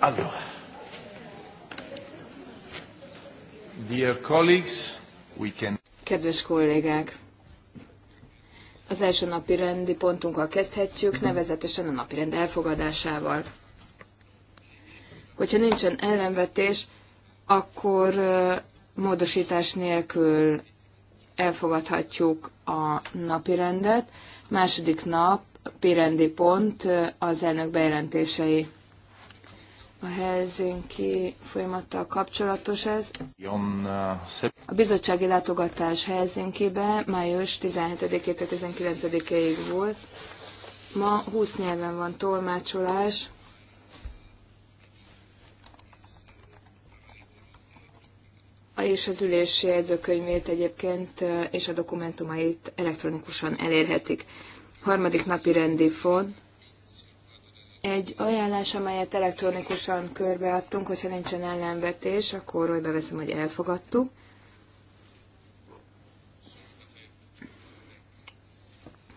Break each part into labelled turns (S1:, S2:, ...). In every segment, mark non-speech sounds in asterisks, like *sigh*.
S1: Allora. Dear colleagues, we can...
S2: Kedves kollégák, az első napi rendi pontunkkal kezdhetjük, nevezetesen a napi rend elfogadásával. Hogyha nincsen ellenvetés, akkor módosítás nélkül elfogadhatjuk a napi rendet. Második nap, pirendi pont, az elnök bejelentései a Helsinki folyamattal kapcsolatos
S1: ez. Uh,
S2: a bizottsági látogatás Helsinkibe május 17-19-ig volt. Ma 20 nyelven van tolmácsolás. és az ülési jegyzőkönyvét egyébként uh, és a dokumentumait elektronikusan elérhetik. Harmadik napi rendi font, egy ajánlás, amelyet elektronikusan körbeadtunk, hogyha nincsen ellenvetés, akkor úgy beveszem, hogy elfogadtuk.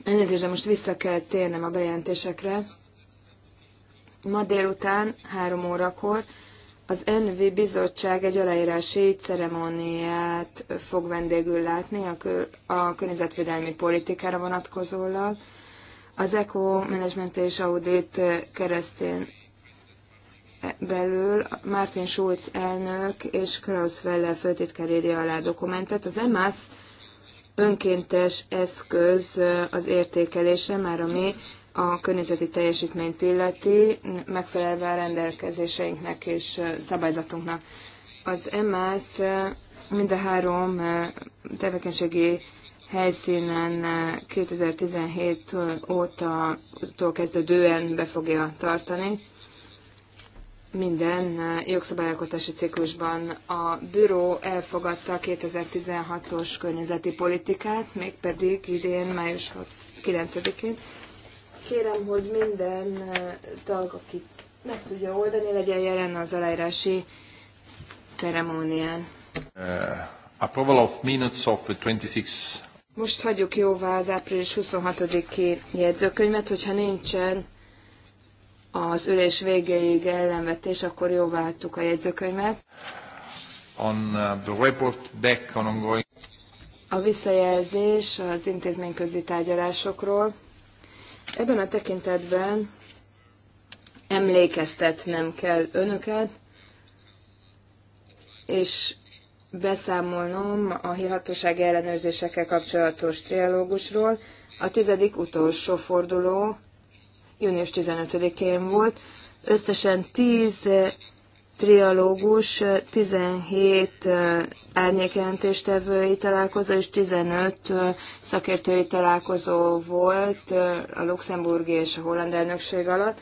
S2: Elnézést, de most vissza kell térnem a bejelentésekre. Ma délután, három órakor, az NV Bizottság egy aláírási ceremóniát fog vendégül látni a, a környezetvédelmi politikára vonatkozólag. Az ECO Management és Audit keresztén belül Martin Schulz elnök és Klaus Welle főtitkár írja alá dokumentet. Az EMAS önkéntes eszköz az értékelésre, már ami a környezeti teljesítményt illeti, megfelelve a rendelkezéseinknek és szabályzatunknak. Az EMAS mind a három tevékenységi helyszínen 2017 eh, óta tól kezdődően be fogja tartani. Minden eh, jogszabályalkotási ciklusban a büró elfogadta a 2016-os környezeti politikát, mégpedig idén május 9-én. Kérem, hogy minden eh, tag, aki meg tudja oldani, legyen jelen az aláírási ceremónián.
S1: Uh, approval of minutes of the 26
S2: most hagyjuk jóvá az április 26-i jegyzőkönyvet, hogyha nincsen az ülés végéig ellenvetés, akkor jóvá hagytuk a jegyzőkönyvet.
S1: On uh, the report back on ongoing...
S2: A visszajelzés az intézményközi tárgyalásokról. Ebben a tekintetben emlékeztetnem kell önöket, és beszámolnom a hatóság ellenőrzésekkel kapcsolatos trialógusról. A tizedik utolsó forduló június 15-én volt. Összesen 10 trialógus, 17 árnyékjelentéstevői találkozó és 15 szakértői találkozó volt a luxemburgi és a holland elnökség alatt,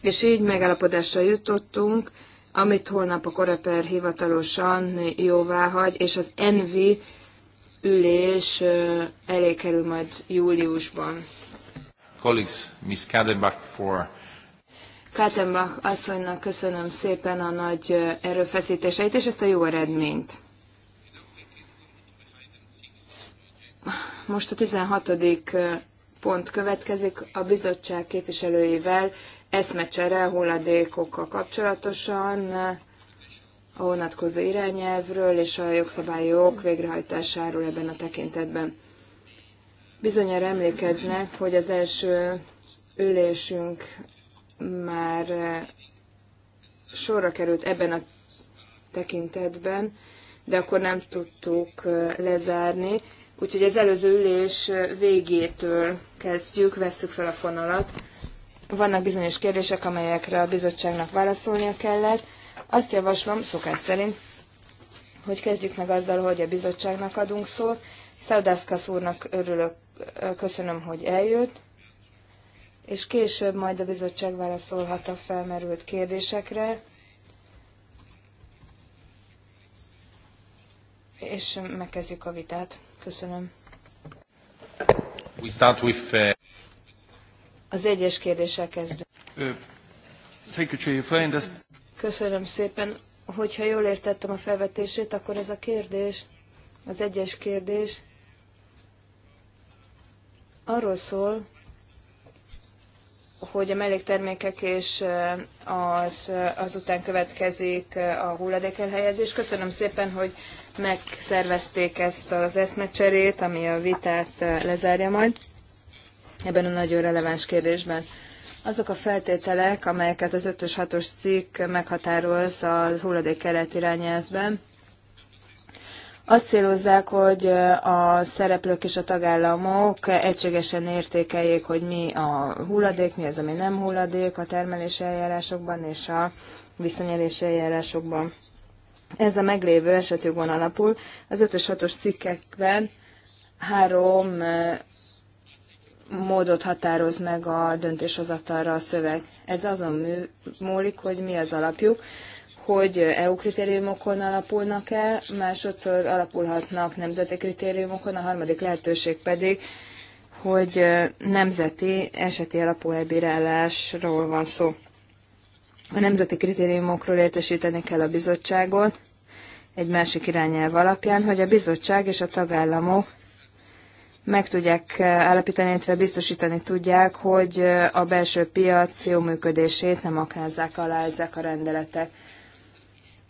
S2: és így megállapodásra jutottunk amit holnap a Koreper hivatalosan jóvá hagy, és az Envi ülés elé kerül majd júliusban.
S1: Colleagues, Miss Kadenbach for
S2: Kaltenbach asszonynak köszönöm szépen a nagy erőfeszítéseit és ezt a jó eredményt. Most a 16. pont következik a bizottság képviselőivel eszmecsere hulladékokkal kapcsolatosan, a vonatkozó irányelvről és a jogszabályok végrehajtásáról ebben a tekintetben. Bizonyára emlékeznek, hogy az első ülésünk már sorra került ebben a tekintetben, de akkor nem tudtuk lezárni. Úgyhogy az előző ülés végétől kezdjük, vesszük fel a fonalat vannak bizonyos kérdések, amelyekre a bizottságnak válaszolnia kellett. Azt javaslom, szokás szerint, hogy kezdjük meg azzal, hogy a bizottságnak adunk szót. Szaudászkasz úrnak örülök, köszönöm, hogy eljött, és később majd a bizottság válaszolhat a felmerült kérdésekre. És megkezdjük a vitát. Köszönöm.
S1: We start with, uh...
S2: Az egyes kérdéssel kezdünk. Köszönöm szépen. Hogyha jól értettem a felvetését, akkor ez a kérdés, az egyes kérdés arról szól, hogy a melléktermékek és az, azután következik a hulladékelhelyezés. Köszönöm szépen, hogy megszervezték ezt az eszmecserét, ami a vitát lezárja majd ebben a nagyon releváns kérdésben. Azok a feltételek, amelyeket az 5-ös 6-os cikk meghatároz a hulladék keret irányelvben, azt célozzák, hogy a szereplők és a tagállamok egységesen értékeljék, hogy mi a hulladék, mi az, ami nem hulladék a termelési eljárásokban és a viszonyelési eljárásokban. Ez a meglévő esetjogon alapul. Az 5-ös 6-os cikkekben három módot határoz meg a döntéshozatalra a szöveg. Ez azon múlik, hogy mi az alapjuk, hogy EU kritériumokon alapulnak el, másodszor alapulhatnak nemzeti kritériumokon, a harmadik lehetőség pedig, hogy nemzeti eseti alapú elbírálásról van szó. A nemzeti kritériumokról értesíteni kell a bizottságot egy másik irányelv alapján, hogy a bizottság és a tagállamok meg tudják eh, állapítani, illetve biztosítani tudják, hogy eh, a belső piac jó működését nem aknázzák alá ezek a rendeletek.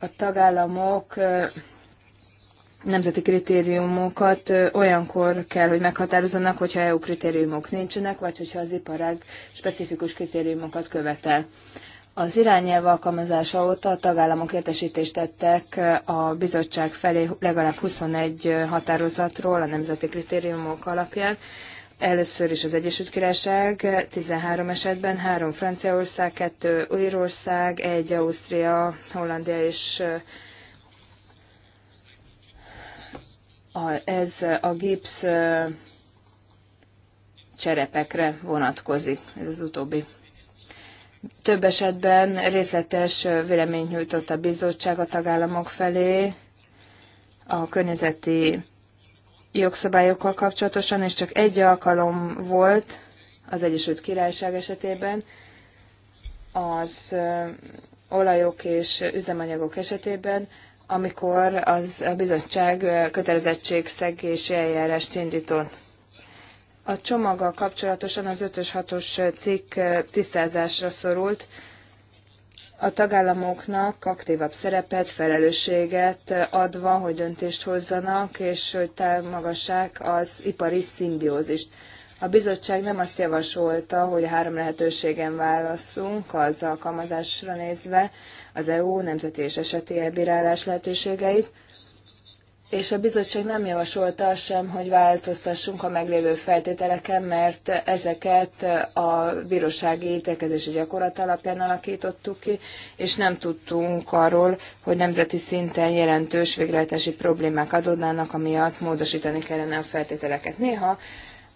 S2: A tagállamok eh, nemzeti kritériumokat olyankor kell, hogy meghatározzanak, hogyha EU kritériumok nincsenek, vagy hogyha az iparág specifikus kritériumokat követel. Az irányelv alkalmazása óta a tagállamok értesítést tettek a bizottság felé legalább 21 határozatról a nemzeti kritériumok alapján. Először is az Egyesült Királyság 13 esetben, 3 Franciaország, 2 Írország, 1 Ausztria, Hollandia és a, ez a gipsz cserepekre vonatkozik, ez az utóbbi több esetben részletes véleményt nyújtott a bizottság a tagállamok felé a környezeti jogszabályokkal kapcsolatosan, és csak egy alkalom volt az Egyesült Királyság esetében az olajok és üzemanyagok esetében, amikor az a bizottság kötelezettségszegési eljárást indított. A csomaggal kapcsolatosan az 5 6-os cikk eh, tisztázásra szorult. A tagállamoknak aktívabb szerepet, felelősséget eh, adva, hogy döntést hozzanak, és hogy támogassák az ipari szimbiózist. A bizottság nem azt javasolta, hogy három lehetőségen válaszunk az alkalmazásra nézve az EU nemzeti és eseti elbírálás lehetőségeit, és a bizottság nem javasolta sem, hogy változtassunk a meglévő feltételeken, mert ezeket a bírósági ítélkezési gyakorlat alapján alakítottuk ki, és nem tudtunk arról, hogy nemzeti szinten jelentős végrehajtási problémák adódnának, amiatt módosítani kellene a feltételeket. Néha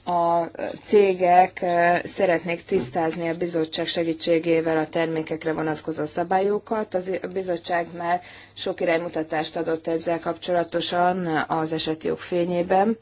S2: a cégek szeretnék tisztázni a bizottság segítségével a termékekre vonatkozó szabályokat. a bizottság már sok iránymutatást adott ezzel kapcsolatosan az esetjog fényében.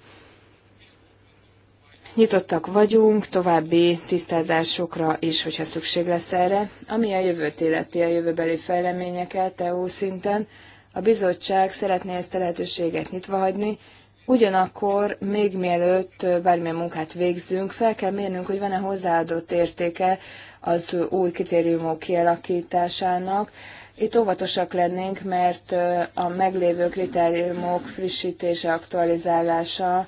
S2: Nyitottak vagyunk további tisztázásokra is, hogyha szükség lesz erre. Ami a jövőt illeti, a jövőbeli fejleményeket EU szinten, a bizottság szeretné ezt a lehetőséget nyitva hagyni, Ugyanakkor még mielőtt bármilyen munkát végzünk, fel kell mérnünk, hogy van-e hozzáadott értéke az új kritériumok kialakításának. Itt óvatosak lennénk, mert a meglévő kritériumok frissítése, aktualizálása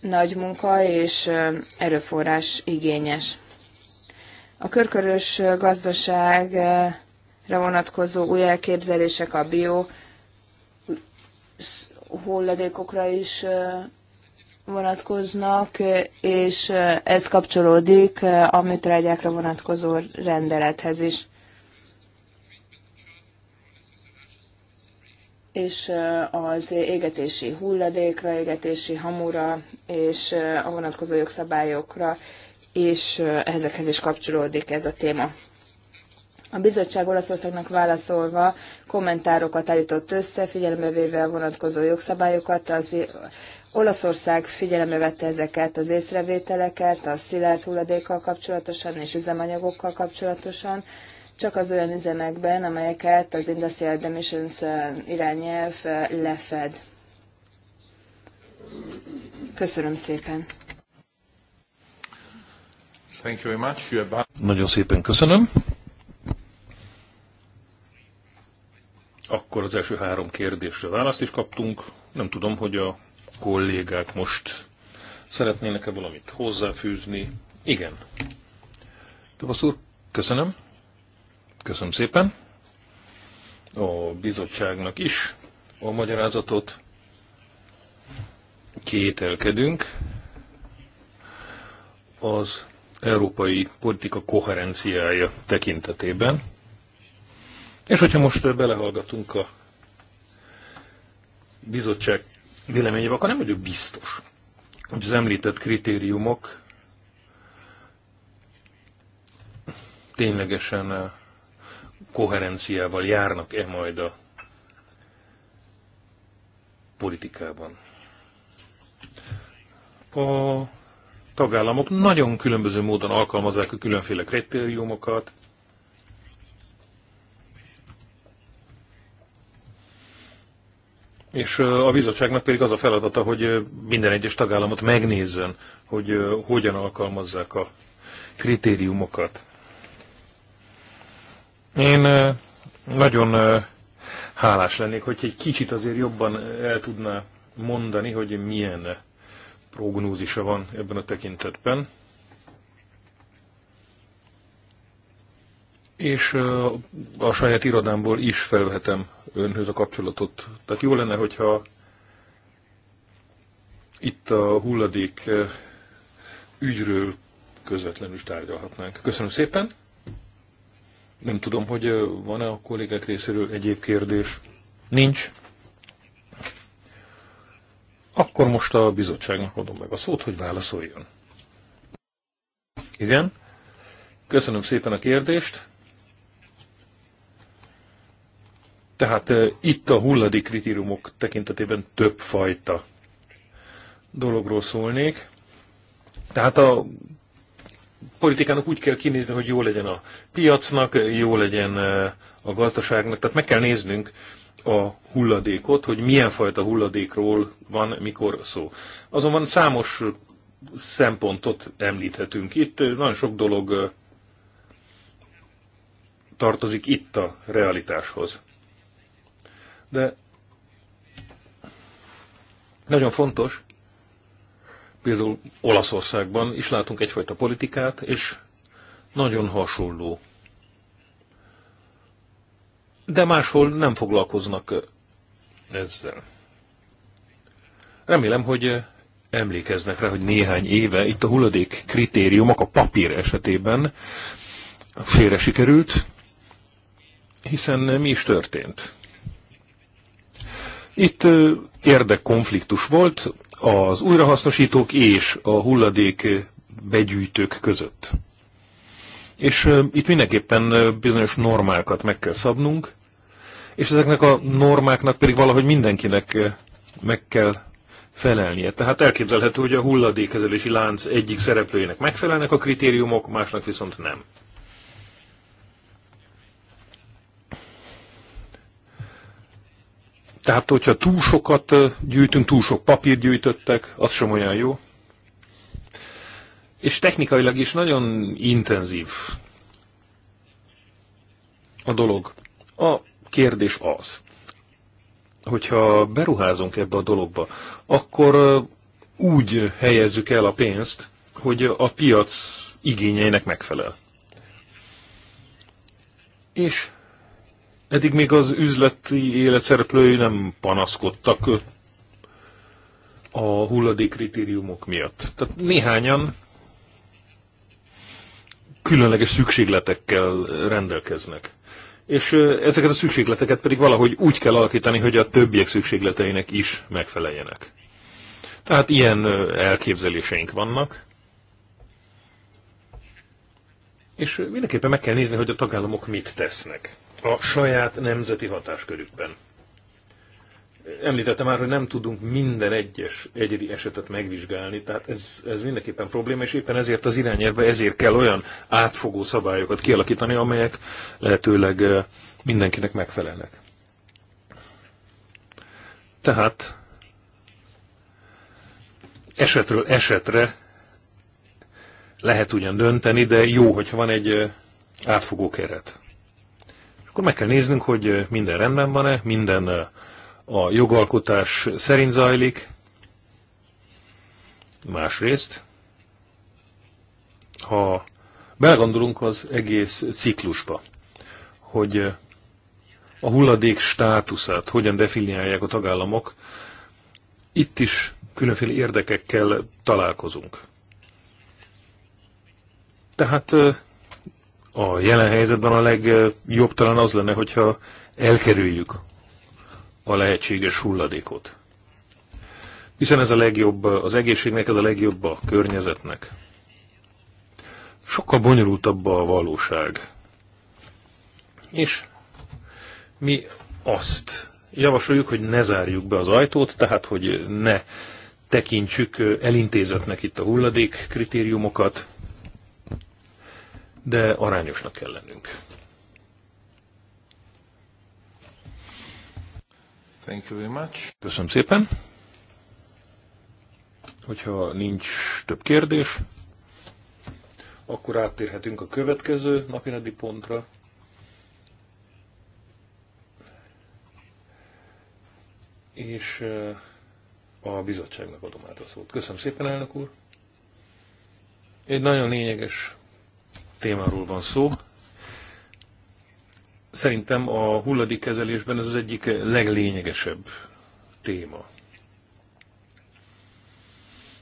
S2: nagy munka és erőforrás igényes. A körkörös gazdaságra vonatkozó új elképzelések a bio hulladékokra is vonatkoznak, és ez kapcsolódik a műtrágyákra vonatkozó rendelethez is. és az égetési hulladékra, égetési hamura és a vonatkozó jogszabályokra, és ezekhez is kapcsolódik ez a téma. A bizottság Olaszországnak válaszolva kommentárokat állított össze, figyelembe véve a vonatkozó jogszabályokat, az Olaszország figyelembe vette ezeket az észrevételeket, a szilárd hulladékkal kapcsolatosan és üzemanyagokkal kapcsolatosan, csak az olyan üzemekben, amelyeket az Industrial Emissions irányelv lefed. Köszönöm szépen.
S1: Thank you very much.
S3: Nagyon szépen köszönöm. Akkor az első három kérdésre választ is kaptunk. Nem tudom, hogy a kollégák most szeretnének-e valamit hozzáfűzni. Igen. Tapasz úr, köszönöm. Köszönöm szépen. A bizottságnak is a magyarázatot. Kételkedünk. Az európai politika koherenciája tekintetében és hogyha most belehallgatunk a bizottság véleményébe, akkor nem vagyok biztos, hogy az említett kritériumok ténylegesen koherenciával járnak-e majd a politikában. A tagállamok nagyon különböző módon alkalmazzák a különféle kritériumokat, És a bizottságnak pedig az a feladata, hogy minden egyes tagállamot megnézzen, hogy hogyan alkalmazzák a kritériumokat. Én nagyon hálás lennék, hogy egy kicsit azért jobban el tudná mondani, hogy milyen prognózisa van ebben a tekintetben. és a saját irodámból is felvehetem önhöz a kapcsolatot. Tehát jó lenne, hogyha itt a hulladék ügyről közvetlenül tárgyalhatnánk. Köszönöm szépen! Nem tudom, hogy van-e a kollégák részéről egyéb kérdés. Nincs. Akkor most a bizottságnak adom meg a szót, hogy válaszoljon. Igen. Köszönöm szépen a kérdést. Tehát itt a hulladék kritériumok tekintetében több fajta dologról szólnék. Tehát a politikának úgy kell kinézni, hogy jó legyen a piacnak, jó legyen a gazdaságnak, tehát meg kell néznünk a hulladékot, hogy milyen fajta hulladékról van, mikor szó. Azonban számos szempontot említhetünk itt, nagyon sok dolog tartozik itt a realitáshoz. De nagyon fontos, például Olaszországban is látunk egyfajta politikát, és nagyon hasonló. De máshol nem foglalkoznak ezzel. Remélem, hogy emlékeznek rá, hogy néhány éve itt a hulladék kritériumok a papír esetében félre sikerült, hiszen mi is történt? Itt érdekkonfliktus volt az újrahasznosítók és a hulladék begyűjtők között. És itt mindenképpen bizonyos normákat meg kell szabnunk, és ezeknek a normáknak pedig valahogy mindenkinek meg kell felelnie. Tehát elképzelhető, hogy a hulladékkezelési lánc egyik szereplőjének megfelelnek a kritériumok, másnak viszont nem. Tehát, hogyha túl sokat gyűjtünk, túl sok papír gyűjtöttek, az sem olyan jó. És technikailag is nagyon intenzív a dolog. A kérdés az, hogyha beruházunk ebbe a dologba, akkor úgy helyezzük el a pénzt, hogy a piac igényeinek megfelel. És Eddig még az üzleti élet szereplői nem panaszkodtak a hulladék kritériumok miatt. Tehát néhányan különleges szükségletekkel rendelkeznek. És ezeket a szükségleteket pedig valahogy úgy kell alakítani, hogy a többiek szükségleteinek is megfeleljenek. Tehát ilyen elképzeléseink vannak. És mindenképpen meg kell nézni, hogy a tagállamok mit tesznek a saját nemzeti hatáskörükben. Említettem már, hogy nem tudunk minden egyes egyedi esetet megvizsgálni, tehát ez, ez mindenképpen probléma, és éppen ezért az irányelve ezért kell olyan átfogó szabályokat kialakítani, amelyek lehetőleg eh, mindenkinek megfelelnek. Tehát esetről esetre lehet ugyan dönteni, de jó, hogyha van egy eh, átfogó keret akkor meg kell néznünk, hogy minden rendben van-e, minden a jogalkotás szerint zajlik. Másrészt, ha belegondolunk az egész ciklusba, hogy a hulladék státuszát hogyan definiálják a tagállamok, itt is különféle érdekekkel találkozunk. Tehát a jelen helyzetben a legjobb talán az lenne, hogyha elkerüljük a lehetséges hulladékot. Hiszen ez a legjobb az egészségnek, ez a legjobb a környezetnek. Sokkal bonyolultabb a valóság. És mi azt javasoljuk, hogy ne zárjuk be az ajtót, tehát hogy ne tekintsük elintézetnek itt a hulladék kritériumokat, de arányosnak kell lennünk. Thank you very much. Köszönöm szépen. Hogyha nincs több kérdés, akkor áttérhetünk a következő napirendi pontra. És eh, a bizottságnak adom át a szót. Köszönöm szépen, elnök úr. Egy nagyon lényeges témáról van szó. Szerintem a hulladékkezelésben ez az egyik leglényegesebb téma.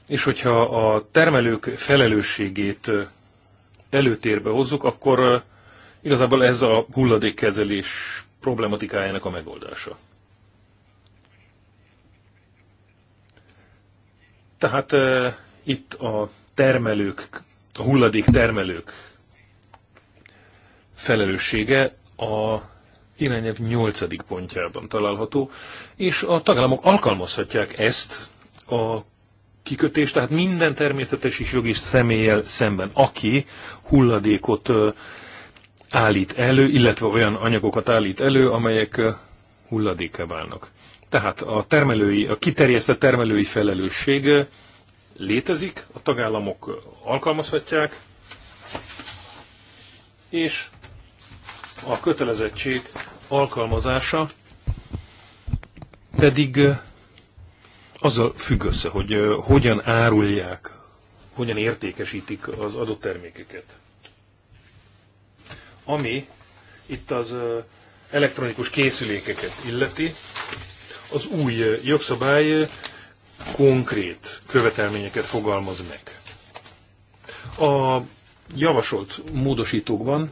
S3: És hogyha a termelők felelősségét előtérbe hozzuk, akkor igazából ez a hulladékkezelés problematikájának a megoldása. Tehát e, itt a termelők, a hulladék termelők felelőssége a irányelv 8. pontjában található, és a tagállamok alkalmazhatják ezt a kikötést, tehát minden természetes és jogi személlyel szemben, aki hulladékot állít elő, illetve olyan anyagokat állít elő, amelyek hulladéke válnak. Tehát a, termelői, a kiterjesztett termelői felelősség létezik, a tagállamok alkalmazhatják, és a kötelezettség alkalmazása pedig azzal függ össze, hogy hogyan árulják, hogyan értékesítik az adott termékeket. Ami itt az elektronikus készülékeket illeti, az új jogszabály konkrét követelményeket fogalmaz meg. A javasolt módosítókban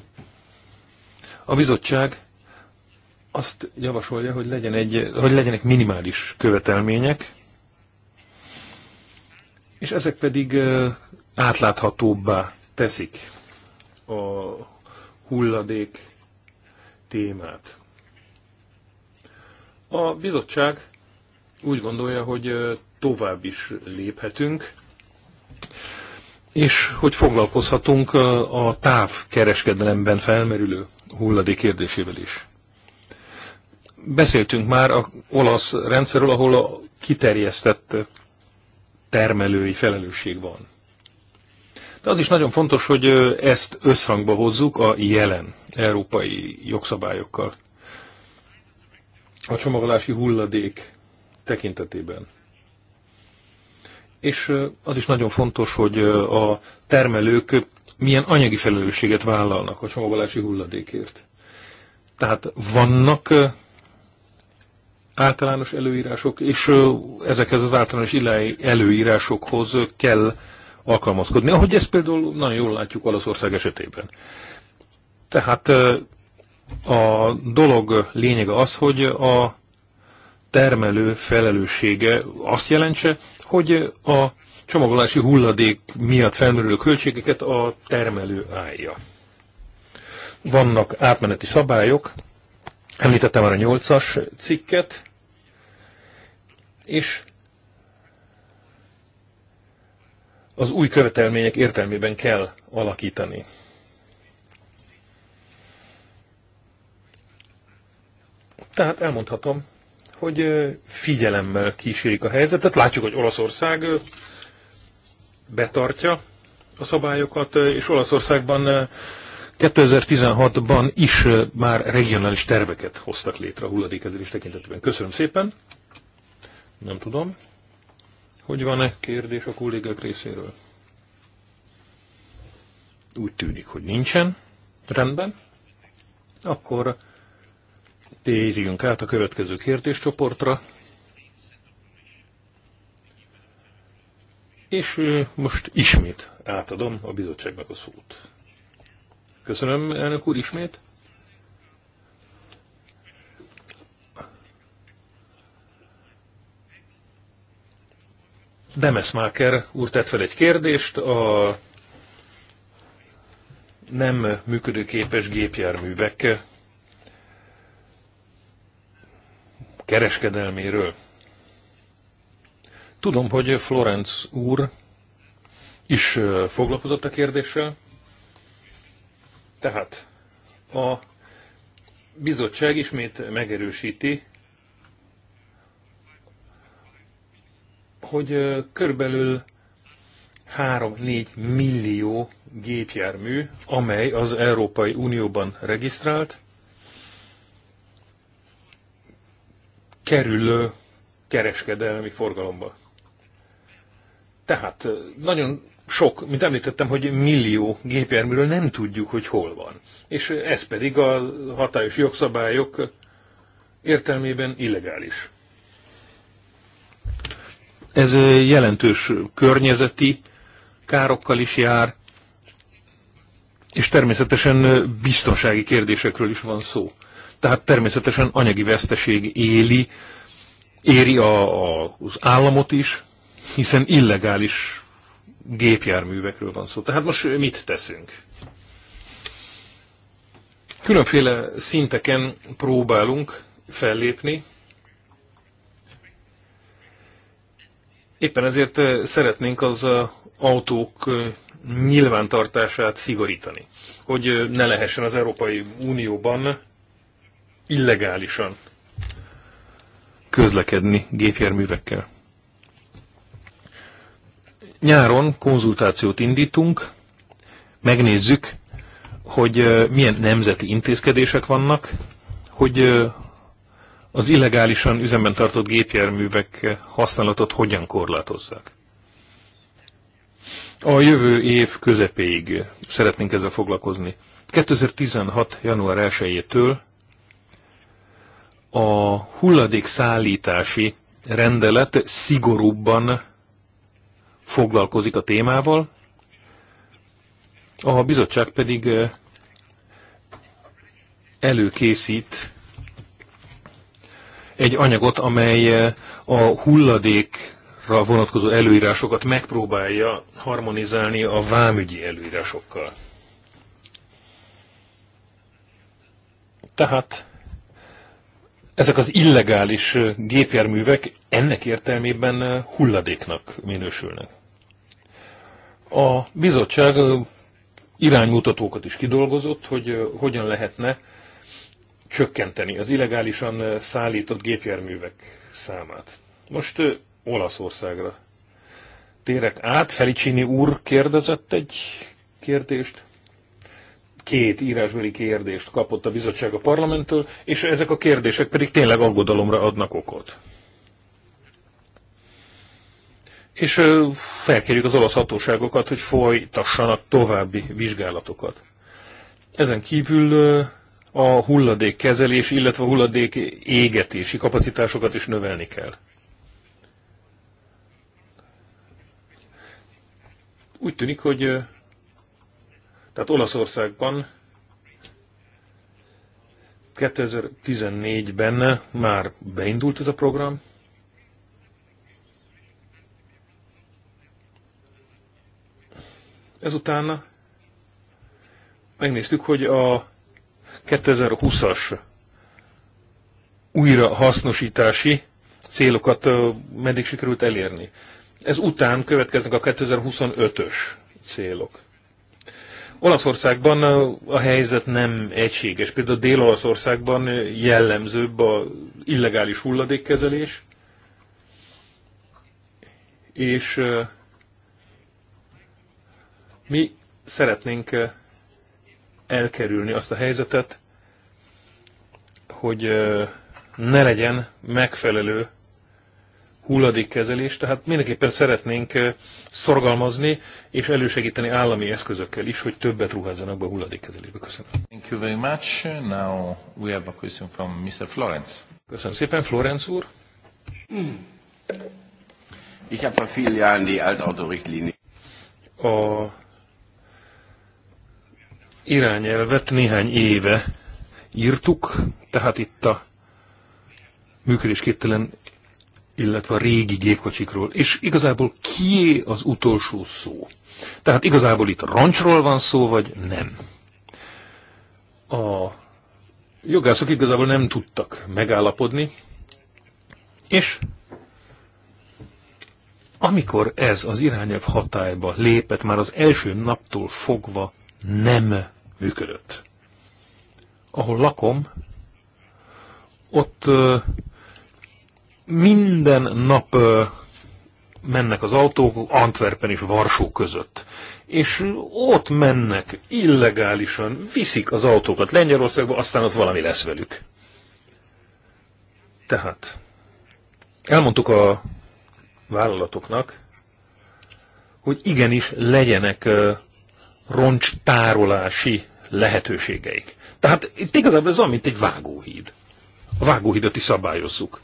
S3: a bizottság azt javasolja, hogy, legyen egy, hogy legyenek minimális követelmények, és ezek pedig átláthatóbbá teszik a hulladék témát. A bizottság úgy gondolja, hogy tovább is léphetünk, és hogy foglalkozhatunk a távkereskedelemben felmerülő hulladék kérdésével is. Beszéltünk már a olasz rendszerről, ahol a kiterjesztett termelői felelősség van. De az is nagyon fontos, hogy ezt összhangba hozzuk a jelen európai jogszabályokkal. A csomagolási hulladék tekintetében. És az is nagyon fontos, hogy a termelők milyen anyagi felelősséget vállalnak a csomagolási hulladékért. Tehát vannak általános előírások, és ezekhez az általános előírásokhoz kell alkalmazkodni, ahogy ezt például nagyon jól látjuk Olaszország esetében. Tehát a dolog lényege az, hogy a termelő felelőssége azt jelentse, hogy a csomagolási hulladék miatt felmerülő költségeket a termelő állja. Vannak átmeneti szabályok, említettem már a 8-as cikket, és az új követelmények értelmében kell alakítani. Tehát elmondhatom, hogy figyelemmel kísérik a helyzetet. Látjuk, hogy Olaszország betartja a szabályokat, és Olaszországban 2016-ban eh, is eh, már regionális terveket hoztak létre a hulladékezelés tekintetében. Köszönöm szépen. Nem tudom, hogy van-e kérdés a kollégák részéről. Úgy tűnik, hogy nincsen. Rendben. Akkor térjünk át a következő kérdéscsoportra. És most ismét átadom a bizottságnak a szót. Köszönöm, elnök úr, ismét. Demesmaker úr tett fel egy kérdést a nem működőképes gépjárművek kereskedelméről. Tudom, hogy Florenc úr is foglalkozott a kérdéssel, tehát a bizottság ismét megerősíti, hogy körülbelül 3-4 millió gépjármű, amely az Európai Unióban regisztrált, kerül kereskedelmi forgalomba. Tehát nagyon sok, mint említettem, hogy millió gépjárműről nem tudjuk, hogy hol van. És ez pedig a hatályos jogszabályok értelmében illegális. Ez jelentős környezeti károkkal is jár, és természetesen biztonsági kérdésekről is van szó. Tehát természetesen anyagi veszteség éli, éri a, a, az államot is, hiszen illegális gépjárművekről van szó. Tehát most mit teszünk? Különféle szinteken próbálunk fellépni. Éppen ezért eh, szeretnénk az eh, autók eh, nyilvántartását szigorítani, hogy ne lehessen az Európai Unióban illegálisan közlekedni gépjárművekkel. Nyáron konzultációt indítunk, megnézzük, hogy milyen nemzeti intézkedések vannak, hogy az illegálisan üzemben tartott gépjárművek használatot hogyan korlátozzák. A jövő év közepéig szeretnénk ezzel foglalkozni. 2016. január 1-től a hulladékszállítási rendelet szigorúbban foglalkozik a témával, a bizottság pedig eh, előkészít egy anyagot, amely eh, a hulladékra vonatkozó előírásokat megpróbálja harmonizálni a vámügyi előírásokkal. Tehát ezek az illegális gépjárművek ennek értelmében hulladéknak minősülnek. A bizottság iránymutatókat is kidolgozott, hogy hogyan lehetne csökkenteni az illegálisan szállított gépjárművek számát. Most Olaszországra térek át. Felicini úr kérdezett egy kérdést két írásbeli kérdést kapott a bizottság a parlamenttől, és ezek a kérdések pedig tényleg aggodalomra adnak okot. És felkérjük az olasz hatóságokat, hogy folytassanak további vizsgálatokat. Ezen kívül a hulladék kezelés, illetve a hulladék égetési kapacitásokat is növelni kell. Úgy tűnik, hogy tehát Olaszországban 2014-ben már beindult ez a program, Ezután megnéztük, hogy a 2020-as újrahasznosítási célokat meddig sikerült elérni. Ez után következnek a 2025-ös célok. Olaszországban a helyzet nem egységes. Például Dél-Olaszországban jellemzőbb a illegális hulladékkezelés, és mi szeretnénk elkerülni azt a helyzetet, hogy ne legyen megfelelő hulladékkezelés, tehát mindenképpen szeretnénk eh, szorgalmazni és elősegíteni állami eszközökkel is, hogy többet ruházzanak be a hulladékkezelésbe. Köszönöm. Thank you very much. Now we have a question from Mr. Florence. Köszönöm szépen, Florence úr. Ich habe vor vielen Jahren die Altautorichtlinie. A irányelvet néhány éve írtuk, tehát itt a működésképtelen illetve a régi gépkocsikról, és igazából kié az utolsó szó? Tehát igazából itt roncsról van szó, vagy nem? A jogászok igazából nem tudtak megállapodni, és amikor ez az irányelv hatályba lépett, már az első naptól fogva nem működött. Ahol lakom, ott minden nap mennek az autók Antwerpen és Varsó között. És ott mennek illegálisan, viszik az autókat Lengyelországba, aztán ott valami lesz velük. Tehát elmondtuk a vállalatoknak, hogy igenis legyenek roncstárolási lehetőségeik. Tehát itt igazából ez olyan, mint egy vágóhíd. A vágóhidat is szabályozzuk.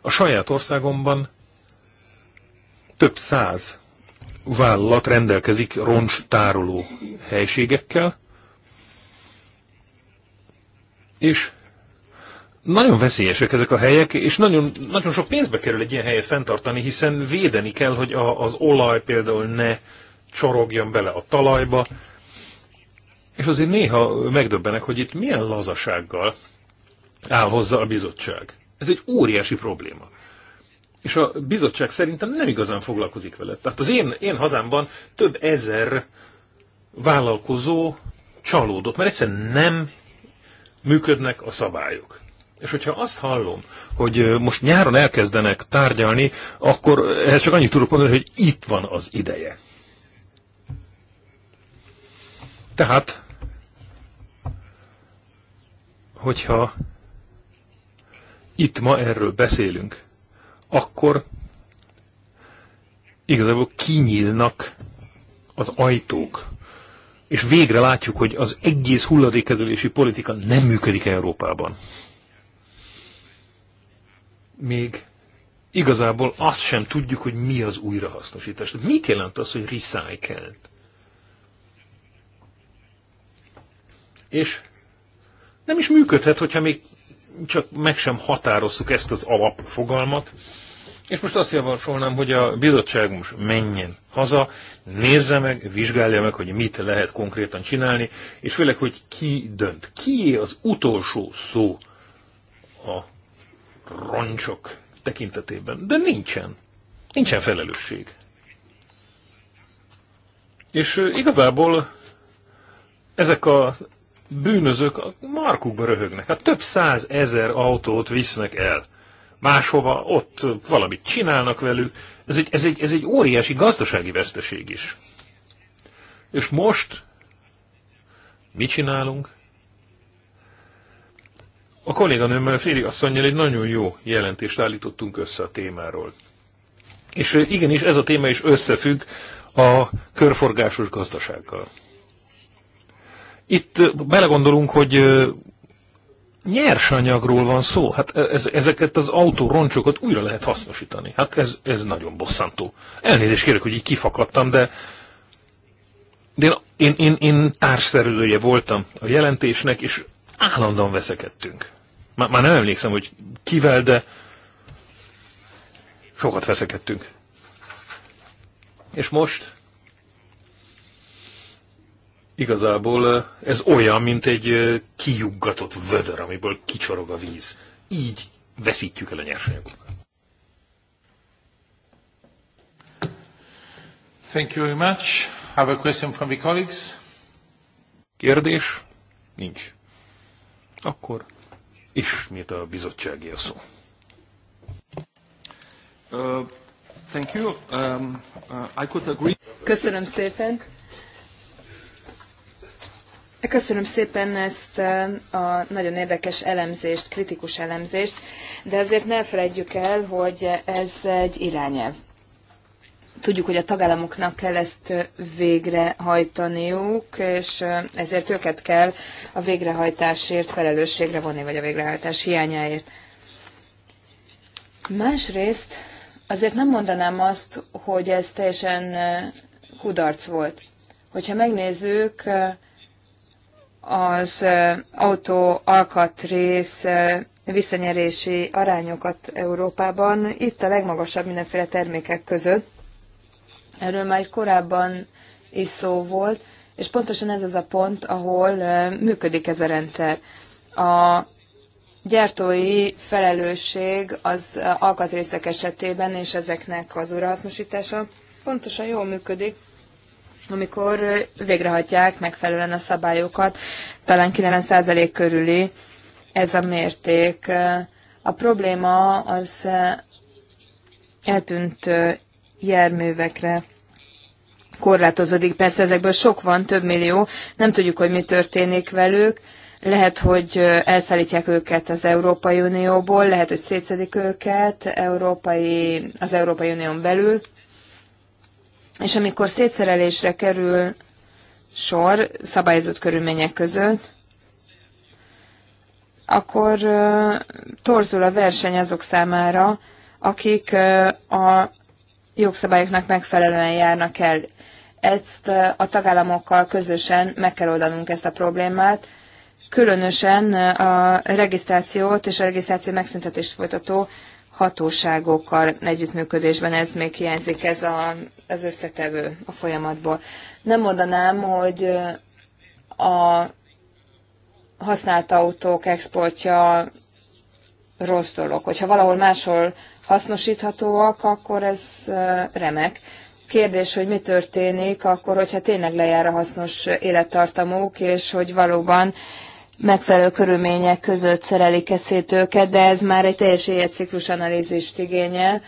S3: A saját országomban több száz vállalat rendelkezik roncs tároló helységekkel, és nagyon veszélyesek ezek a helyek, és nagyon, nagyon sok pénzbe kerül egy ilyen helyet fenntartani, hiszen védeni kell, hogy a, az olaj például ne csorogjon bele a talajba. És azért néha megdöbbenek, hogy itt milyen lazasággal áll hozzá a bizottság. Ez egy óriási probléma. És a bizottság szerintem nem igazán foglalkozik vele. Tehát az én, én hazámban több ezer vállalkozó csalódott, mert egyszerűen nem működnek a szabályok. És hogyha azt hallom, hogy most nyáron elkezdenek tárgyalni, akkor ehhez csak annyit tudok mondani, hogy itt van az ideje. Tehát, hogyha itt ma erről beszélünk, akkor igazából kinyílnak az ajtók, és végre látjuk, hogy az egész hulladékkezelési politika nem működik Európában. Még igazából azt sem tudjuk, hogy mi az újrahasznosítás. Tehát mit jelent az, hogy recycle És nem is működhet, hogyha még csak meg sem határoztuk ezt az alapfogalmat, és most azt javasolnám, hogy a bizottság most menjen haza, nézze meg, vizsgálja meg, hogy mit lehet konkrétan csinálni, és főleg, hogy ki dönt. Kié az utolsó szó a roncsok tekintetében. De nincsen. Nincsen felelősség. És igazából ezek a bűnözők a markukba röhögnek. Hát több ezer autót visznek el. Máshova ott valamit csinálnak velük. Ez egy, ez egy, ez egy óriási gazdasági veszteség is. És most mit csinálunk? A kolléganőmmel, Fréri asszonynal egy nagyon jó jelentést állítottunk össze a témáról. És igenis ez a téma is összefügg a körforgásos gazdasággal itt belegondolunk, hogy nyersanyagról van szó. Hát e-, ez, ezeket az autóroncsokat újra lehet hasznosítani. Hát ez, ez nagyon bosszantó. Elnézést kérek, hogy így kifakadtam, de, de én, én, én társszerzője voltam a jelentésnek, és állandóan veszekedtünk. Már, már nem emlékszem, hogy kivel, de sokat veszekedtünk. És most Igazából ez olyan, mint egy kijuggatott vödör, amiből kicsorog a víz. Így veszítjük el a nyersanyagot.
S1: Thank you very much. Have a question from the colleagues?
S3: Kérdés? Nincs. Akkor ismét a bizottsági a szó. Uh, thank you. Um, uh, I could agree. Köszönöm
S2: szépen. Köszönöm szépen ezt a nagyon érdekes elemzést, kritikus elemzést, de azért ne felejtjük el, hogy ez egy irányelv. Tudjuk, hogy a tagállamoknak kell ezt végrehajtaniuk, és ezért őket kell a végrehajtásért felelősségre vonni, vagy a végrehajtás hiányáért. Másrészt azért nem mondanám azt, hogy ez teljesen kudarc volt. Hogyha megnézzük, az autó alkatrész visszanyerési arányokat Európában. Itt a legmagasabb mindenféle termékek között. Erről már korábban is szó volt, és pontosan ez az a pont, ahol működik ez a rendszer. A gyártói felelősség az alkatrészek esetében és ezeknek az újrahasznosítása pontosan jól működik, amikor végrehajtják megfelelően a szabályokat, talán 9% körüli ez a mérték. A probléma az eltűnt járművekre korlátozódik. Persze ezekből sok van, több millió, nem tudjuk, hogy mi történik velük. Lehet, hogy elszállítják őket az Európai Unióból, lehet, hogy szétszedik őket európai, az Európai Unión belül és amikor szétszerelésre kerül sor szabályozott körülmények között, akkor torzul a verseny azok számára, akik a jogszabályoknak megfelelően járnak el. Ezt a tagállamokkal közösen meg kell oldanunk ezt a problémát, különösen a regisztrációt és a regisztráció megszüntetést folytató hatóságokkal együttműködésben ez még hiányzik, ez a, az összetevő a folyamatból. Nem mondanám, hogy a használt autók exportja rossz dolog. Hogyha valahol máshol hasznosíthatóak, akkor ez remek. Kérdés, hogy mi történik akkor, hogyha tényleg lejár a hasznos élettartamuk, és hogy valóban megfelelő körülmények között szerelik eszét őket, de ez már egy teljes életciklus analízist igényel.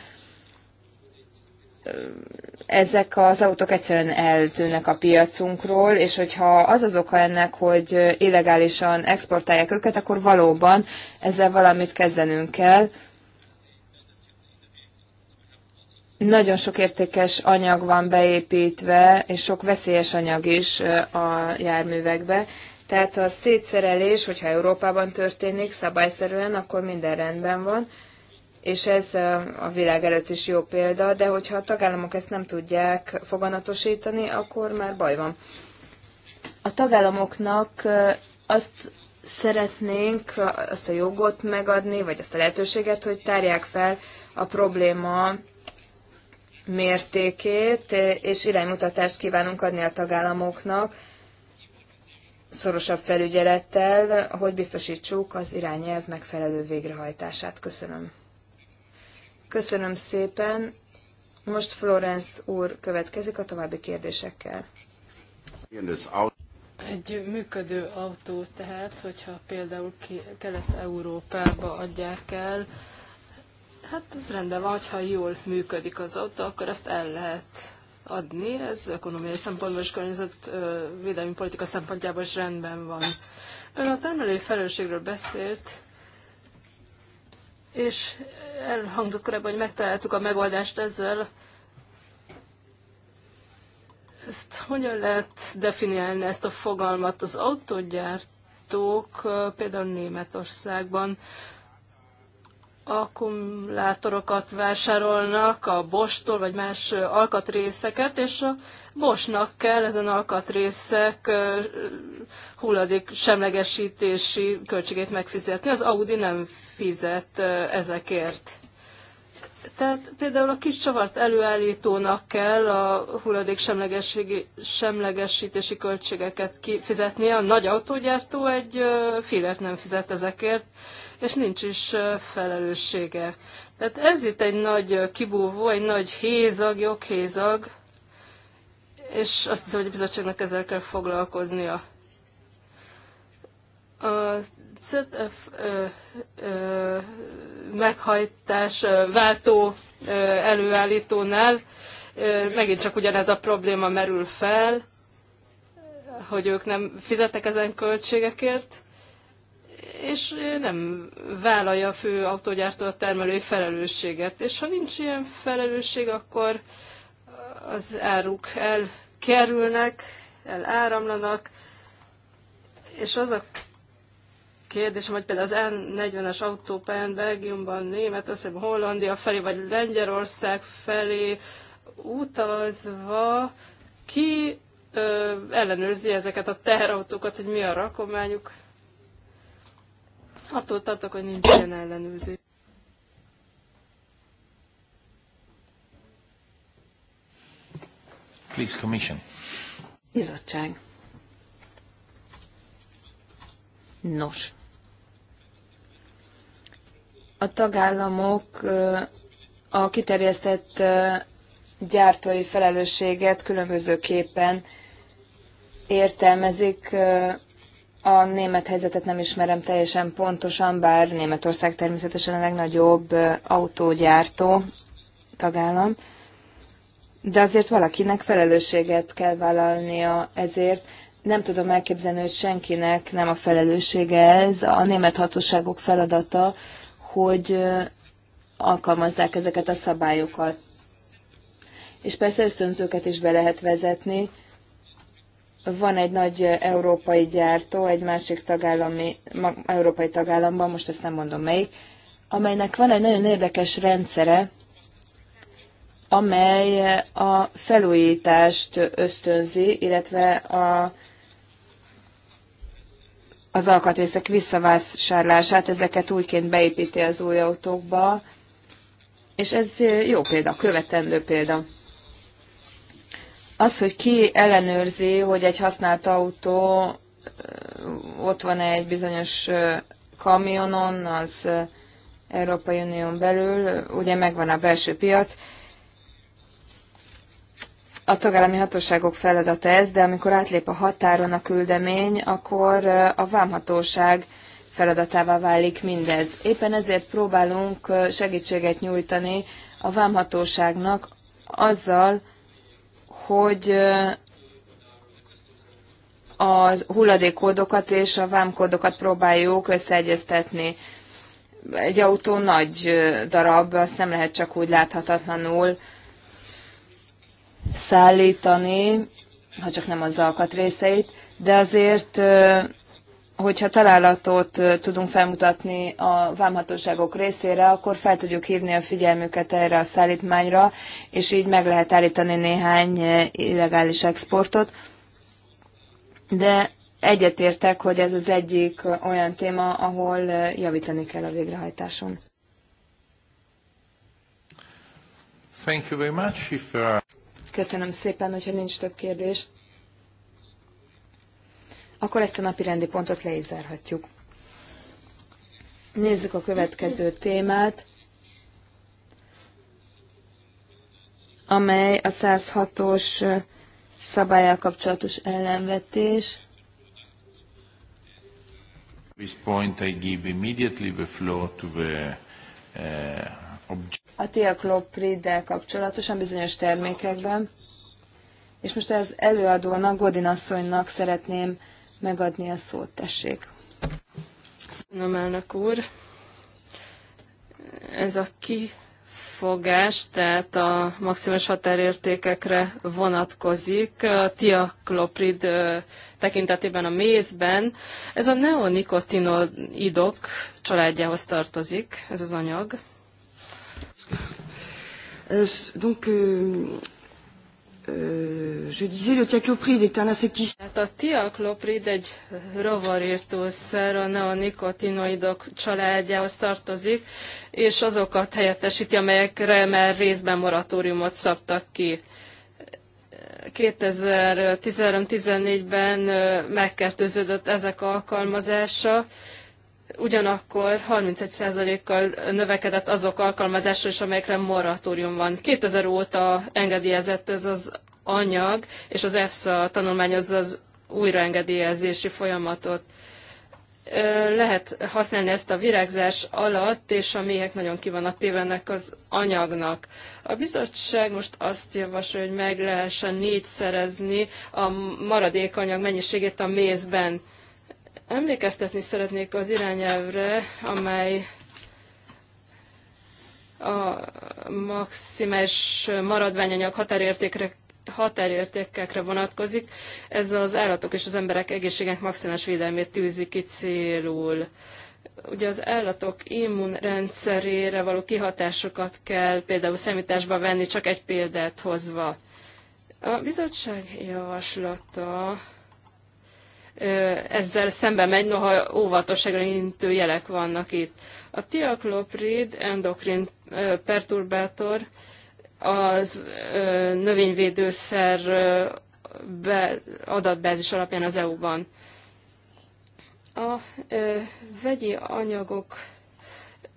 S2: Ezek az autók egyszerűen eltűnnek a piacunkról, és hogyha az az oka ennek, hogy illegálisan exportálják őket, akkor valóban ezzel valamit kezdenünk kell. Nagyon sok értékes anyag van beépítve, és sok veszélyes anyag is a járművekbe, tehát a szétszerelés, hogyha Európában történik szabályszerűen, akkor minden rendben van, és ez a világ előtt is jó példa, de hogyha a tagállamok ezt nem tudják foganatosítani, akkor már baj van. A tagállamoknak azt szeretnénk azt a jogot megadni, vagy azt a lehetőséget, hogy tárják fel a probléma mértékét, és iránymutatást kívánunk adni a tagállamoknak, szorosabb felügyelettel, hogy biztosítsuk az irányelv megfelelő végrehajtását. Köszönöm. Köszönöm szépen. Most Florence úr következik a további
S4: kérdésekkel. Egy működő autó tehát, hogyha például Kelet-Európába adják el, hát ez rendben van, hogyha jól működik az autó, akkor azt el lehet adni, ez ökonomiai szempontból és környezetvédelmi politika szempontjából is rendben van. Ön a termelői felelősségről beszélt, és elhangzott korábban, hogy megtaláltuk a megoldást ezzel, ezt hogyan lehet definiálni ezt a fogalmat? Az autógyártók például Németországban akkumulátorokat vásárolnak a Bostól, vagy más alkatrészeket, és a Bosnak kell ezen alkatrészek hulladék semlegesítési költségét megfizetni. Az Audi nem fizet ezekért. Tehát például a kis csavart előállítónak kell a hulladék semlegesítési költségeket kifizetnie, a nagy autógyártó egy fillet nem fizet ezekért, és nincs is felelőssége. Tehát ez itt egy nagy kibúvó, egy nagy hézag, joghézag, és azt hiszem, hogy a bizottságnak ezzel kell foglalkoznia. A ZF ö, ö, meghajtás váltó előállítónál megint csak ugyanez a probléma merül fel, hogy ők nem fizetek ezen költségekért, és nem vállalja a fő autógyártó a termelői felelősséget. És ha nincs ilyen felelősség, akkor az áruk elkerülnek, eláramlanak, és az a kérdésem, hogy például az N40-es autópályán Belgiumban, Németországban, Hollandia felé, vagy Lengyelország felé utazva, ki ö, ellenőrzi ezeket a teherautókat, hogy mi a rakományuk. Attól tartok, hogy nincs ilyen ellenőrzés.
S1: Please, Commission.
S2: Bizottság. Nos, a tagállamok a kiterjesztett gyártói felelősséget különbözőképpen értelmezik. A német helyzetet nem ismerem teljesen pontosan, bár Németország természetesen a legnagyobb autógyártó tagállam, de azért valakinek felelősséget kell vállalnia ezért. Nem tudom elképzelni, hogy senkinek nem a felelőssége ez, a német hatóságok feladata, hogy alkalmazzák ezeket a szabályokat. És persze ösztönzőket is be lehet vezetni. Van egy nagy európai gyártó, egy másik tagállami, európai tagállamban, most ezt nem mondom melyik, amelynek van egy nagyon érdekes rendszere, amely a felújítást ösztönzi, illetve a az alkatrészek visszavásárlását, ezeket újként beépíti az új autókba, és ez jó példa, követendő példa. Az, hogy ki ellenőrzi, hogy egy használt autó ott van -e egy bizonyos kamionon, az Európai Unión belül, ugye megvan a belső piac, a tagállami hatóságok feladata ez, de amikor átlép a határon a küldemény, akkor a vámhatóság feladatává válik mindez. Éppen ezért próbálunk segítséget nyújtani a vámhatóságnak azzal, hogy a hulladékkódokat és a vámkódokat próbáljuk összeegyeztetni. Egy autó nagy darab, azt nem lehet csak úgy láthatatlanul szállítani, ha csak nem az alkatrészeit, de azért, hogyha találatot tudunk felmutatni a vámhatóságok részére, akkor fel tudjuk hívni a figyelmüket erre a szállítmányra, és így meg lehet állítani néhány illegális exportot. De egyetértek, hogy ez az egyik olyan téma, ahol javítani kell a végrehajtáson.
S1: Thank you very much. If, are...
S2: Köszönöm szépen, hogyha nincs több kérdés. Akkor ezt a napi rendi pontot le is zárhatjuk. Nézzük a következő témát, amely a 106-os szabályá kapcsolatos ellenvetés.
S1: This point I give immediately the floor to the uh,
S2: a tiaklopriddel kapcsolatosan bizonyos termékekben. És most az előadónak, Godin asszonynak szeretném megadni a szót, tessék.
S4: Köszönöm, elnök úr. Ez a kifogás, tehát a maximális határértékekre vonatkozik. A tiakloprid tekintetében a mézben. Ez a neonikotinoidok családjához tartozik, ez az anyag.
S5: Euh, donc, euh, euh,
S4: je disais, le tiacloprid est un insecticide. Hát a tiacloprid egy rovarírtószer a neonicotinoidok családjához tartozik, és azokat helyettesíti, amelyekre már részben moratóriumot szabtak ki. 2013-14-ben megkertőződött ezek alkalmazása, ugyanakkor 31%-kal növekedett azok alkalmazásra is, amelyekre moratórium van. 2000 óta engedélyezett ez az anyag, és az EFSA tanulmányozza az újraengedélyezési folyamatot. Lehet használni ezt a virágzás alatt, és a méhek nagyon kivannak tévennek téve az anyagnak. A bizottság most azt javasolja, hogy meg lehessen négyszerezni a maradékanyag mennyiségét a mézben Emlékeztetni szeretnék az irányelvre, amely a maximális maradványanyag határértékre határértékekre vonatkozik. Ez az állatok és az emberek egészségének maximális védelmét tűzi ki célul. Ugye az állatok immunrendszerére való kihatásokat kell például számításba venni, csak egy példát hozva. A bizottság javaslata ezzel szembe megy, noha óvatosságra intő jelek vannak itt. A tiakloprid endokrin perturbátor az növényvédőszer adatbázis alapján az EU-ban. A vegyi anyagok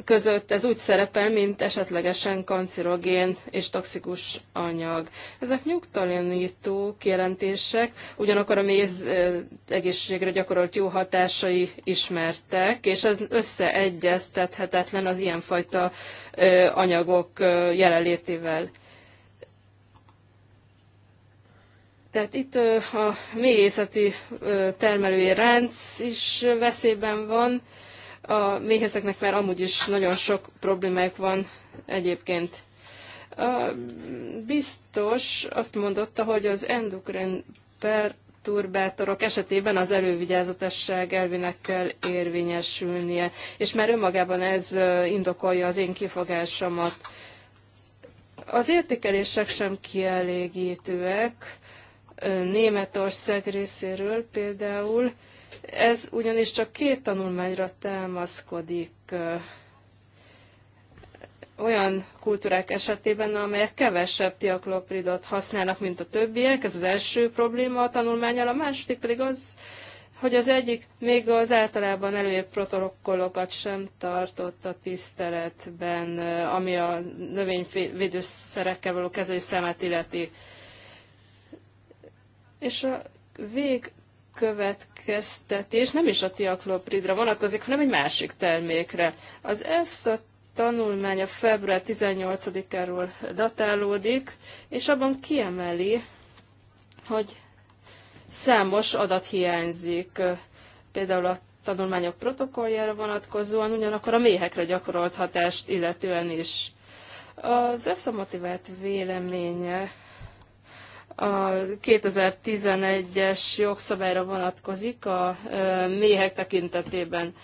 S4: között ez úgy szerepel, mint esetlegesen kancerogén és toxikus anyag. Ezek nyugtalanító kijelentések, ugyanakkor a méz egészségre gyakorolt jó hatásai ismertek, és ez összeegyeztethetetlen az ilyenfajta anyagok jelenlétével. Tehát itt a méhészeti termelői ránc is veszélyben van, a méhezeknek már amúgy is nagyon sok problémák van egyébként. A biztos azt mondotta, hogy az endokrin perturbátorok esetében az elővigyázatosság elvinek kell érvényesülnie, és már önmagában ez indokolja az én kifogásomat. Az értékelések sem kielégítőek. Németország részéről például ez ugyanis csak két tanulmányra támaszkodik olyan kultúrák esetében, amelyek kevesebb tiaklopridot használnak, mint a többiek. Ez az első probléma a tanulmányal, a második pedig az, hogy az egyik még az általában előírt protokollokat sem tartotta tiszteletben, ami a növényvédőszerekkel való kezelés szemet illeti. És a vég következtetés nem is a tiaklopridra vonatkozik, hanem egy másik termékre. Az EFSA tanulmánya február 18-áról datálódik, és abban kiemeli, hogy számos adat hiányzik, például a tanulmányok protokolljára vonatkozóan, ugyanakkor a méhekre gyakorolt hatást illetően is. Az EFSA motivált véleménye a 2011-es jogszabályra vonatkozik a méhek tekintetében.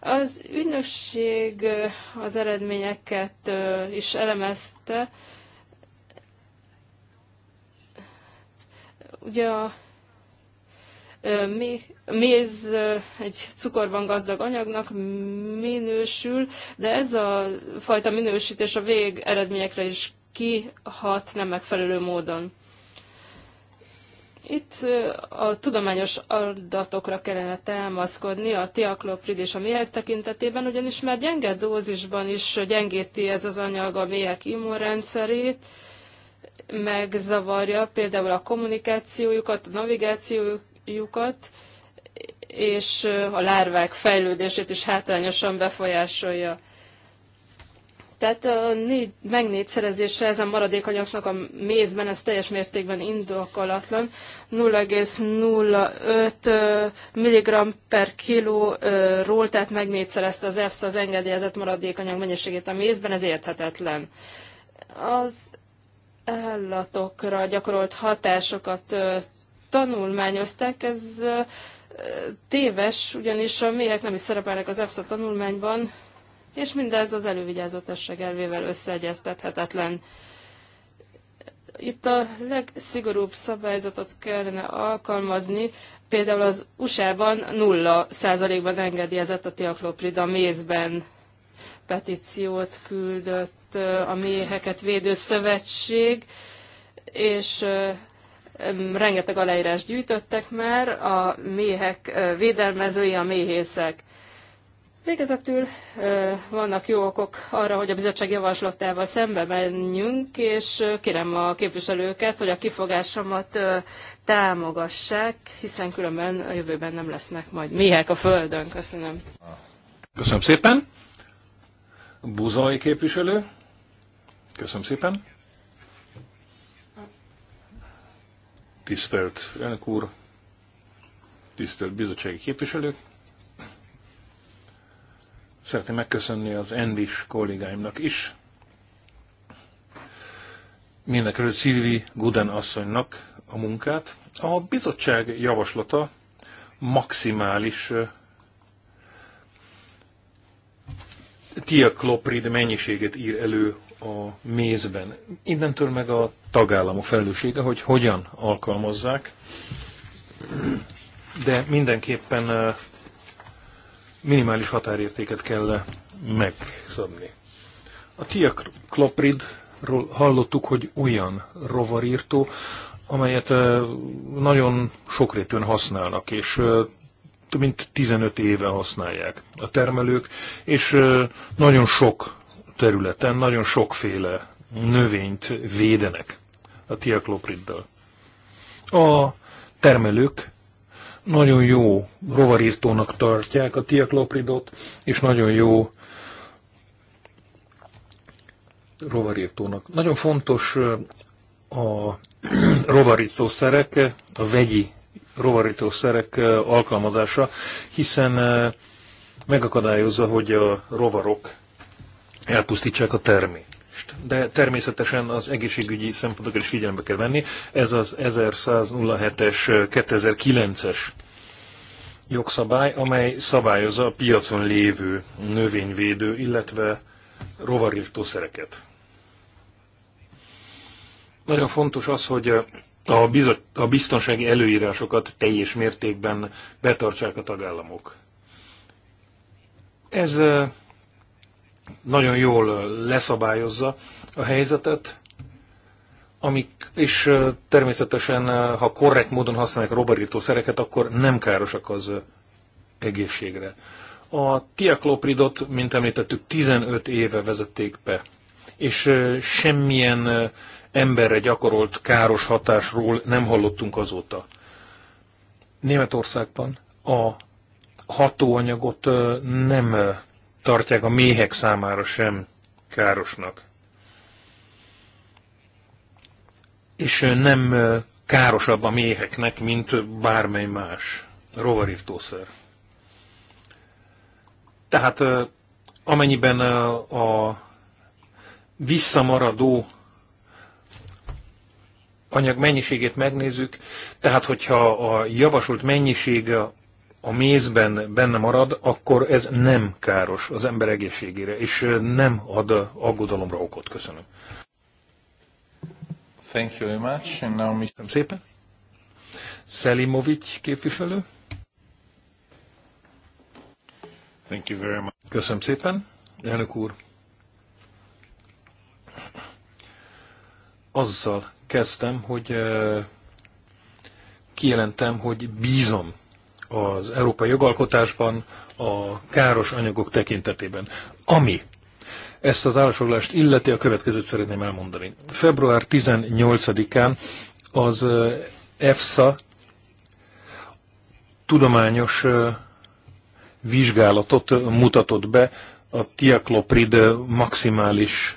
S4: Az ügynökség az eredményeket is elemezte. Ugye a méz egy cukorban gazdag anyagnak minősül, de ez a fajta minősítés a végeredményekre is kihat nem megfelelő módon. Itt a tudományos adatokra kellene támaszkodni a tiakloprid és a méhek tekintetében, ugyanis már gyenge dózisban is gyengíti ez az anyag a méhek immunrendszerét, megzavarja például a kommunikációjukat, a navigációjukat, és a lárvák fejlődését is hátrányosan befolyásolja. Tehát a négy, megnégyszerezése ezen maradékanyagnak a mézben, ez teljes mértékben indokolatlan. 0,05 mg per kiló ról tehát megnégyszerezte az EFSA az engedélyezett maradékanyag mennyiségét a mézben, ez érthetetlen. Az állatokra gyakorolt hatásokat tanulmányozták, ez téves, ugyanis a méhek nem is szerepelnek az EFSA tanulmányban, és mindez az elővigyázatosság elvével összeegyeztethetetlen. Itt a legszigorúbb szabályzatot kellene alkalmazni, például az USA-ban 0%-ban engedélyezett a tiakloprida a mézben petíciót küldött a Méheket Védő Szövetség, és rengeteg aláírás gyűjtöttek már, a méhek védelmezői, a méhészek. Végezetül vannak jó okok arra, hogy a bizottság javaslatával szembe menjünk, és kérem a képviselőket, hogy a kifogásomat támogassák, hiszen különben a jövőben nem lesznek majd méhek a földön. Köszönöm.
S3: Köszönöm szépen. Buzai képviselő. Köszönöm szépen. Tisztelt elnök úr, tisztelt bizottsági képviselők szeretném megköszönni az Envis kollégáimnak is, mindenek előtt Szilvi Guden asszonynak a munkát. A bizottság javaslata maximális tiaklopride mennyiséget ír elő a mézben. Innentől meg a tagállamok felelőssége, hogy hogyan alkalmazzák, de mindenképpen minimális határértéket kell megszabni. A Tia Klopridról hallottuk, hogy olyan rovarírtó, amelyet nagyon sokrétűen használnak, és több mint 15 éve használják a termelők, és nagyon sok területen, nagyon sokféle növényt védenek a tiaklopriddal. A termelők nagyon jó rovarírtónak tartják a tiaklopridot, és nagyon jó rovarírtónak. Nagyon fontos a *clears throat* rovarítószerek, a vegyi rovarítószerek alkalmazása, hiszen megakadályozza, hogy a rovarok elpusztítsák a termét de természetesen az egészségügyi szempontokat is figyelembe kell venni. Ez az 1107-es 2009-es jogszabály, amely szabályozza a piacon lévő növényvédő, illetve rovarirtószereket. Nagyon fontos az, hogy a, bizot, a biztonsági előírásokat teljes mértékben betartsák a tagállamok. Ez nagyon jól leszabályozza a helyzetet, amik, és természetesen, ha korrekt módon használják roborítószereket, akkor nem károsak az egészségre. A tiaklopridot, mint említettük, 15 éve vezették be, és semmilyen emberre gyakorolt káros hatásról nem hallottunk azóta. Németországban a hatóanyagot nem tartják a méhek számára sem károsnak. És nem károsabb a méheknek, mint bármely más rovarírtószer. Tehát amennyiben a visszamaradó anyag mennyiségét megnézzük, tehát hogyha a javasolt mennyiség a mézben benne marad, akkor ez nem káros az ember egészségére, és nem ad aggodalomra okot. Köszönöm.
S1: Thank you very much. And now Mr. Szépen.
S3: Szelimovic képviselő. Thank you very much. Köszönöm szépen, elnök úr. Azzal kezdtem, hogy kijelentem, hogy bízom az európai jogalkotásban a káros anyagok tekintetében. Ami ezt az állásfoglalást illeti, a következőt szeretném elmondani. Február 18-án az EFSA tudományos vizsgálatot mutatott be a tiaklopid maximális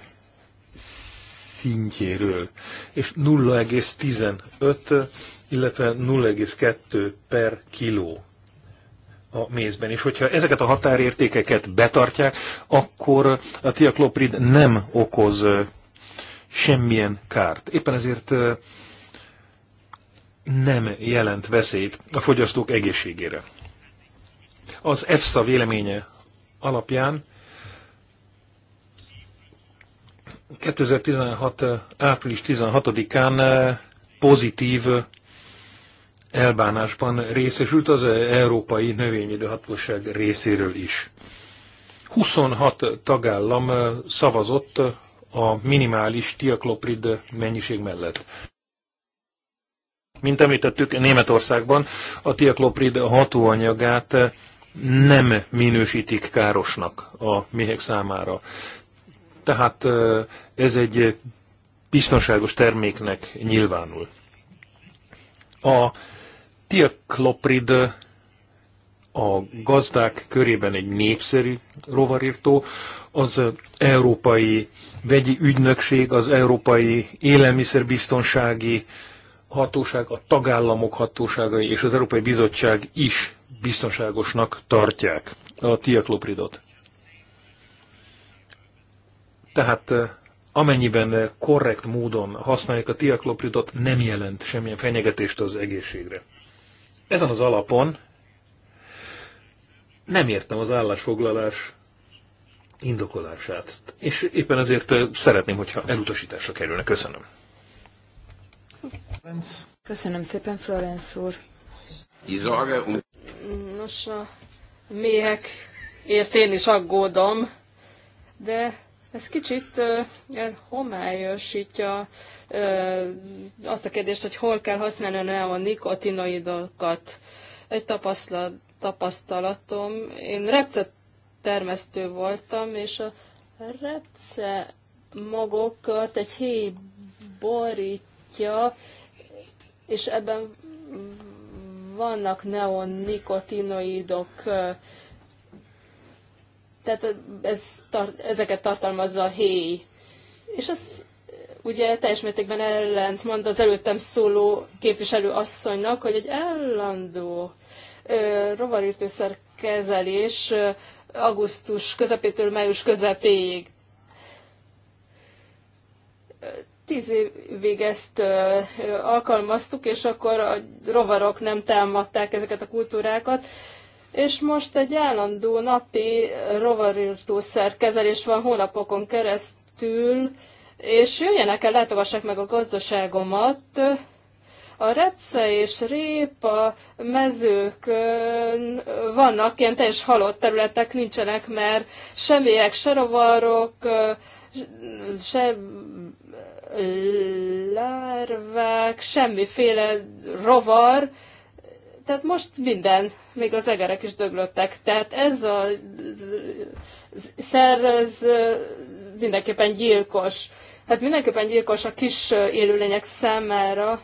S3: szintjéről, és 0,15, illetve 0,2 per kiló a mézben. És hogyha ezeket a határértékeket betartják, akkor a tiakloprid nem okoz semmilyen kárt. Éppen ezért nem jelent veszélyt a fogyasztók egészségére. Az EFSA véleménye alapján 2016. április 16-án pozitív elbánásban részesült az Európai Növényidőhatóság részéről is. 26 tagállam szavazott a minimális tiakloprid mennyiség mellett. Mint említettük, Németországban a tiakloprid hatóanyagát nem minősítik károsnak a méhek számára. Tehát ez egy biztonságos terméknek nyilvánul. A tiakloprid a gazdák körében egy népszerű rovarírtó, az Európai Vegyi Ügynökség, az Európai Élelmiszerbiztonsági Hatóság, a tagállamok hatóságai és az Európai Bizottság is biztonságosnak tartják a tiaklopridot. Tehát eh, amennyiben korrekt módon használják a tiaklopridot, nem jelent semmilyen fenyegetést az egészségre. Ezen az alapon nem értem az állásfoglalás indokolását. És éppen ezért szeretném, hogyha elutasításra kerülne. Köszönöm.
S1: Köszönöm szépen,
S2: Florence úr.
S3: Um-
S4: Nos, a méhek ért én is aggódom, de ez kicsit uh, homályosítja uh, azt a kérdést, hogy hol kell használni a nikotinoidokat. Egy tapasztalat, tapasztalatom, én repce termesztő voltam, és a repce magokat egy héj borítja, és ebben vannak neonikotinoidok, tehát ez, tar, ezeket tartalmazza a héj. És az ugye teljes mértékben mond az előttem szóló képviselő asszonynak, hogy egy állandó ö, rovarírtőszer kezelés augusztus közepétől május közepéig. Tíz évig ezt ö, ö, alkalmaztuk, és akkor a rovarok nem támadták ezeket a kultúrákat. Ö, és most egy állandó napi rovarírtószer kezelés van hónapokon keresztül, és jöjjenek el, látogassák meg a gazdaságomat, a retce és répa mezőkön vannak ilyen teljes halott területek, nincsenek mert semmiek, se rovarok, se lárvák, semmiféle rovar, tehát most minden, még az egerek is döglöttek. Tehát ez a szer, ez mindenképpen gyilkos. Hát mindenképpen gyilkos a kis élőlények számára.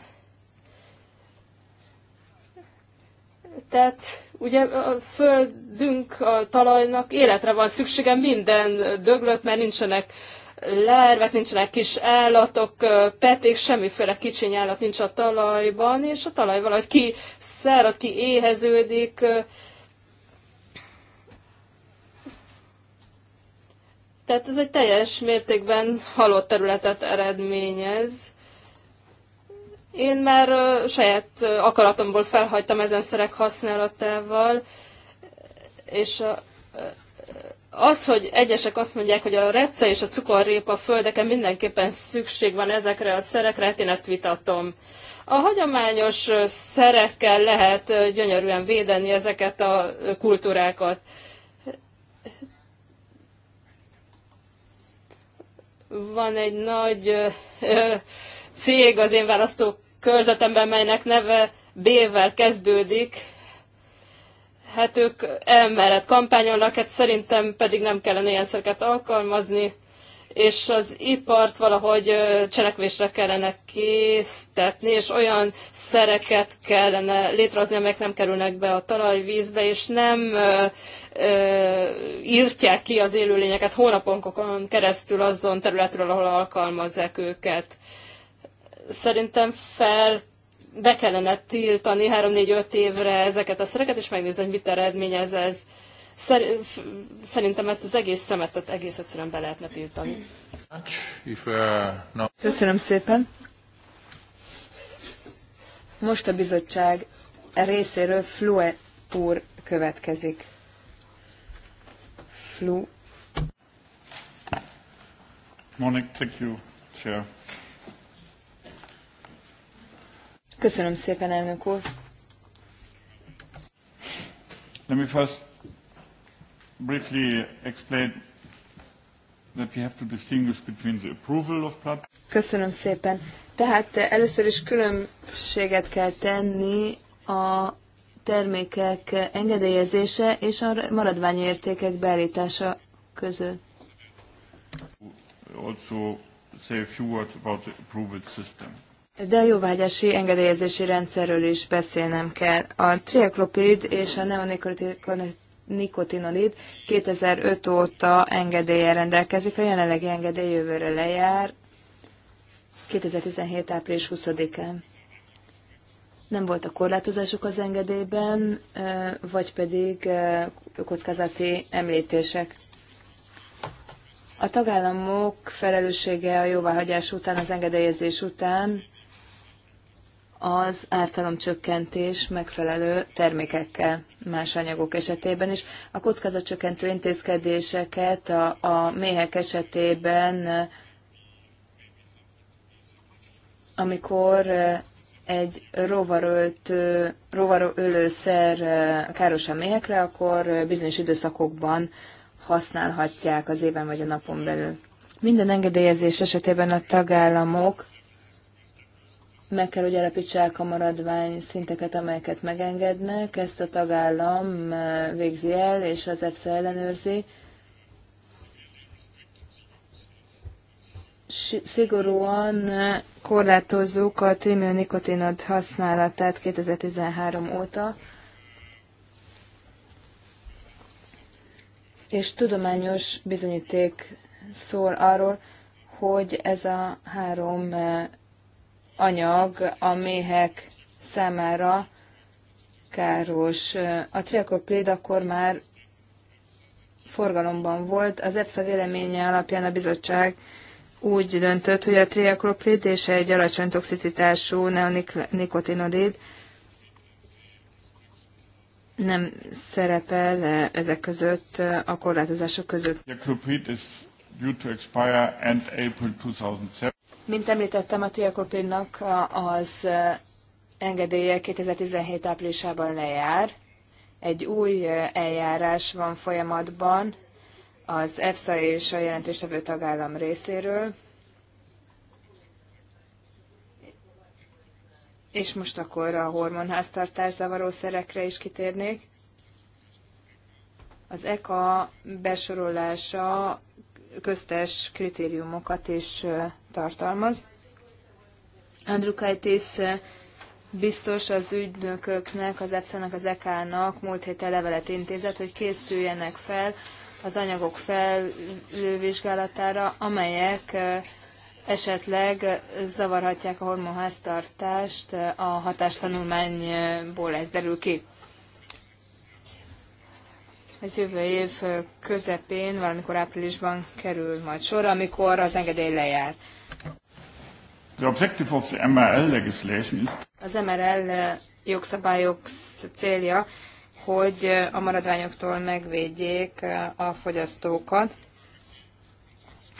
S4: Tehát ugye a földünk, a talajnak életre van szüksége minden döglött, mert nincsenek uh, lárvák, nincsenek kis állatok, peték, semmiféle kicsiny állat nincs a talajban, és a talaj valahogy ki szárad, ki éheződik. Tehát ez egy teljes mértékben halott területet eredményez. Én már saját akaratomból felhagytam ezen szerek használatával, és a az, hogy egyesek azt mondják, hogy a recce és a cukorrépa földeken mindenképpen szükség van ezekre a szerekre, hát én ezt vitatom. A hagyományos szerekkel lehet gyönyörűen védeni ezeket a kultúrákat. Van egy nagy cég az én választó körzetemben, melynek neve B-vel kezdődik, hát ők emellett kampányolnak, hát szerintem pedig nem kellene ilyen szereket alkalmazni, és az ipart valahogy cselekvésre kellene késztetni, és olyan szereket kellene létrehozni, amelyek nem kerülnek be a talajvízbe, és nem ö, ö, írtják ki az élőlényeket hónapokon keresztül azon területről, ahol alkalmazzák őket. Szerintem fel be kellene tiltani 3-4-5 évre ezeket a szereket, és megnézni, hogy mit eredményez ez. Szerintem ezt az egész szemetet egész egyszerűen be lehetne tiltani.
S1: Köszönöm
S2: szépen. Most a bizottság részéről Flue úr következik. Flu.
S1: Morning, thank you, Chair.
S2: Köszönöm szépen, elnök
S3: úr. Let me first briefly explain that we have to distinguish between the approval
S5: of blood.
S2: Köszönöm szépen. Tehát először is különbséget kell tenni a termékek engedélyezése és a értékek beállítása között.
S5: Also
S3: say a few words about the approval system.
S2: De a jóvágyási engedélyezési rendszerről is beszélnem kell. A triaklopid és a neonikotinolid 2005 óta engedélyen rendelkezik, a jelenlegi engedély jövőre lejár, 2017. április 20-án. Nem voltak korlátozások az engedélyben, vagy pedig kockázati említések. A tagállamok felelőssége a jóváhagyás után, az engedélyezés után az ártalomcsökkentés megfelelő termékekkel más anyagok esetében is. A kockázatcsökkentő intézkedéseket a, a méhek esetében, amikor egy rovaröltő, rovarölőszer káros a méhekre, akkor bizonyos időszakokban használhatják az éven vagy a napon belül. Minden engedélyezés esetében a tagállamok meg kell, hogy alapítsák a maradvány szinteket, amelyeket megengednek. Ezt a tagállam eh, végzi el, és az EFSA ellenőrzi. Szigorúan eh, korlátozzuk a trimionikotinod használatát 2013 óta. és tudományos bizonyíték szól arról, hogy ez a három eh, anyag a méhek számára káros. A triakloplid akkor már forgalomban volt. Az EFSA véleménye alapján a bizottság úgy döntött, hogy a triakloplid és egy alacsony toxicitású neonikotinodid nem szerepel ezek között a korlátozások
S1: között. is due to expire end April 2007.
S2: Mint említettem, a Tiakopinnak az engedélye 2017 áprilisában lejár. Egy új eljárás van folyamatban az EFSA és a jelentéstevő tagállam részéről. És most akkor a hormonháztartás zavaró szerekre is kitérnék. Az ECA besorolása köztes kritériumokat is tartalmaz. Andrukaitis eh, biztos az ügynököknek, az EFSA-nak, az EK-nak múlt héten levelet intézett, hogy készüljenek fel az anyagok felülvizsgálatára, amelyek eh, esetleg zavarhatják a hormonháztartást, eh, a hatástanulmányból ez derül ki ez jövő év közepén, valamikor áprilisban kerül majd sor, amikor az engedély lejár.
S3: The objective of the MRL legislation is...
S2: Az MRL jogszabályok célja, hogy a maradványoktól megvédjék a fogyasztókat,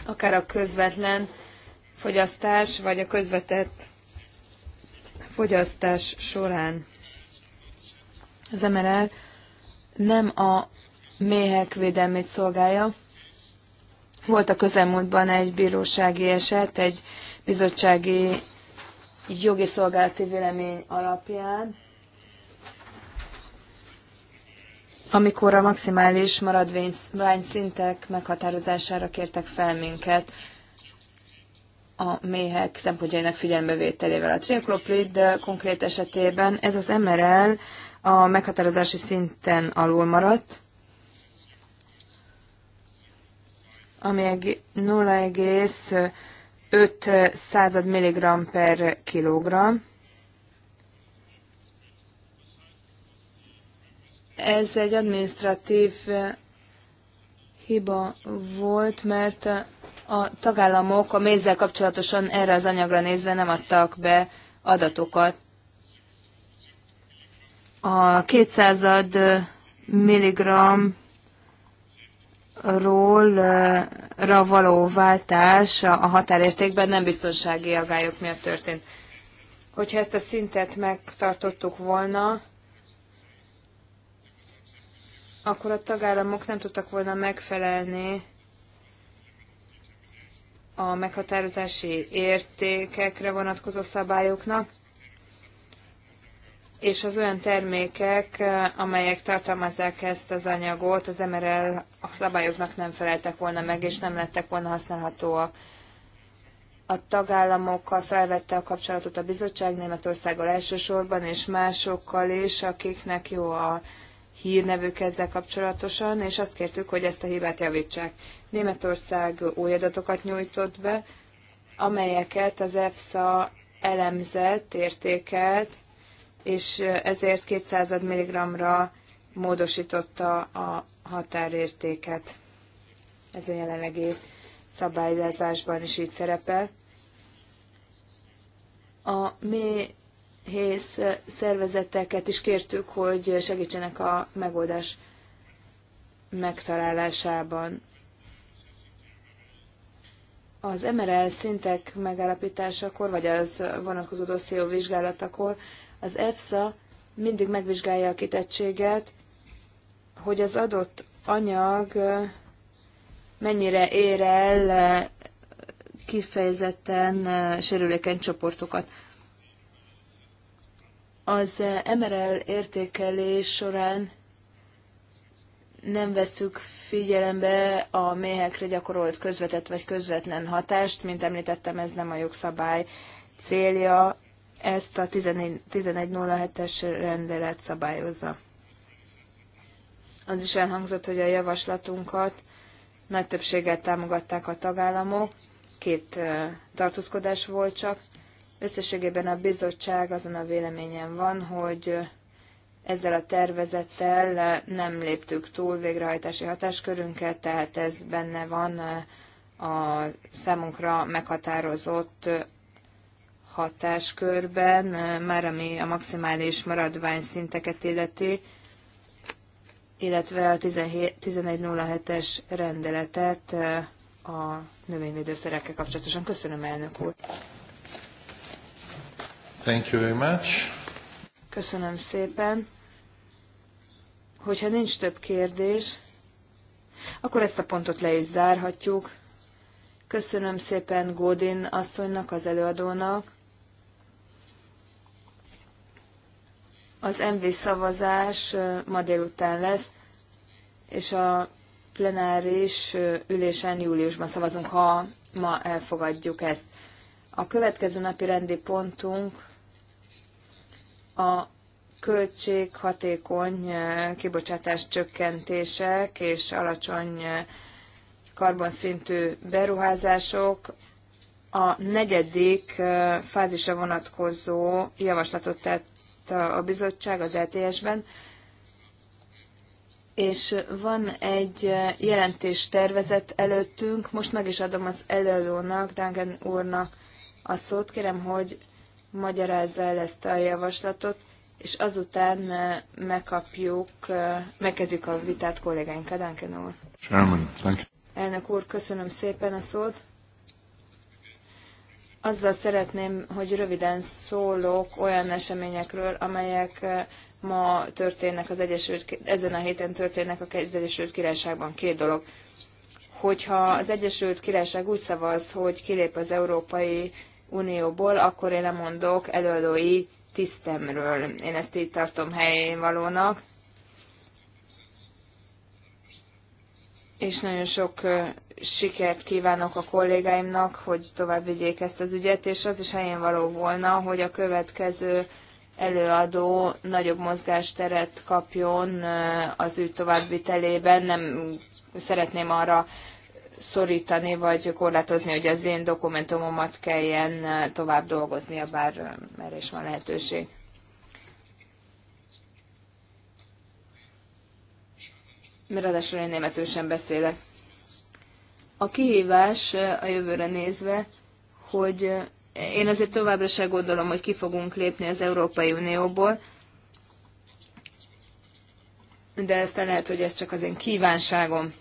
S2: akár a közvetlen fogyasztás, vagy a közvetett fogyasztás során. Az MRL nem a méhek védelmét szolgálja. Volt a közelmúltban egy bírósági eset, egy bizottsági jogi szolgálati vélemény alapján, amikor a maximális maradvány szintek meghatározására kértek fel minket a méhek szempontjainak figyelmevételével. A triokloprid konkrét esetében ez az MRL a meghatározási szinten alul maradt, ami 0,5 század milligram per kilogram. Ez egy administratív eh, hiba volt, mert eh, a tagállamok a mézzel kapcsolatosan erre az anyagra nézve nem adtak be adatokat. A 200 eh, milligram ról ra eh, való váltás a határértékben nem biztonsági agályok miatt történt. Hogyha ezt a szintet megtartottuk volna, akkor a tagállamok nem tudtak volna megfelelni a meghatározási értékekre vonatkozó szabályoknak, és az olyan termékek, eh, amelyek tartalmazzák ezt az anyagot, az MRL a szabályoknak nem feleltek volna meg, és nem lettek volna használhatóak. A tagállamokkal felvette a kapcsolatot a bizottság Németországgal elsősorban, és másokkal is, akiknek jó a hírnevük ezzel kapcsolatosan, és azt kértük, hogy ezt a hibát javítsák. Németország új adatokat nyújtott be, amelyeket az EFSA elemzett, értékelt, és ezért 200 mg-ra módosította a határértéket. Ez a jelenlegi szabályozásban is így szerepel. A méhész szervezeteket is kértük, hogy segítsenek a megoldás megtalálásában. Az MRL szintek megállapításakor, vagy az vonatkozó dosszió vizsgálatakor az EFSA mindig megvizsgálja a kitettséget, hogy az adott anyag mennyire ér el kifejezetten sérülékeny csoportokat. Az MRL értékelés során nem veszük figyelembe a méhekre gyakorolt közvetett vagy közvetlen hatást, mint említettem, ez nem a jogszabály célja, ezt a 1107-es rendelet szabályozza. Az is elhangzott, hogy a javaslatunkat nagy többséggel támogatták a tagállamok, két tartózkodás volt csak. Összességében a bizottság azon a véleményen van, hogy ezzel a tervezettel nem léptük túl végrehajtási hatáskörünket, tehát ez benne van a számunkra meghatározott hatáskörben, már ami a maximális maradvány szinteket illeti, illetve a 1107-es rendeletet a növényvédőszerekkel kapcsolatosan. Köszönöm, elnök úr!
S1: Thank you very much.
S2: Köszönöm szépen. Hogyha nincs több kérdés, akkor ezt a pontot le is zárhatjuk. Köszönöm szépen Godin asszonynak, az előadónak, Az MV szavazás ma délután lesz, és a plenáris ülésen júliusban szavazunk, ha ma elfogadjuk ezt. A következő napi rendi pontunk a költséghatékony kibocsátás csökkentések és alacsony karbonszintű beruházások a negyedik fázisra vonatkozó javaslatot tett a a bizottság az LTS-ben, e és van egy jelentés tervezet előttünk, most meg is adom az előadónak, Dangen úrnak a szót, kérem, hogy magyarázza el ezt a javaslatot, és azután eh, megkapjuk, eh, megkezdjük a vitát kollégáinkkal, Dangen úr.
S1: Chairman, thank you.
S2: Elnök úr, köszönöm szépen a szót azzal szeretném, hogy röviden szólok olyan eseményekről, amelyek eh, ma történnek az Egyesült, ezen a héten történnek az Egyesült Királyságban két dolog. Hogyha az Egyesült Királyság úgy szavaz, hogy kilép az Európai Unióból, akkor én lemondok előadói tisztemről. Én ezt így tartom helyén valónak. És nagyon sok eh, sikert kívánok a kollégáimnak, hogy tovább vigyék ezt az ügyet, és az is helyén való volna, hogy a következő előadó nagyobb mozgásteret kapjon az ügy továbbvitelében. Nem szeretném arra szorítani, vagy korlátozni, hogy az én dokumentumomat kelljen tovább dolgoznia, bár erre is van lehetőség. Ráadásul én németül sem beszélek. A kihívás a jövőre nézve, hogy én azért továbbra se gondolom, hogy ki fogunk lépni az Európai Unióból, de ezt lehet, hogy ez csak az én kívánságom.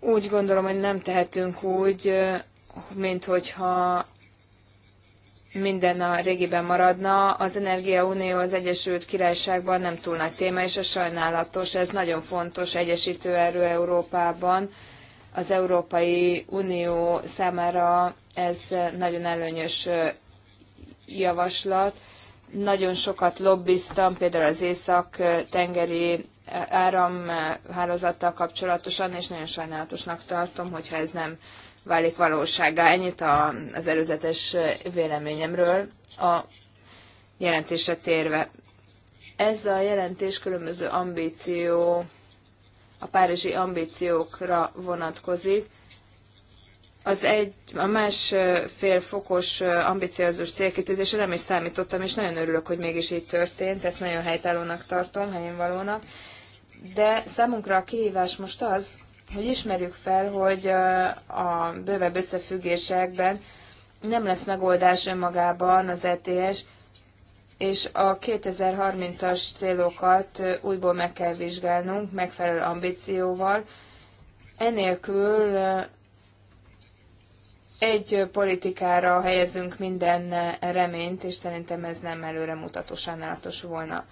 S2: Úgy gondolom, hogy nem tehetünk úgy, mint hogyha minden a régiben maradna. Az Energiaunió az Egyesült Királyságban nem túl nagy téma, és ez sajnálatos, ez nagyon fontos egyesítő erő Európában. Az Európai Unió számára ez nagyon előnyös javaslat. Nagyon sokat lobbiztam, például az Észak-tengeri áramhálózattal kapcsolatosan, és nagyon sajnálatosnak tartom, hogyha ez nem válik valósága, Ennyit a, az előzetes véleményemről a jelentésre térve. Ez a jelentés különböző ambíció, a párizsi ambíciókra vonatkozik. Az egy, a másfél fokos ambiciózus célkitűzésre nem is számítottam, és nagyon örülök, hogy mégis így történt, ezt nagyon helytállónak tartom, helyén valónak. De számunkra a kihívás most az, hogy ismerjük fel, hogy a bővebb összefüggésekben nem lesz megoldás önmagában az ETS, és a 2030-as célokat újból meg kell vizsgálnunk megfelelő ambícióval. Enélkül egy politikára helyezünk minden reményt, és szerintem ez nem előremutató, sajnálatos volna.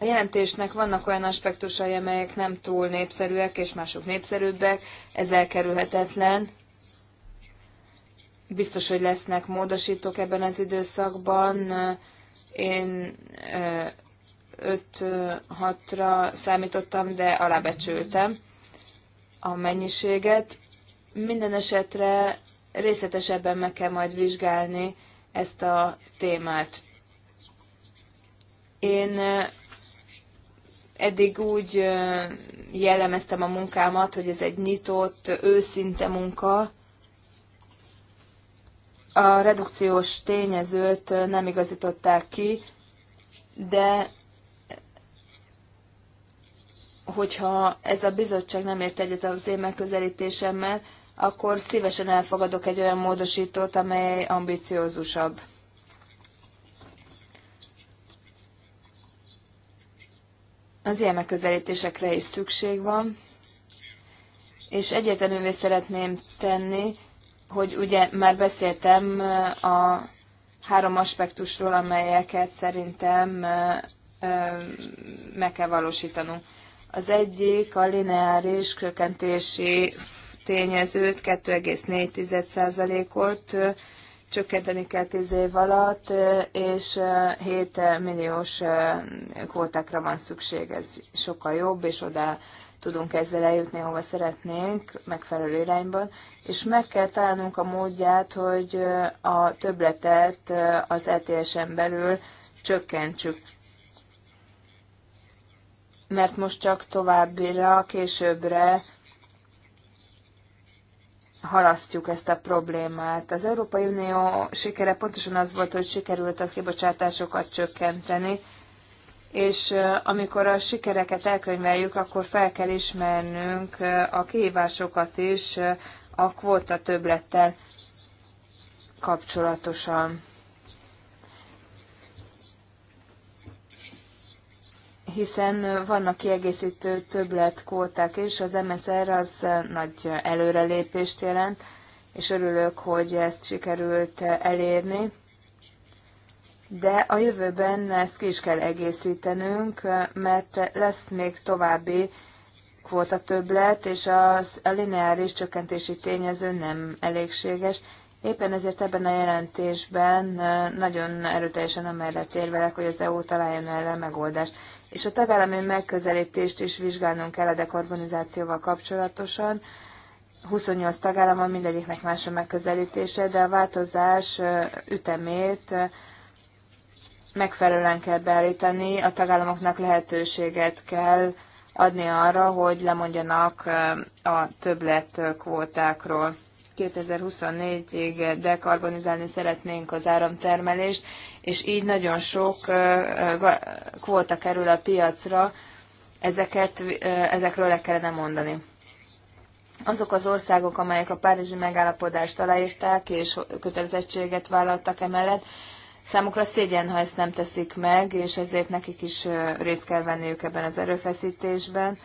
S2: A jelentésnek vannak olyan aspektusai, amelyek nem túl népszerűek, és mások népszerűbbek, ez elkerülhetetlen. Biztos, hogy lesznek módosítók ebben az időszakban. Én 5-6-ra számítottam, de alábecsültem a mennyiséget. Minden esetre részletesebben meg kell majd vizsgálni ezt a témát. Én eddig úgy jellemeztem a munkámat, hogy ez egy nyitott, őszinte munka. A redukciós tényezőt nem igazították ki, de hogyha ez a bizottság nem ért egyet az én megközelítésemmel, akkor szívesen elfogadok egy olyan módosítót, amely ambiciózusabb. Az ilyen megközelítésekre is szükség van, és egyeteművé szeretném tenni, hogy ugye már beszéltem a három aspektusról, amelyeket szerintem meg kell valósítanunk. Az egyik a lineáris kökentési tényezőt 2,4%-ot csökkenteni kell 10 év alatt, és 7 milliós kvótákra van szükség, ez sokkal jobb, és oda tudunk ezzel eljutni, hova szeretnénk, megfelelő irányban, és meg kell találnunk a módját, hogy a többletet az ETS-en belül csökkentsük. Mert most csak továbbira, későbbre halasztjuk ezt a problémát. Az Európai Unió sikere pontosan az volt, hogy sikerült a kibocsátásokat csökkenteni, és amikor a sikereket elkönyveljük, akkor fel kell ismernünk a kihívásokat is a kvóta többlettel kapcsolatosan. hiszen vannak kiegészítő többletkóták is, az MSR az nagy előrelépést jelent, és örülök, hogy ezt sikerült elérni. De a jövőben ezt ki is kell egészítenünk, mert lesz még további kvóta többlet, és az, a lineáris csökkentési tényező nem elégséges. Éppen ezért ebben a jelentésben nagyon erőteljesen amellett érvelek, hogy az EU találjon erre megoldást és a tagállami megközelítést is vizsgálnunk kell a dekarbonizációval kapcsolatosan. 28 tagállam van, mindegyiknek más a megközelítése, de a változás ütemét megfelelően kell beállítani, a tagállamoknak lehetőséget kell adni arra, hogy lemondjanak a többlet kvótákról. 2024-ig dekarbonizálni szeretnénk az áramtermelést, és így nagyon sok kvóta kerül a piacra, ezeket, ezekről le kellene mondani. Azok az országok, amelyek a Párizsi megállapodást aláírták és kötelezettséget vállaltak emellett, számukra szégyen, ha ezt nem teszik meg, és ezért nekik is részt kell venniük ebben az erőfeszítésben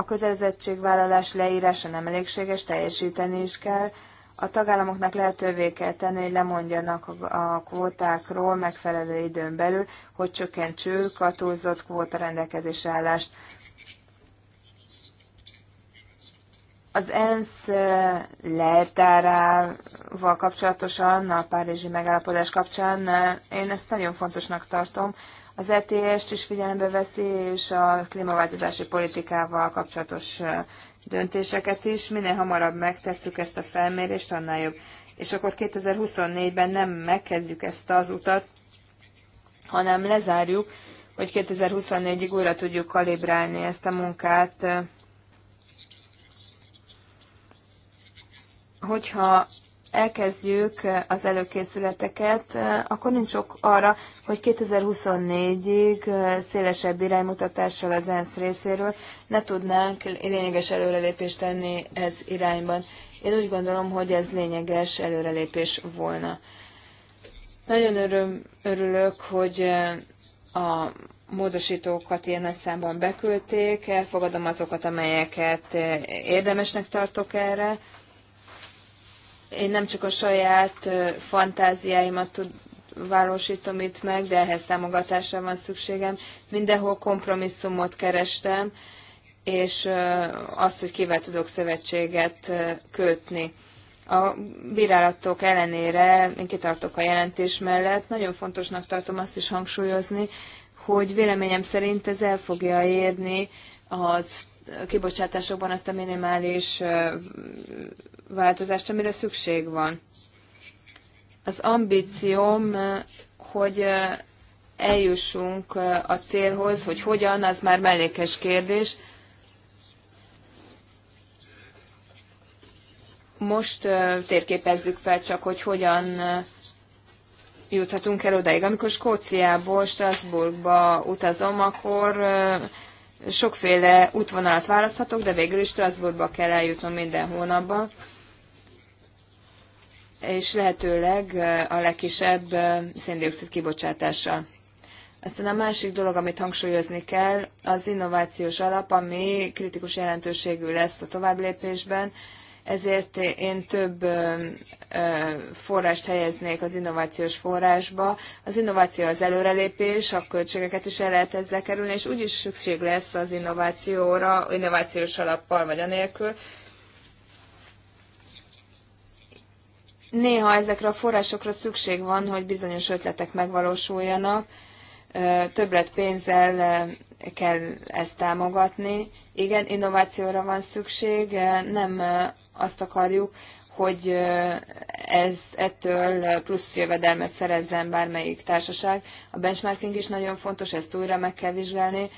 S2: a kötelezettségvállalás leírása nem elégséges, teljesíteni is kell. A tagállamoknak lehetővé kell tenni, hogy lemondjanak a kvótákról megfelelő időn belül, hogy csökkentsük a túlzott kvóta rendelkezés állást. Az ENSZ eh, leltárával kapcsolatosan, a Párizsi megállapodás kapcsán eh, én ezt nagyon fontosnak tartom, az ETS-t is figyelembe veszi, és a klímaváltozási politikával kapcsolatos döntéseket is. Minél hamarabb megtesszük ezt a felmérést, annál jobb. És akkor 2024-ben nem megkezdjük ezt az utat, hanem lezárjuk, hogy 2024-ig újra tudjuk kalibrálni ezt a munkát. Hogyha elkezdjük az előkészületeket, akkor nincs ok arra, hogy 2024-ig szélesebb iránymutatással az ENSZ részéről ne tudnánk lényeges előrelépést tenni ez irányban. Én úgy gondolom, hogy ez lényeges előrelépés volna. Nagyon öröm, örülök, hogy eh, a módosítókat ilyen nagy számban beküldték, elfogadom azokat, amelyeket eh, érdemesnek tartok erre, én nem csak a saját fantáziáimat tud, valósítom itt meg, de ehhez támogatásra van szükségem. Mindenhol kompromisszumot kerestem, és azt, hogy kivel tudok szövetséget kötni. A bírálatok ellenére én kitartok a jelentés mellett. Nagyon fontosnak tartom azt is hangsúlyozni, hogy véleményem szerint ez el fogja érni a kibocsátásokban azt a minimális változást, amire szükség van. Az ambícióm, hogy eljussunk a célhoz, hogy hogyan, az már mellékes kérdés. Most térképezzük fel csak, hogy hogyan juthatunk el odaig. Amikor Skóciából Strasbourgba utazom, akkor sokféle útvonalat választhatok, de végül is Strasbourgba kell eljutnom minden hónapban és lehetőleg a legkisebb széndiokszid kibocsátással. Aztán a másik dolog, amit hangsúlyozni kell, az innovációs alap, ami kritikus jelentőségű lesz a továbblépésben, ezért én több forrást helyeznék az innovációs forrásba. Az innováció az előrelépés, a költségeket is el lehet ezzel kerülni, és úgyis szükség lesz az innovációra, innovációs alappal vagy anélkül, Néha ezekre a forrásokra szükség van, hogy bizonyos ötletek megvalósuljanak, többlet pénzzel kell ezt támogatni. Igen, innovációra van szükség, nem azt akarjuk, hogy ez ettől plusz jövedelmet szerezzen bármelyik társaság. A benchmarking is nagyon fontos, ezt újra meg kell vizsgálni,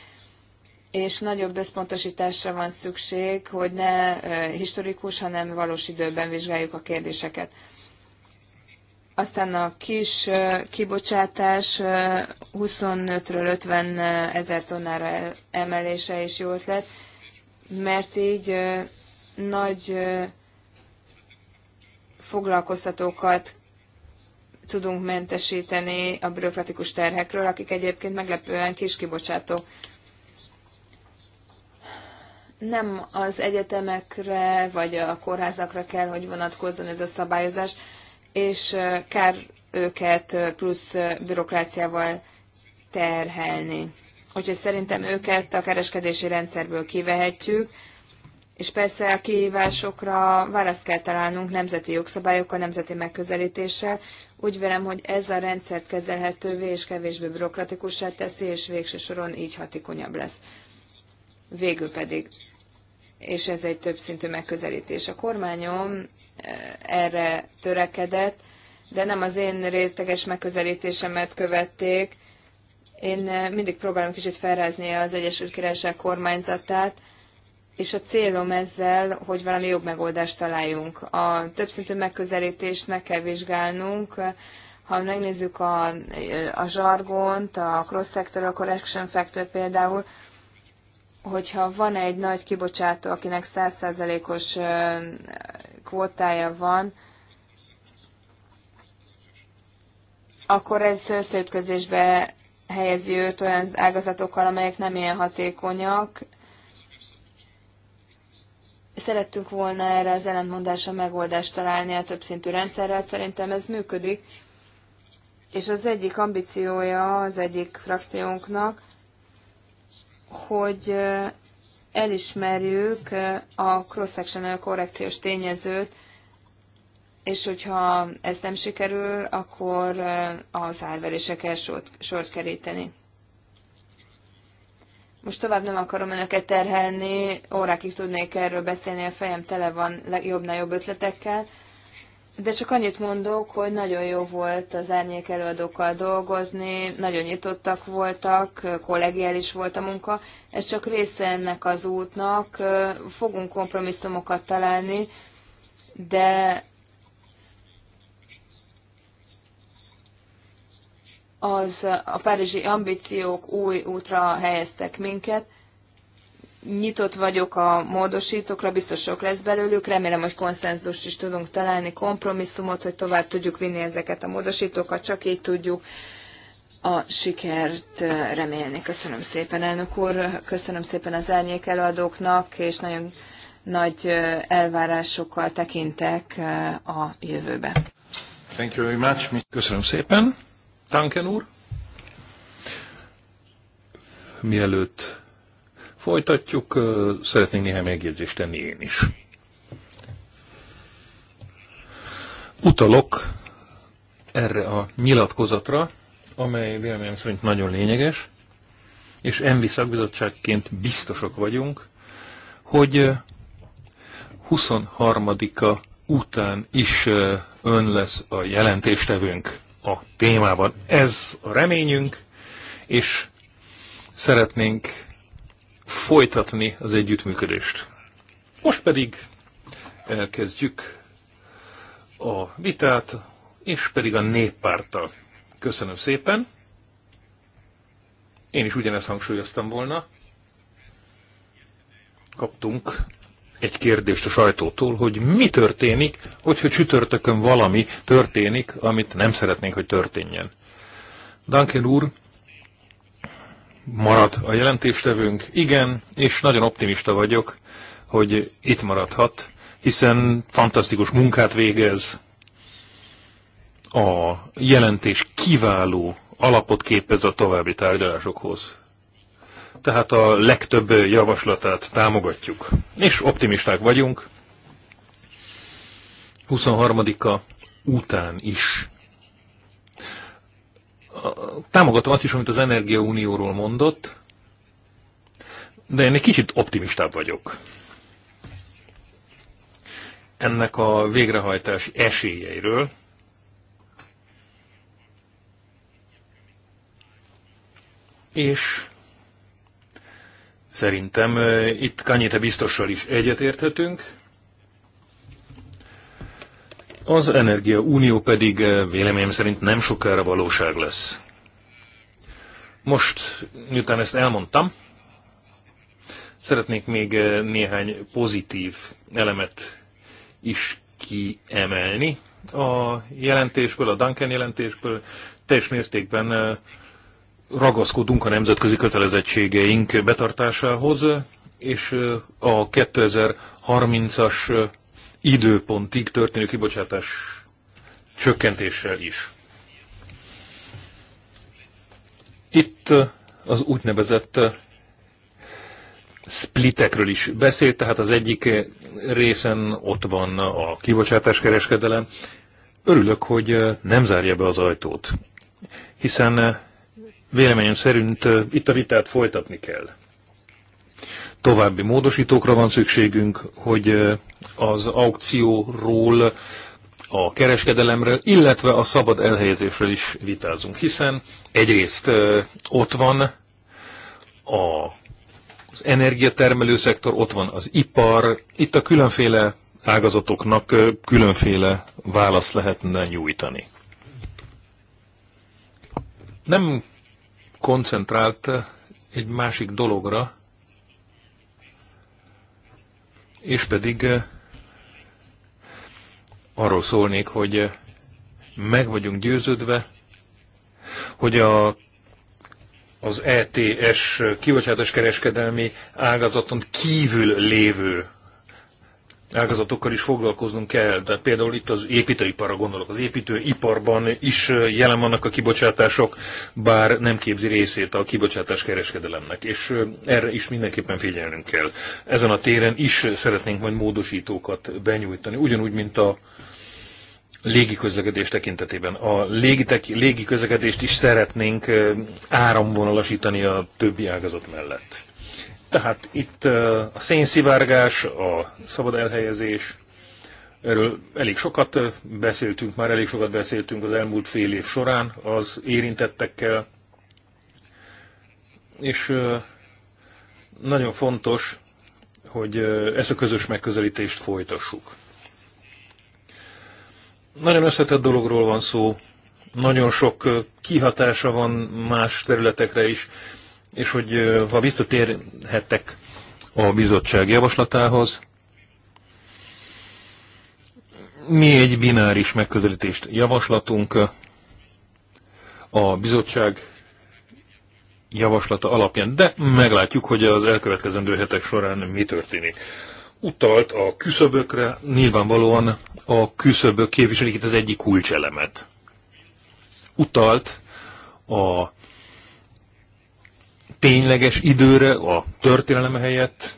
S2: és nagyobb összpontosításra van szükség, hogy ne historikus, hanem valós időben vizsgáljuk a kérdéseket. Aztán a kis kibocsátás 25-ről 50 ezer tonnára e-, emelése is jó ötlet, mert így nagy foglalkoztatókat tudunk mentesíteni a bürokratikus terhekről, akik egyébként meglepően kis kibocsátók. Nem az egyetemekre vagy a kórházakra kell, hogy vonatkozzon ez a szabályozás, és kár őket plusz bürokráciával terhelni. Úgyhogy szerintem őket a kereskedési rendszerből kivehetjük, és persze a kihívásokra választ kell találnunk nemzeti jogszabályokkal, nemzeti megközelítéssel. Úgy vélem, hogy ez a rendszert kezelhetővé és kevésbé bürokratikussá teszi, és végső soron így hatékonyabb lesz. Végül pedig és ez egy többszintű megközelítés. A kormányom eh, erre törekedett, de nem az én réteges megközelítésemet követték. Én eh, mindig próbálom kicsit felrázni az Egyesült Királyság kormányzatát, és a célom ezzel, hogy valami jobb megoldást találjunk. A többszintű megközelítést meg kell vizsgálnunk, ha megnézzük a, eh, a zsargont, a cross-sectoral correction factor például, hogyha van egy nagy kibocsátó, akinek 100%-os kvótája van, akkor ez összeütközésbe helyezi őt olyan ágazatokkal, amelyek nem ilyen hatékonyak. Szerettünk volna erre az ellentmondásra megoldást találni a többszintű rendszerrel, szerintem ez működik. És az egyik ambíciója az egyik frakciónknak, hogy elismerjük a cross-sectional korrekciós tényezőt, és hogyha ez nem sikerül, akkor az árverése kell sort, sort keríteni. Most tovább nem akarom önöket terhelni, órákig tudnék erről beszélni, a fejem tele van legjobb-nagyobb ötletekkel de csak annyit mondok, hogy nagyon jó volt az árnyék előadókkal dolgozni, nagyon nyitottak voltak, kollegiális volt a munka. Ez csak része ennek az útnak. Fogunk kompromisszumokat találni, de az a párizsi ambíciók új útra helyeztek minket, nyitott vagyok a módosítókra, biztos sok lesz belőlük, remélem, hogy konszenzust is tudunk találni, kompromisszumot, hogy tovább tudjuk vinni ezeket a módosítókat, csak így tudjuk a sikert remélni. Köszönöm szépen, elnök úr, köszönöm szépen az árnyék előadóknak, és nagyon nagy elvárásokkal tekintek a jövőbe.
S1: Thank you very much. Köszönöm szépen.
S3: Tanken úr. Mielőtt Folytatjuk, szeretnék néhány megjegyzést tenni én is. Utalok erre a nyilatkozatra, amely véleményem szerint nagyon lényeges, és MV szakbizottságként biztosak vagyunk, hogy 23-a után is ön lesz a jelentéstevőnk a témában. Ez a reményünk, és szeretnénk folytatni az együttműködést. Most pedig elkezdjük a vitát, és pedig a néppárttal. Köszönöm szépen. Én is ugyanezt hangsúlyoztam volna. Kaptunk egy kérdést a sajtótól, hogy mi történik, hogyha csütörtökön valami történik, amit nem szeretnénk, hogy történjen. Duncan úr marad a jelentéstevőnk. Igen, és nagyon optimista vagyok, hogy itt maradhat, hiszen fantasztikus munkát végez. A jelentés kiváló alapot képez a további tárgyalásokhoz. Tehát a legtöbb javaslatát támogatjuk, és optimisták vagyunk. 23-a után is támogatom azt is, amit az Energiaunióról mondott, de én egy kicsit optimistább vagyok. Ennek a végrehajtás esélyeiről, és szerintem eh, itt Kanyete biztossal is egyetérthetünk, az Energia Unió pedig eh, véleményem szerint nem sokára valóság lesz. Most, miután ezt elmondtam, szeretnék még eh, néhány pozitív elemet is kiemelni a jelentésből, a Duncan jelentésből. Teljes mértékben eh, ragaszkodunk a nemzetközi kötelezettségeink betartásához, és a 2030-as időpontig történő kibocsátás csökkentéssel is. Itt az úgynevezett splitekről is beszélt, tehát az egyik részen ott van a kibocsátás kereskedelem. Örülök, hogy nem zárja be az ajtót, hiszen véleményem szerint itt a vitát folytatni kell további módosítókra van szükségünk, hogy az aukcióról a kereskedelemről, illetve a szabad elhelyezésről is vitázunk, hiszen egyrészt ott van a, az energiatermelő szektor, ott van az ipar, itt a különféle ágazatoknak különféle választ lehetne nyújtani. Nem koncentrált egy másik dologra, és pedig eh, arról szólnék, hogy eh, meg vagyunk győződve, hogy a, az ETS kibocsátás kereskedelmi ágazaton kívül lévő ágazatokkal is foglalkoznunk kell, de például itt az építőiparra gondolok. Az építőiparban is jelen vannak a kibocsátások, bár nem képzi részét a kibocsátás kereskedelemnek, és erre is mindenképpen figyelnünk kell. Ezen a téren is szeretnénk majd módosítókat benyújtani, ugyanúgy, mint a közlekedés tekintetében. A légitek, közlekedést is szeretnénk áramvonalasítani a többi ágazat mellett. Tehát itt a szénszivárgás, a szabad elhelyezés, erről elég sokat beszéltünk, már elég sokat beszéltünk az elmúlt fél év során az érintettekkel, és nagyon fontos, hogy ezt a közös megközelítést folytassuk. Nagyon összetett dologról van szó, nagyon sok kihatása van más területekre is, és hogy ha visszatérhettek a bizottság javaslatához, mi egy bináris megközelítést javaslatunk. A bizottság javaslata alapján, de meglátjuk, hogy az elkövetkezendő hetek során mi történik. Utalt a küszöbökre, nyilvánvalóan a küszöbök képviselik itt az egyik kulcselemet. Utalt a tényleges időre, a történelem helyett.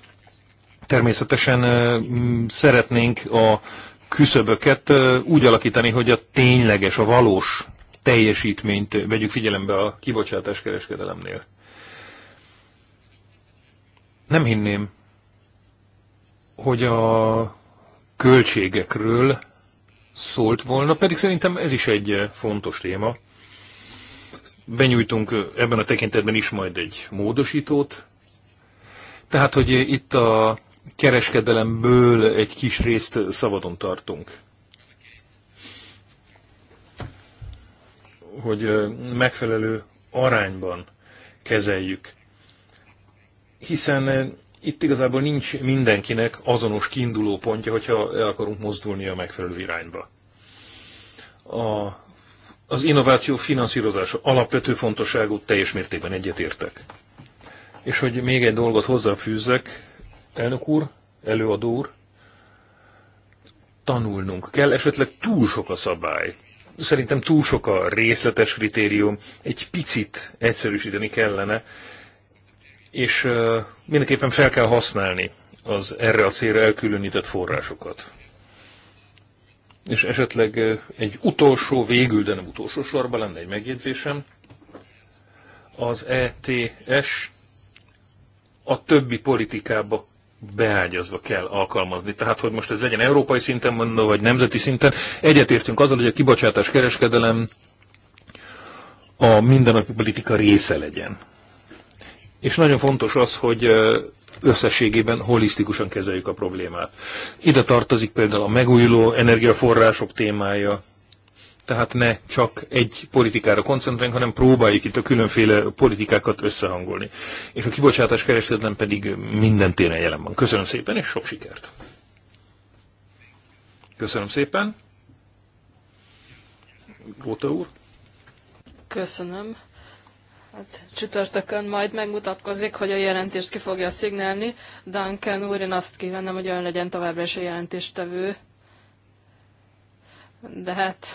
S3: Természetesen szeretnénk a küszöböket úgy alakítani, hogy a tényleges, a valós teljesítményt vegyük figyelembe a kibocsátás kereskedelemnél. Nem hinném, hogy a költségekről szólt volna, pedig szerintem ez is egy fontos téma benyújtunk ebben a tekintetben is majd egy módosítót. Tehát, hogy itt a kereskedelemből egy kis részt szabadon tartunk. Hogy megfelelő arányban kezeljük. Hiszen itt igazából nincs mindenkinek azonos kiinduló pontja, hogyha el akarunk mozdulni a megfelelő irányba. A az innováció finanszírozása alapvető fontosságú, teljes mértékben egyetértek. És hogy még egy dolgot hozzáfűzzek, elnök úr, előadó úr, tanulnunk kell, esetleg túl sok a szabály. Szerintem túl sok a részletes kritérium, egy picit egyszerűsíteni kellene, és mindenképpen fel kell használni az erre a célra elkülönített forrásokat. És esetleg egy utolsó, végül, de nem utolsó sorban lenne egy megjegyzésem. Az ETS a többi politikába beágyazva kell alkalmazni. Tehát, hogy most ez legyen európai szinten mondva, vagy nemzeti szinten, egyetértünk azzal, hogy a kibocsátás kereskedelem a mindennapi politika része legyen. És nagyon fontos az, hogy összességében holisztikusan kezeljük a problémát. Ide tartozik például a megújuló energiaforrások témája, tehát ne csak egy politikára koncentráljunk, hanem próbáljuk itt a különféle politikákat összehangolni. És a kibocsátás kereskedelem pedig minden téren jelen van. Köszönöm szépen, és sok sikert! Köszönöm szépen! Góta úr!
S4: Köszönöm. Hát csütörtökön majd megmutatkozik, hogy a jelentést ki fogja szignálni. Duncan úr, én azt kívánom, hogy olyan legyen továbbra is a jelentéstevő. De hát,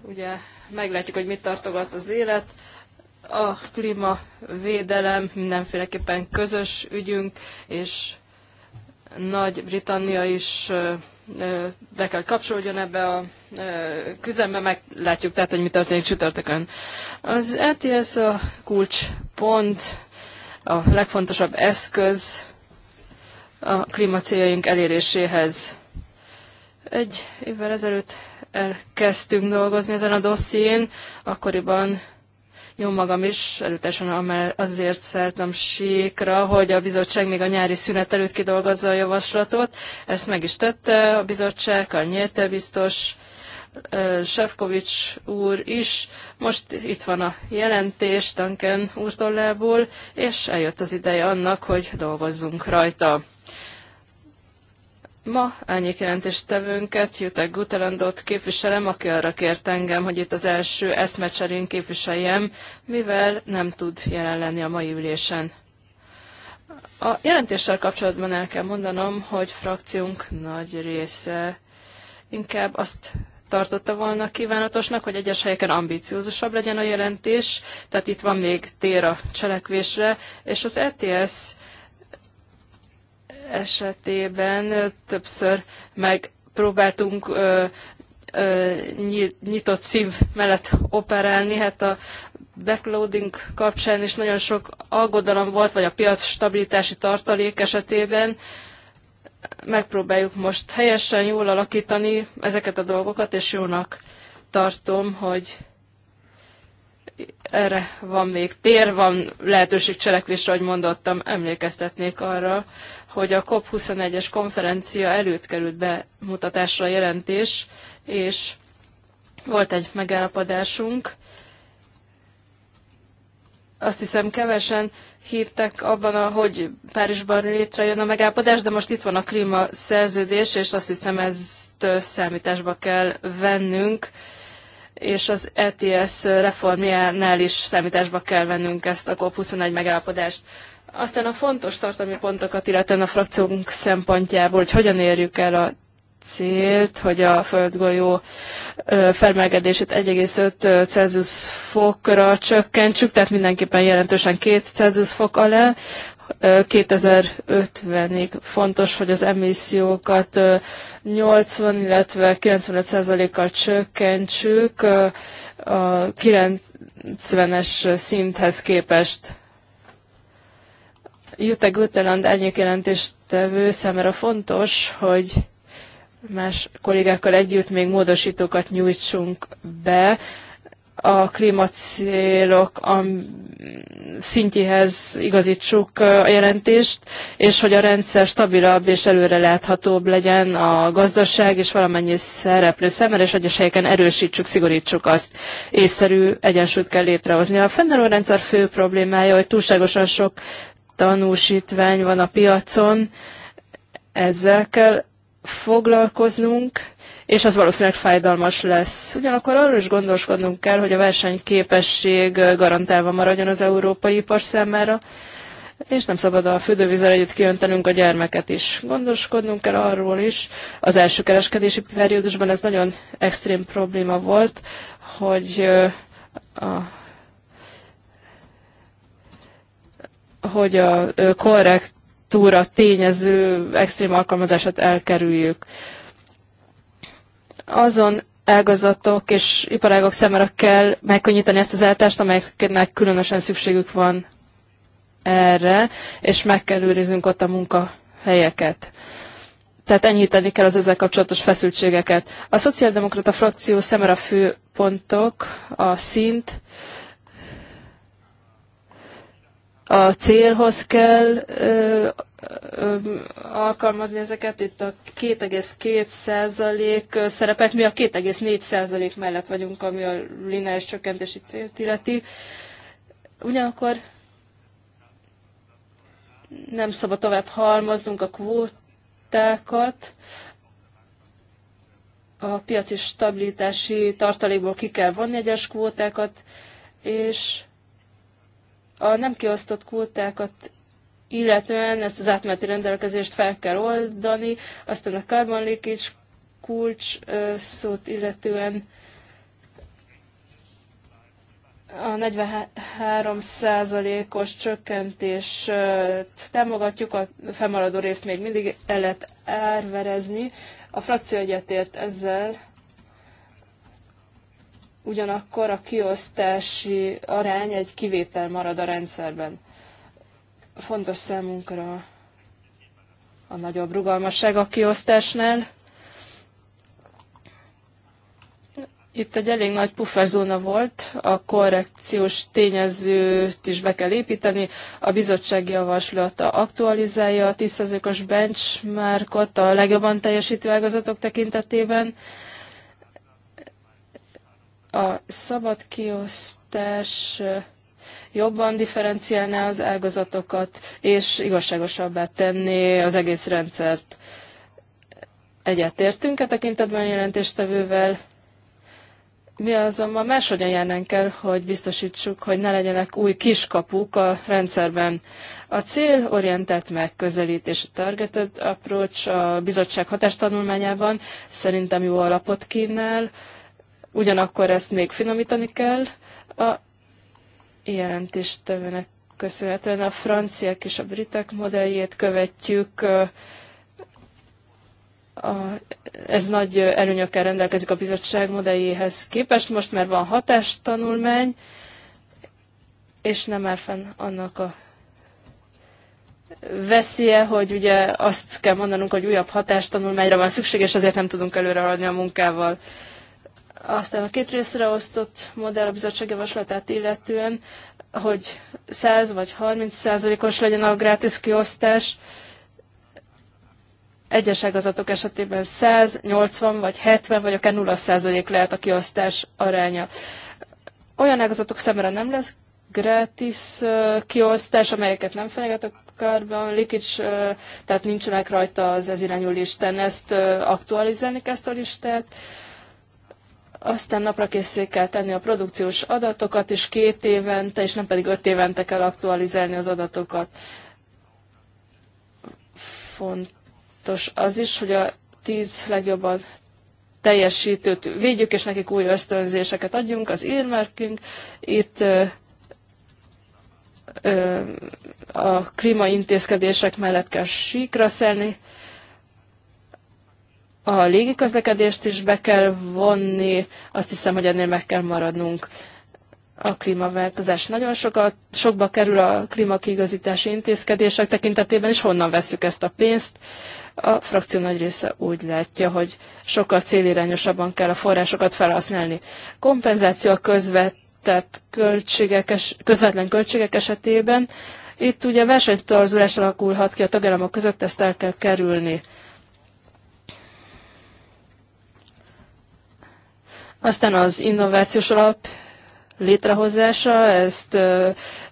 S4: ugye meglátjuk, hogy mit tartogat az élet. A klímavédelem mindenféleképpen közös ügyünk, és Nagy-Britannia is be kell, kapcsolódjon ebbe a küzdelembe, meglátjuk tehát, hogy mi történik csütörtökön. Az ETS a kulcspont, a legfontosabb eszköz a klímacéljaink eléréséhez. Egy évvel ezelőtt elkezdtünk dolgozni ezen a dosszién, akkoriban jó magam is erőtesen azért szeltem síkra, hogy a bizottság még a nyári szünet előtt kidolgozza a javaslatot. Ezt meg is tette a bizottság, a nyílte biztos, Sefkovics úr is. Most itt van a jelentés Duncan úrtollából, és eljött az ideje annak, hogy dolgozzunk rajta. Ma árnyék jelentéstevőnket, Jutek Gutelandot képviselem, aki arra kért engem, hogy itt az első eszmecserén képviseljem, mivel nem tud jelen lenni a mai ülésen. A jelentéssel kapcsolatban el kell mondanom, hogy frakciónk nagy része inkább azt tartotta volna kívánatosnak, hogy egyes helyeken ambíciózusabb legyen a jelentés, tehát itt van még tér a cselekvésre, és az ETS esetében többször megpróbáltunk nyitott szív mellett operálni. Hát a backloading kapcsán is nagyon sok aggodalom volt, vagy a piac stabilitási tartalék esetében. Megpróbáljuk most helyesen jól alakítani ezeket a dolgokat, és jónak tartom, hogy erre van még tér, van lehetőség cselekvésre, ahogy mondottam, emlékeztetnék arra, hogy a COP21-es konferencia előtt került bemutatásra a jelentés, és volt egy megállapodásunk. Azt hiszem kevesen hittek abban, hogy Párizsban létrejön a megállapodás, de most itt van a klímaszerződés, és azt hiszem ezt számításba kell vennünk és az ETS reformjánál is számításba kell vennünk ezt a COP21 megállapodást. Aztán a fontos tartalmi pontokat, illetve a frakciónk szempontjából, hogy hogyan érjük el a célt, hogy a földgolyó felmelegedését 1,5 Celsius fokra csökkentsük, tehát mindenképpen jelentősen 2 Celsius fok alá. 2050-ig fontos, hogy az emissziókat 80, illetve 95%-kal csökkentsük a 90-es szinthez képest. Jutta Gutteland elnyékjelentéstevő számára fontos, hogy más kollégákkal együtt még módosítókat nyújtsunk be a klímacélok a szintjéhez igazítsuk a jelentést, és hogy a rendszer stabilabb és előre láthatóbb legyen a gazdaság és valamennyi szereplő szemmel, és egyes helyeken erősítsük, szigorítsuk azt. Észszerű egyensúlyt kell létrehozni. A fennálló rendszer fő problémája, hogy túlságosan sok tanúsítvány van a piacon, ezzel kell foglalkoznunk, és az valószínűleg fájdalmas lesz. Ugyanakkor arról is gondoskodnunk kell, hogy a versenyképesség garantálva maradjon az európai ipar számára, és nem szabad a fürdővízzel együtt kiöntenünk a gyermeket is. Gondoskodnunk kell arról is, az első kereskedési periódusban ez nagyon extrém probléma volt, hogy a hogy a korrektúra tényező extrém alkalmazását elkerüljük. Azon ágazatok és iparágok szemére kell megkönnyíteni ezt az eltást, amelyeknek különösen szükségük van erre, és meg kell őriznünk ott a munkahelyeket. Tehát enyhíteni kell az ezzel kapcsolatos feszültségeket. A szociáldemokrata frakció szemre a fő pontok, a szint, a célhoz kell ö, ö, alkalmazni ezeket. Itt a 2,2% szerepet, mi a 2,4% mellett vagyunk, ami a lineáris csökkentési célt illeti. Ugyanakkor nem szabad tovább halmoznunk a kvótákat, a piaci stabilitási tartalékból ki kell vonni egyes kvótákat, és a nem kiosztott kultákat illetően ezt az átmeneti rendelkezést fel kell oldani, aztán a carbon leakage kulcs szót illetően a 43%-os csökkentést támogatjuk, a felmaradó részt még mindig el lehet árverezni. A frakció egyetért ezzel, ugyanakkor a kiosztási arány egy kivétel marad a rendszerben. Fontos számunkra a nagyobb rugalmasság a kiosztásnál. Itt egy elég nagy pufferzóna volt, a korrekciós tényezőt is be kell építeni, a bizottság javaslata aktualizálja a 10%-os benchmarkot a legjobban teljesítő ágazatok tekintetében, a szabad kiosztás jobban differenciálná az ágazatokat, és igazságosabbá tenni az egész rendszert. Egyetértünk e tekintetben jelentéstevővel, mi azonban máshogyan járnánk el, hogy biztosítsuk, hogy ne legyenek új kiskapuk a rendszerben. A célorientált megközelítés, a targeted approach a bizottság hatástanulmányában szerintem jó alapot kínál Ugyanakkor ezt még finomítani kell a jelentéstevőnek köszönhetően. A franciák és a britek modelljét követjük. A, ez nagy előnyökkel rendelkezik a bizottság modelljéhez képest. Most már van hatástanulmány, és nem áll fenn annak a veszélye, hogy ugye azt kell mondanunk, hogy újabb hatástanulmányra van szükség, és azért nem tudunk előre haladni a munkával. Aztán a két részre osztott modell a bizottság javaslatát illetően, hogy 100 vagy 30 százalékos legyen a grátis kiosztás, egyes ágazatok esetében 100, 80 vagy 70 vagy akár 0 százalék lehet a kiosztás aránya. Olyan ágazatok számára nem lesz gratis kiosztás, amelyeket nem fenyeget a karbon likics, tehát nincsenek rajta az ez irányú listán. Ezt aktualizálni ezt a listát. Aztán napra készé kell tenni a produkciós adatokat, és két évente, és nem pedig öt évente kell aktualizálni az adatokat. Fontos az is, hogy a tíz legjobban teljesítőt védjük, és nekik új ösztönzéseket adjunk, az írmerkünk. Itt ö, ö, a klímaintézkedések mellett kell síkra szelni, a légiközlekedést is be kell vonni, azt hiszem, hogy ennél meg kell maradnunk. A klímaváltozás nagyon sokat, sokba kerül a klímakigazítási intézkedések tekintetében, és honnan veszük ezt a pénzt. A frakció nagy része úgy látja, hogy sokkal célirányosabban kell a forrásokat felhasználni. Kompenzáció a közvetett költségek, közvetlen költségek esetében. Itt ugye versenytorzulás alakulhat ki a tagállamok között, ezt el kell kerülni. Aztán az innovációs alap létrehozása, ezt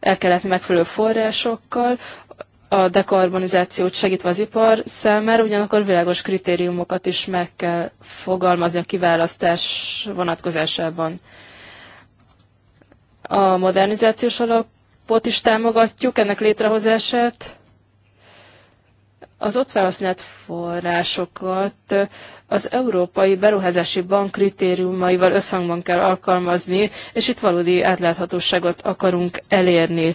S4: el kellett megfelelő forrásokkal, a dekarbonizációt segítve az ipar számára, ugyanakkor világos kritériumokat is meg kell fogalmazni a kiválasztás vonatkozásában. A modernizációs alapot is támogatjuk, ennek létrehozását, az ott felhasznált forrásokat az Európai Beruházási Bank kritériumaival összhangban kell alkalmazni, és itt valódi átláthatóságot akarunk elérni,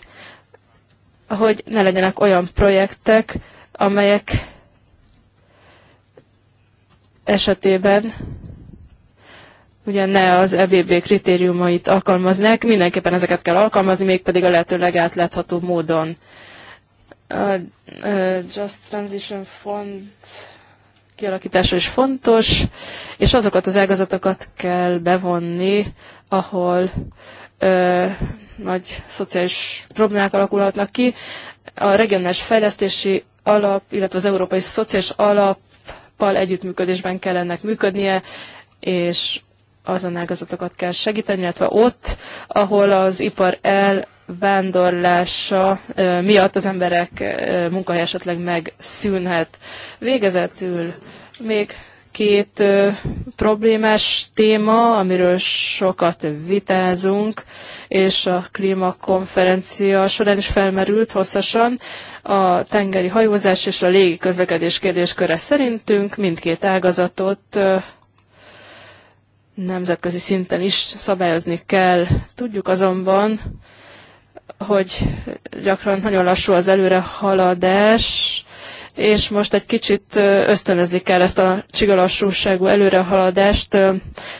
S4: hogy ne legyenek olyan projektek, amelyek esetében ugye ne az EBB kritériumait alkalmaznák, mindenképpen ezeket kell alkalmazni, mégpedig a lehető legátlátható módon. A Just Transition Fund kialakítása is fontos, és azokat az ágazatokat kell bevonni, ahol ö, nagy szociális problémák alakulhatnak ki. A regionális fejlesztési alap, illetve az európai szociális alappal együttműködésben kell ennek működnie, és azon ágazatokat kell segíteni, illetve ott, ahol az ipar el vándorlása miatt az emberek munkahely esetleg megszűnhet. Végezetül még két problémás téma, amiről sokat vitázunk, és a klímakonferencia során is felmerült hosszasan a tengeri hajózás és a légi közlekedés kérdésköre szerintünk mindkét ágazatot nemzetközi szinten is szabályozni kell. Tudjuk azonban, hogy gyakran nagyon lassú az előrehaladás, és most egy kicsit ösztönözni kell ezt a csigalassúságú előrehaladást,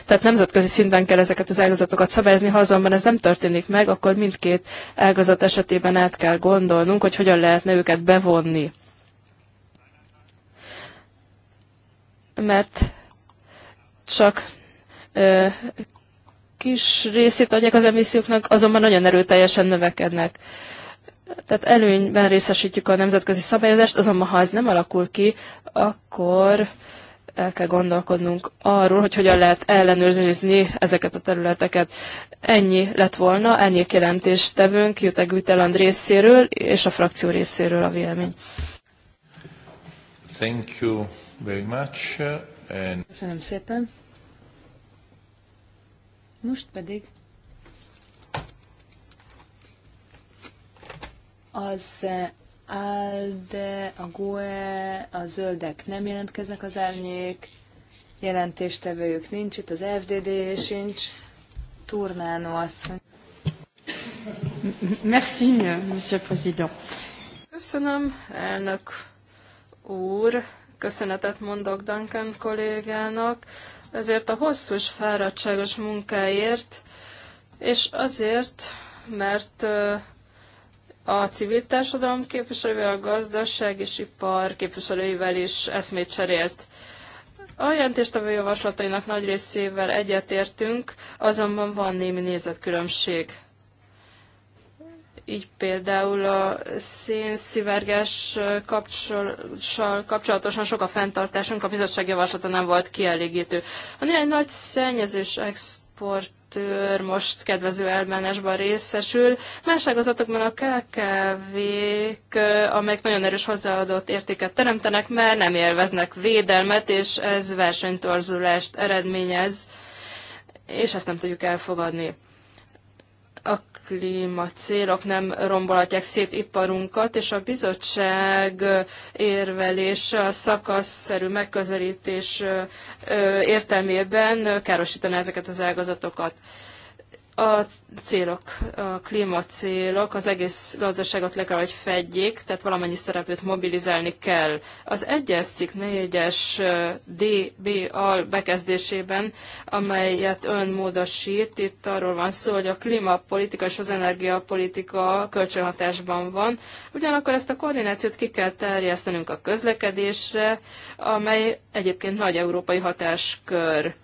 S4: tehát nemzetközi szinten kell ezeket az ágazatokat szabályozni, ha azonban ez nem történik meg, akkor mindkét ágazat esetében át kell gondolnunk, hogy hogyan lehetne őket bevonni. Mert csak kis részét adják az emisszióknak, azonban nagyon erőteljesen növekednek. Tehát előnyben részesítjük a nemzetközi szabályozást, azonban ha ez nem alakul ki, akkor el kell gondolkodnunk arról, hogy hogyan lehet ellenőrizni ezeket a területeket. Ennyi lett volna, ennyi jelentéstevőnk Jutek Gütteland részéről és a frakció részéről a vélemény.
S1: Thank you very much. Uh, and... Köszönöm
S2: szépen. Most pedig az ALDE, a GOE, a zöldek nem jelentkeznek az árnyék, jelentéstevőjük nincs, itt az FDD sincs, Turnánó asszony.
S4: Merci, Monsieur Président. Köszönöm, elnök úr. Köszönetet mondok Duncan kollégának ezért a hosszú és fáradtságos munkáért, és azért, mert a civil társadalom képviselője a gazdaság és ipar képviselőivel is eszmét cserélt. A jelentéstevő javaslatainak nagy részével egyetértünk, azonban van némi nézetkülönbség így például a szénszivárgás kapcsolatosan sok a fenntartásunk, a bizottság javaslata nem volt kielégítő. A néhány nagy szennyezős exportőr most kedvező elbánásban részesül. Más ágazatokban a KKV-k, amelyek nagyon erős hozzáadott értéket teremtenek, mert nem élveznek védelmet, és ez versenytorzulást eredményez, és ezt nem tudjuk elfogadni a klímacélok nem rombolhatják szét iparunkat, és a bizottság érvelés a szakaszszerű megközelítés értelmében károsítaná ezeket az ágazatokat a célok, a klímacélok az egész gazdaságot le kell, hogy fedjék, tehát valamennyi szereplőt mobilizálni kell. Az egyes cikk négyes es bekezdésében, amelyet ön módosít, itt arról van szó, hogy a klímapolitika és az energiapolitika kölcsönhatásban van. Ugyanakkor ezt a koordinációt ki kell terjesztenünk a közlekedésre, amely egyébként nagy európai hatáskör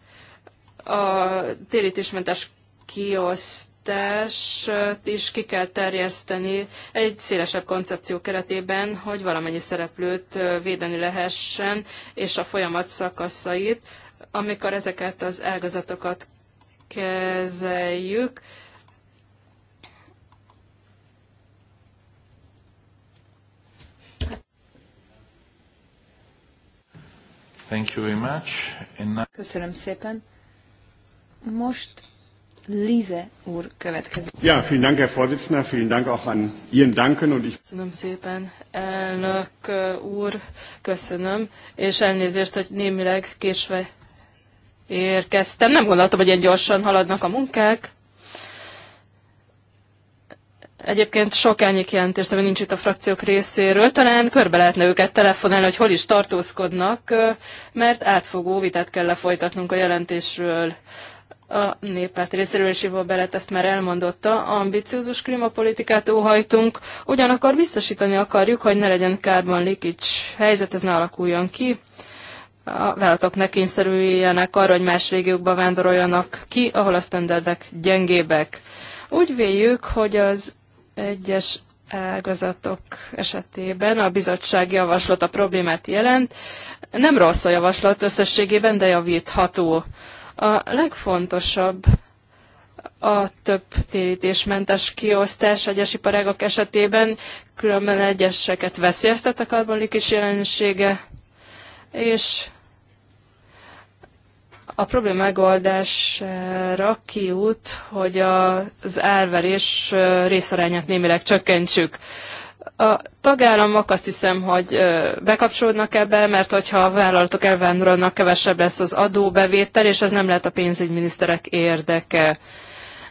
S4: a térítésmentes kiosztás is ki kell terjeszteni egy szélesebb koncepció keretében, hogy valamennyi szereplőt védeni lehessen, és a folyamat szakaszait, amikor ezeket az ágazatokat kezeljük,
S1: Thank you very much.
S2: Köszönöm szépen. Most Lize úr következik.
S3: Ja, vielen
S5: Dank, Herr Vorsitzender, vielen Dank auch an Ihren Danken und ich...
S4: Köszönöm szépen, elnök úr, köszönöm, és elnézést, hogy némileg késve érkeztem. Nem gondoltam, hogy ilyen gyorsan haladnak a munkák. Egyébként sok elnyék jelentést, ami nincs itt a frakciók részéről. Talán körbe lehetne őket telefonálni, hogy hol is tartózkodnak, mert átfogó vitát kell lefolytatnunk a jelentésről a néppárt részéről is Ivo Belet ezt már elmondotta, ambiciózus klímapolitikát óhajtunk, ugyanakkor biztosítani akarjuk, hogy ne legyen kárban likics helyzet, ez ne alakuljon ki. A vállalatok ne kényszerüljenek arra, hogy más régiókba vándoroljanak ki, ahol a standardek gyengébbek. Úgy véljük, hogy az egyes ágazatok esetében a bizottság javaslat a problémát jelent. Nem rossz a javaslat összességében, de javítható. A legfontosabb a több térítésmentes kiosztás egyes iparágok esetében, különben egyeseket veszélyeztet a karbonlikis jelensége, és a probléma megoldására kiút, hogy az árverés részarányát némileg csökkentsük. A tagállamok azt hiszem, hogy bekapcsolódnak ebbe, mert hogyha a vállalatok elvándorolnak, kevesebb lesz az adóbevétel, és ez nem lehet a pénzügyminiszterek érdeke.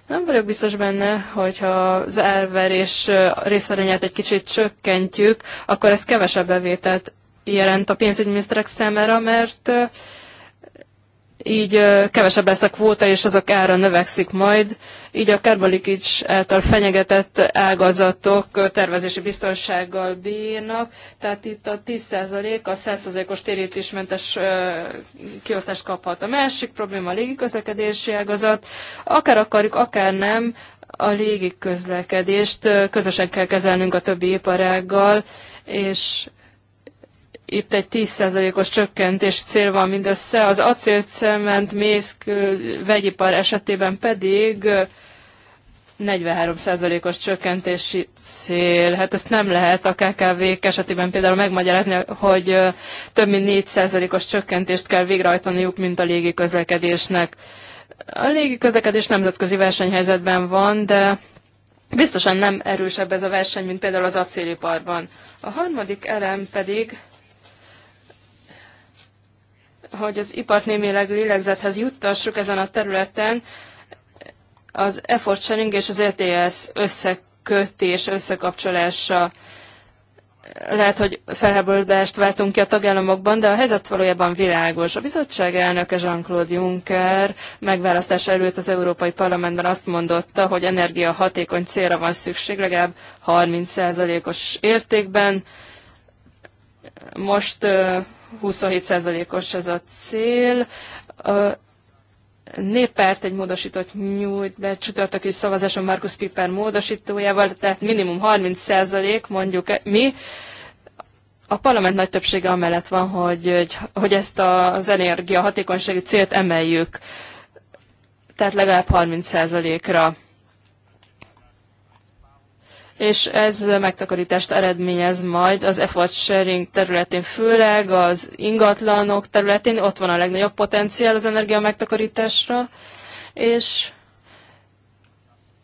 S4: Nem vagyok biztos benne, hogyha az elverés részarányát egy kicsit csökkentjük, akkor ez kevesebb bevételt jelent a pénzügyminiszterek számára, mert így kevesebb lesz a kvóta, és azok ára növekszik majd. Így a Kerbalikics által fenyegetett ágazatok tervezési biztonsággal bírnak, tehát itt a 10% a 100%-os térítésmentes kiosztást kaphat. A másik probléma a légiközlekedési ágazat. Akár akarjuk, akár nem, a légiközlekedést közösen kell kezelnünk a többi iparággal, és itt egy 10%-os csökkentés cél van mindössze, az acélcement, mészk, vegyipar esetében pedig 43%-os csökkentési cél. Hát ezt nem lehet a kkv esetében például megmagyarázni, hogy több mint 4%-os csökkentést kell végrehajtaniuk, mint a légi közlekedésnek. A légi közlekedés nemzetközi versenyhelyzetben van, de biztosan nem erősebb ez a verseny, mint például az acéliparban. A harmadik elem pedig hogy az ipart némileg lélegzethez juttassuk ezen a területen, az effort sharing és az ETS összekötés, összekapcsolása lehet, hogy felháborodást váltunk ki a tagállamokban, de a helyzet valójában világos. A bizottság elnöke Jean-Claude Juncker megválasztása előtt az Európai Parlamentben azt mondotta, hogy energiahatékony célra van szükség, legalább 30%-os értékben. Most 27%-os ez a cél. A néppárt egy módosított nyújt be csütörtöki szavazáson Markus Piper módosítójával, tehát minimum 30% mondjuk mi. A parlament nagy többsége amellett van, hogy, hogy ezt az energia hatékonysági célt emeljük, tehát legalább 30%-ra és ez megtakarítást eredményez majd az effort sharing területén, főleg az ingatlanok területén, ott van a legnagyobb potenciál az energia megtakarításra, és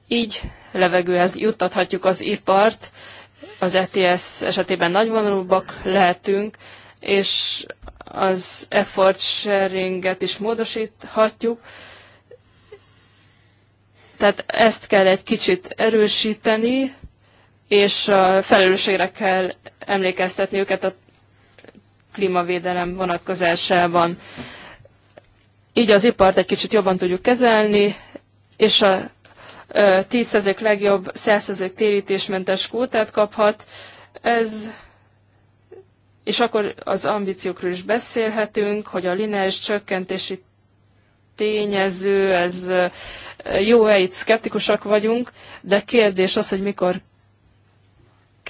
S4: így levegőhez juttathatjuk az ipart, az ETS esetében nagyvonalúbbak lehetünk, és az effort sharinget is módosíthatjuk. Tehát ezt kell egy kicsit erősíteni, és a felelősségre kell emlékeztetni őket a klímavédelem vonatkozásában. Így az ipart egy kicsit jobban tudjuk kezelni, és a 10% legjobb 100% térítésmentes kvótát kaphat. Ez és akkor az ambíciókról is beszélhetünk, hogy a lineáris csökkentési tényező, ez jó helyt szkeptikusak vagyunk, de kérdés az, hogy mikor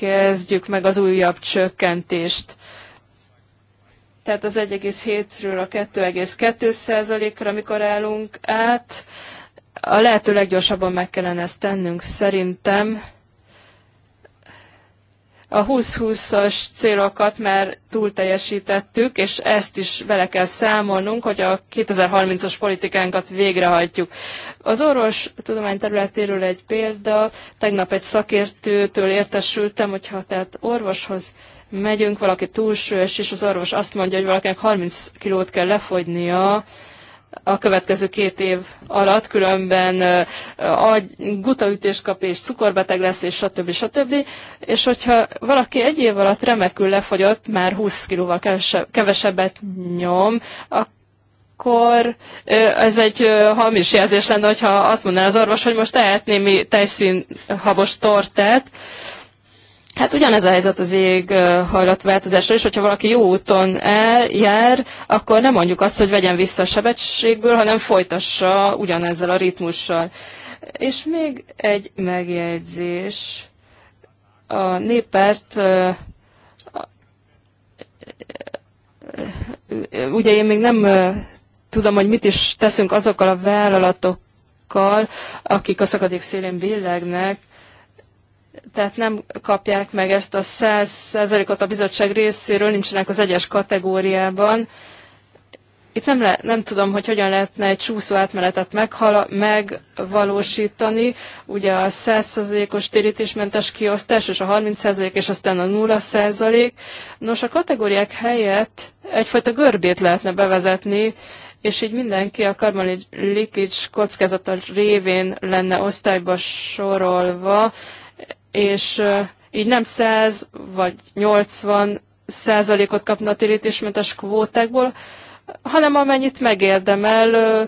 S4: kezdjük meg az újabb csökkentést. Tehát az 1,7-ről a 22 százalékra, amikor állunk át, a lehető leggyorsabban meg kellene ezt tennünk szerintem a 20 as célokat már túl teljesítettük, és ezt is vele kell számolnunk, hogy a 2030-as politikánkat végrehajtjuk. Az orvos tudomány területéről egy példa, tegnap egy szakértőtől értesültem, hogyha tehát orvoshoz megyünk, valaki túlsős, és az orvos azt mondja, hogy valakinek 30 kilót kell lefogynia, a következő két év alatt, különben agy, gutaütés kap és cukorbeteg lesz, és stb. stb. És hogyha valaki egy év alatt remekül lefogyott, már 20 kilóval kevesebb, kevesebbet nyom, akkor ez egy hamis jelzés lenne, hogyha azt mondaná az orvos, hogy most tehet némi tejszínhabos habos tortát, Hát ugyanez a helyzet az éghajlatváltozásra is, hogyha valaki jó úton el, jár, akkor nem mondjuk azt, hogy vegyen vissza a sebességből, hanem folytassa ugyanezzel a ritmussal. És még egy megjegyzés. A néppárt ugye én még nem tudom, hogy mit is teszünk azokkal a vállalatokkal, akik a szakadék szélén billegnek, tehát nem kapják meg ezt a 100%-ot a bizottság részéről, nincsenek az egyes kategóriában. Itt nem, le, nem tudom, hogy hogyan lehetne egy csúszó átmenetet meghala, megvalósítani. Ugye a 100%-os térítésmentes kiosztás, és a 30% és aztán a 0%. Nos, a kategóriák helyett egyfajta görbét lehetne bevezetni, és így mindenki a Karmali Likics kockázata révén lenne osztályba sorolva, és így nem 100 vagy 80 százalékot kapna a térítésmentes kvótákból, hanem amennyit megérdemel,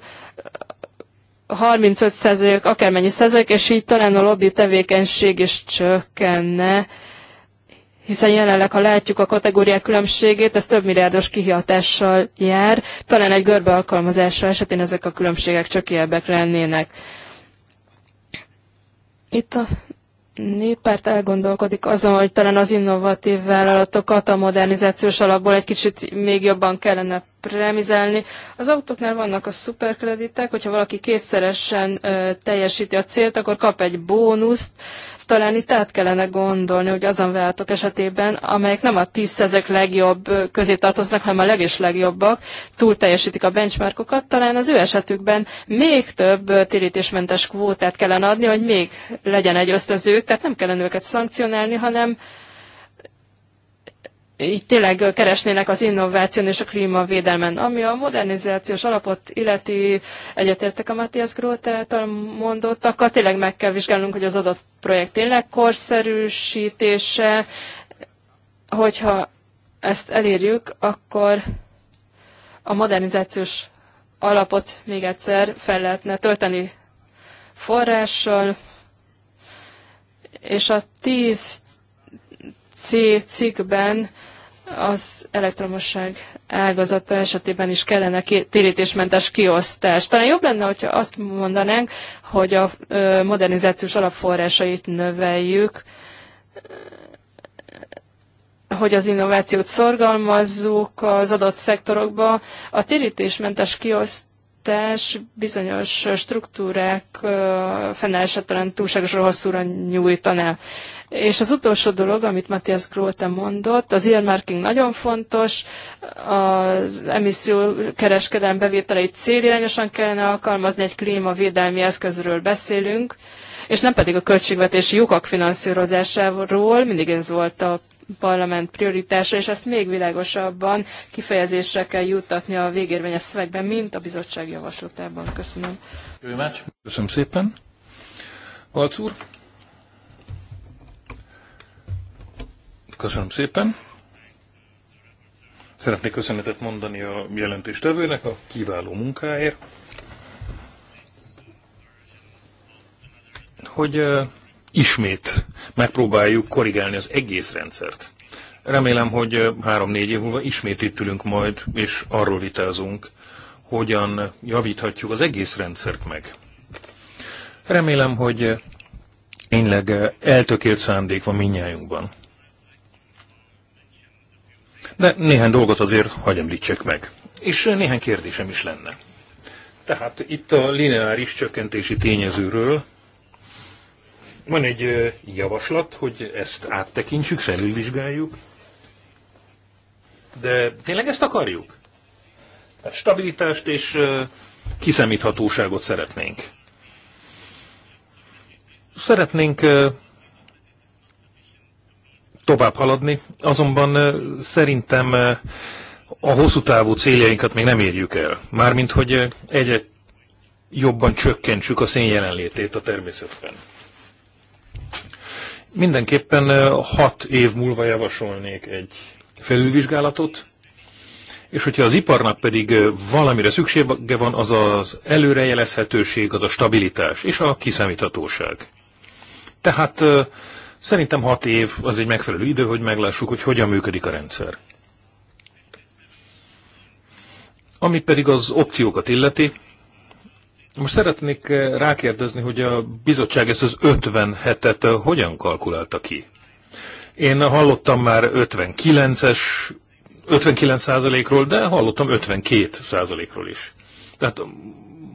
S4: 35 százalék, akármennyi százalék, és így talán a lobby tevékenység is csökkenne, hiszen jelenleg, ha látjuk a kategóriák különbségét, ez több milliárdos kihihatással jár, talán egy görbe alkalmazása esetén ezek a különbségek csökélyebbek lennének. Itt a néppárt elgondolkodik azon, hogy talán az innovatív vállalatokat a modernizációs alapból egy kicsit még jobban kellene premizálni. Az autóknál vannak a szuperkreditek, hogyha valaki kétszeresen ö, teljesíti a célt, akkor kap egy bónuszt, talán itt át kellene gondolni, hogy azon váltok esetében, amelyek nem a 10 legjobb közé tartoznak, hanem a és legjobbak, túl teljesítik a benchmarkokat, talán az ő esetükben még több térítésmentes kvótát kellene adni, hogy még legyen egy ösztönzők, tehát nem kellene őket szankcionálni, hanem így tényleg keresnének az innováción és a klímavédelmen. Ami a modernizációs alapot illeti, egyetértek a Matthias Gróth által mondottakkal, tényleg meg kell vizsgálnunk, hogy az adott projekt tényleg korszerűsítése, hogyha ezt elérjük, akkor a modernizációs alapot még egyszer fel lehetne tölteni forrással, és a 10 C cikkben az elektromosság ágazata esetében is kellene térítésmentes kiosztás. Talán jobb lenne, hogyha azt mondanánk, hogy a modernizációs alapforrásait növeljük, hogy az innovációt szorgalmazzuk az adott szektorokba. A térítésmentes kiosztás támogatás bizonyos struktúrák fennállása túlságosan hosszúra nyújtaná. És az utolsó dolog, amit Matthias Grote mondott, az earmarking nagyon fontos, az emisszió kereskedelem bevételeit célirányosan kellene alkalmazni, egy klímavédelmi eszközről beszélünk, és nem pedig a költségvetési lyukak finanszírozásáról, mindig ez volt a parlament prioritása, és ezt még világosabban kifejezésre kell juttatni a végérvényes szövegben, mint a bizottság javaslatában. Köszönöm.
S3: Köszönöm szépen. Valc úr. Köszönöm szépen. Szeretnék köszönetet mondani a jelentéstevőnek a kiváló munkáért, hogy ismét megpróbáljuk korrigálni az egész rendszert. Remélem, hogy három-négy év múlva ismét itt ülünk majd, és arról vitázunk, hogyan javíthatjuk az egész rendszert meg. Remélem, hogy tényleg eltökélt szándék van minnyájunkban. De néhány dolgot azért hagy említsek meg. És néhány kérdésem is lenne. Tehát itt a lineáris csökkentési tényezőről van egy javaslat, hogy ezt áttekintsük, felülvizsgáljuk, de tényleg ezt akarjuk? Tehát stabilitást és kiszemíthatóságot szeretnénk. Szeretnénk tovább haladni, azonban szerintem a hosszú távú céljainkat még nem érjük el. Mármint, hogy egyre jobban csökkentsük a szén jelenlétét a természetben mindenképpen hat év múlva javasolnék egy felülvizsgálatot, és hogyha az iparnak pedig valamire szüksége van, az az előrejelezhetőség, az a stabilitás és a kiszámíthatóság. Tehát szerintem hat év az egy megfelelő idő, hogy meglássuk, hogy hogyan működik a rendszer. Ami pedig az opciókat illeti, most szeretnék eh, rákérdezni, hogy a bizottság ezt az 57-et eh, hogyan kalkulálta ki? Én hallottam már 59-es, 59 százalékról, de hallottam 52 százalékról is. Tehát mm,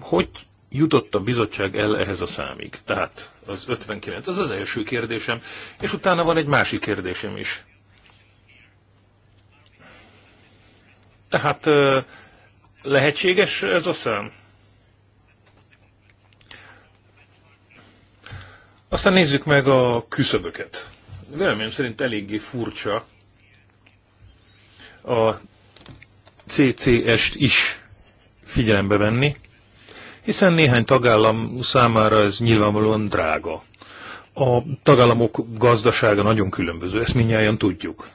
S3: hogy jutott a bizottság el ehhez a számig? Tehát az 59, ez az első kérdésem, és utána van egy másik kérdésem is. Tehát eh, lehetséges ez a szám? Aztán nézzük meg a küszöböket. Véleményem szerint eléggé furcsa a CCS-t is figyelembe venni, hiszen néhány tagállam számára ez nyilvánvalóan drága. A tagállamok gazdasága nagyon különböző, ezt mindjárt tudjuk.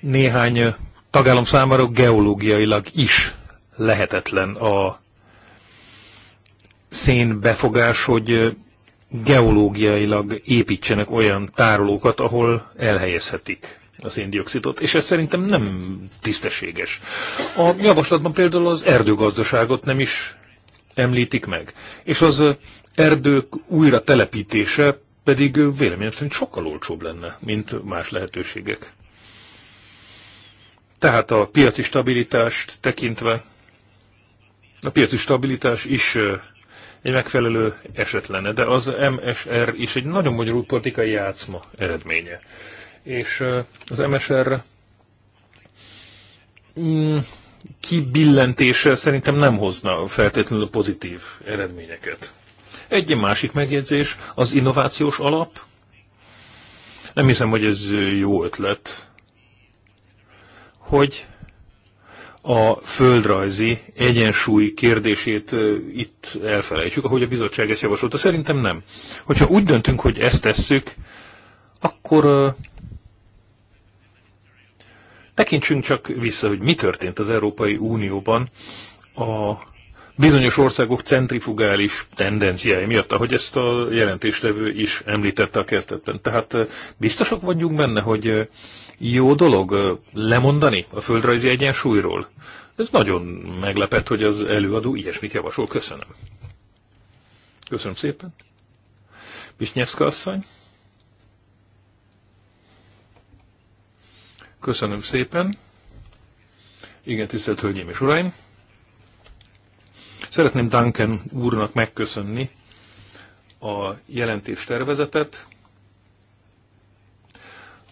S3: Néhány tagállam számára geológiailag is lehetetlen a szén befogás, hogy geológiailag építsenek olyan tárolókat, ahol elhelyezhetik a széndiokszidot, és ez szerintem nem tisztességes. A javaslatban például az erdőgazdaságot nem is említik meg, és az erdők újra telepítése pedig véleményem szerint sokkal olcsóbb lenne, mint más lehetőségek. Tehát a piaci stabilitást tekintve, a piaci stabilitás is egy megfelelő eset lenne, de az MSR is egy nagyon bonyolult politikai játszma eredménye. És az MSR mm, kibillentése szerintem nem hozna feltétlenül pozitív eredményeket. Egy másik megjegyzés, az innovációs alap. Nem hiszem, hogy ez jó ötlet, hogy a földrajzi egyensúly kérdését itt elfelejtsük, ahogy a bizottság ezt javasolta. Szerintem nem. Hogyha úgy döntünk, hogy ezt tesszük, akkor tekintsünk csak vissza, hogy mi történt az Európai Unióban a bizonyos országok centrifugális tendenciái miatt, ahogy ezt a jelentéstevő is említette a kezdetben. Tehát biztosak vagyunk benne, hogy jó dolog lemondani a földrajzi egyensúlyról? Ez nagyon meglepett, hogy az előadó ilyesmit javasol. Köszönöm. Köszönöm szépen. Pisnyevszka asszony. Köszönöm szépen. Igen, tisztelt Hölgyeim és Uraim. Szeretném Duncan úrnak megköszönni a jelentés tervezetet,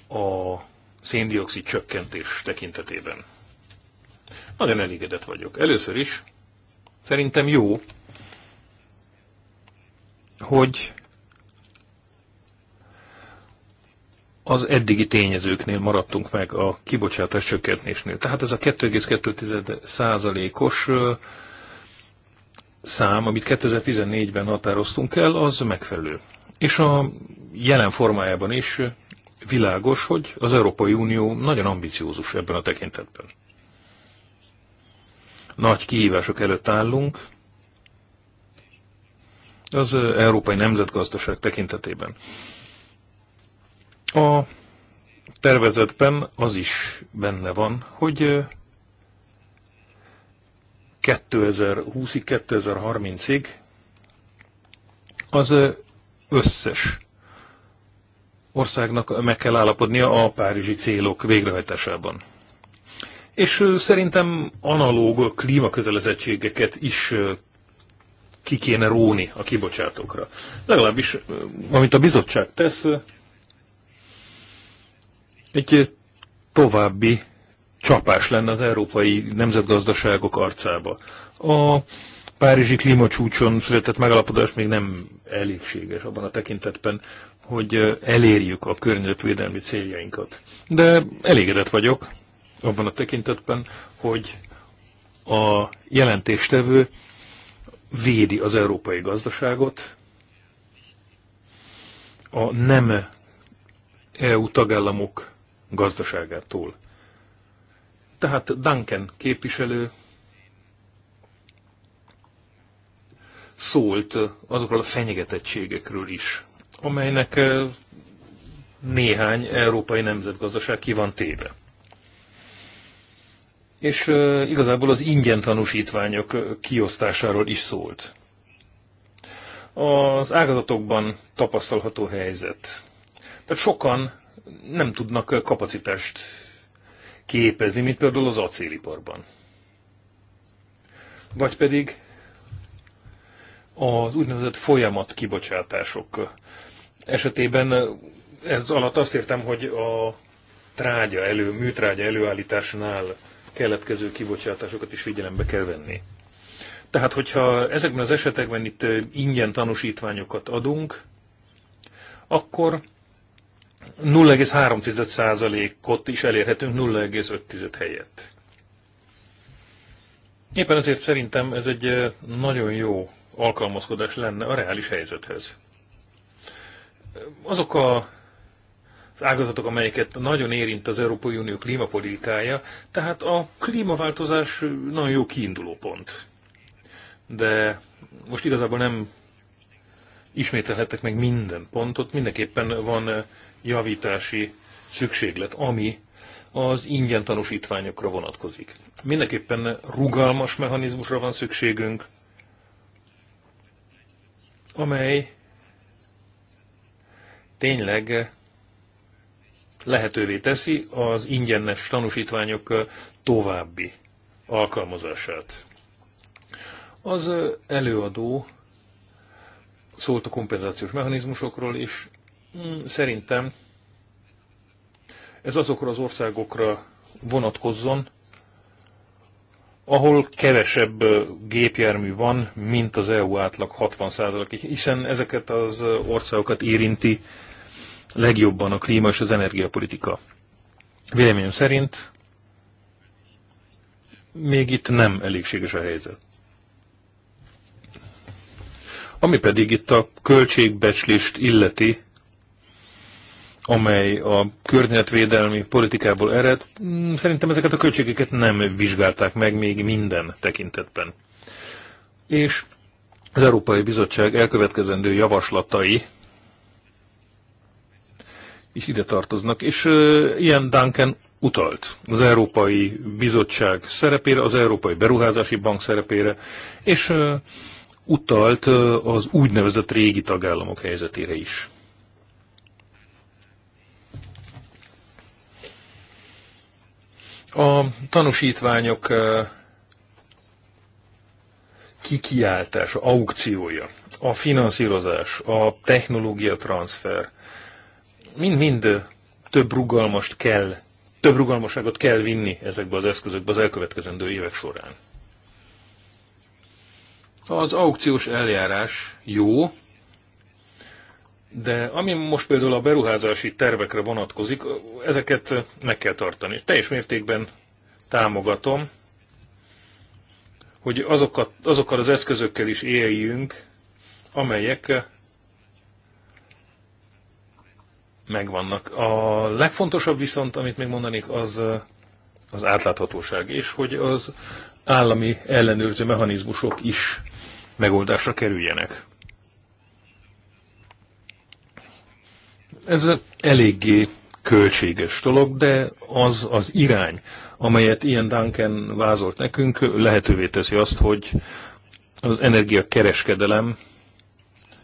S3: a széndiokszid csökkentés tekintetében. Nagyon elégedett vagyok. Először is szerintem jó, hogy az eddigi tényezőknél maradtunk meg a kibocsátás csökkentésnél. Tehát ez a 2,2 százalékos szám, amit 2014-ben határoztunk el, az megfelelő. És a jelen formájában is világos, hogy az Európai Unió nagyon ambiciózus ebben a tekintetben. Nagy kihívások előtt állunk az európai nemzetgazdaság tekintetében. A tervezetben az is benne van, hogy 2020-ig, 2030-ig az összes országnak meg kell állapodnia a párizsi célok végrehajtásában. És szerintem analóg klímakötelezettségeket is ki kéne róni a kibocsátókra. Legalábbis, amit a bizottság tesz, egy további csapás lenne az európai nemzetgazdaságok arcába. A Párizsi klímacsúcson született megalapodás még nem elégséges abban a tekintetben, hogy elérjük a környezetvédelmi céljainkat. De elégedett vagyok abban a tekintetben, hogy a jelentéstevő védi az európai gazdaságot, a nem EU tagállamok gazdaságától. Tehát Duncan képviselő szólt azokról a fenyegetettségekről is, amelynek eh, néhány európai nemzetgazdaság ki van téve. És eh, igazából az ingyen tanúsítványok eh, kiosztásáról is szólt. Az ágazatokban tapasztalható helyzet. Tehát sokan nem tudnak kapacitást képezni, mint például az acéliparban. Vagy pedig az úgynevezett folyamat kibocsátások esetében ez alatt azt értem, hogy a trágya elő, műtrágya előállításnál keletkező kibocsátásokat is figyelembe kell venni. Tehát, hogyha ezekben az esetekben itt ingyen tanúsítványokat adunk, akkor 0,3%-ot is elérhetünk 0,5 helyett. Éppen ezért szerintem ez egy nagyon jó alkalmazkodás lenne a reális helyzethez. Azok a az ágazatok, amelyeket nagyon érint az Európai Unió klímapolitikája, tehát a klímaváltozás nagyon jó kiinduló pont. De most igazából nem ismételhetek meg minden pontot, mindenképpen van javítási szükséglet, ami az ingyen tanúsítványokra vonatkozik. Mindenképpen rugalmas mechanizmusra van szükségünk, amely tényleg lehetővé teszi az ingyenes tanúsítványok további alkalmazását. Az előadó szólt a kompenzációs mechanizmusokról is. Mm, szerintem ez azokra az országokra vonatkozzon, ahol kevesebb gépjármű van, mint az EU átlag 60%, hiszen ezeket az országokat érinti legjobban a klíma és az energiapolitika. Véleményem szerint még itt nem elégséges a helyzet. Ami pedig itt a költségbecslést illeti, amely a környezetvédelmi politikából ered, mm, szerintem ezeket a költségeket nem vizsgálták meg még minden tekintetben. És az Európai Bizottság elkövetkezendő javaslatai is ide tartoznak, és ilyen Duncan utalt az Európai Bizottság szerepére, az Európai Beruházási Bank szerepére, és utalt az úgynevezett régi tagállamok helyzetére is. A tanúsítványok kikiáltása, aukciója, a finanszírozás, a technológia transfer, mind-mind több rugalmast kell, több rugalmaságot kell vinni ezekbe az eszközökbe az elkövetkezendő évek során. Az aukciós eljárás jó, de ami most például a beruházási tervekre vonatkozik, ezeket meg kell tartani. Teljes mértékben támogatom, hogy azokat, azokkal az eszközökkel is éljünk, amelyek megvannak. A legfontosabb viszont, amit még mondanék, az az átláthatóság, és hogy az állami ellenőrző mechanizmusok is megoldásra kerüljenek. Ez eléggé költséges dolog, de az az irány, amelyet ilyen Duncan vázolt nekünk, lehetővé teszi azt, hogy az energiakereskedelem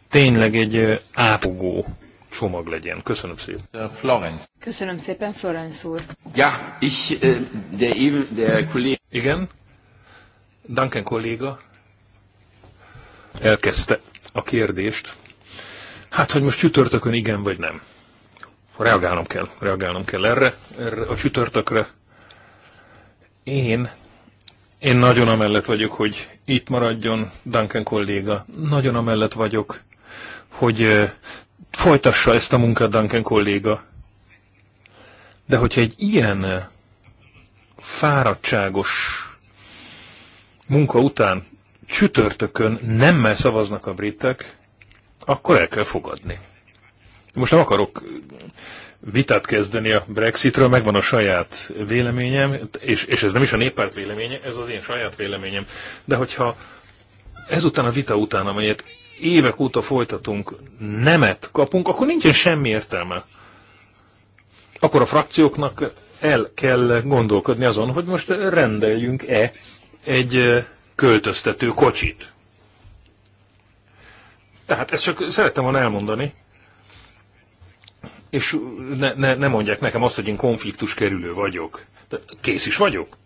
S3: tényleg egy átugó csomag legyen. Köszönöm szépen. Florence.
S2: Köszönöm szépen, Florence úr.
S3: Ja, ich, de, de Kollege. Igen, Duncan kolléga elkezdte a kérdést. Hát, hogy most csütörtökön igen vagy nem reagálnom kell, reagálnom kell erre, erre a csütörtökre. Én, én nagyon amellett vagyok, hogy itt maradjon Duncan kolléga, nagyon amellett vagyok, hogy eh, folytassa ezt a munkát Duncan kolléga. De hogyha egy ilyen eh, fáradtságos munka után csütörtökön nemmel szavaznak a britek, akkor el kell fogadni. Most nem akarok vitát kezdeni a Brexitről, megvan a saját véleményem, és, és ez nem is a néppárt véleménye, ez az én saját véleményem. De hogyha ezután a vita után, amelyet évek óta folytatunk, nemet kapunk, akkor nincsen semmi értelme. Akkor a frakcióknak el kell gondolkodni azon, hogy most rendeljünk-e egy költöztető kocsit. Tehát ezt csak szerettem volna elmondani, és ne, ne, ne mondják nekem azt, hogy én konfliktus kerülő vagyok. De kész is vagyok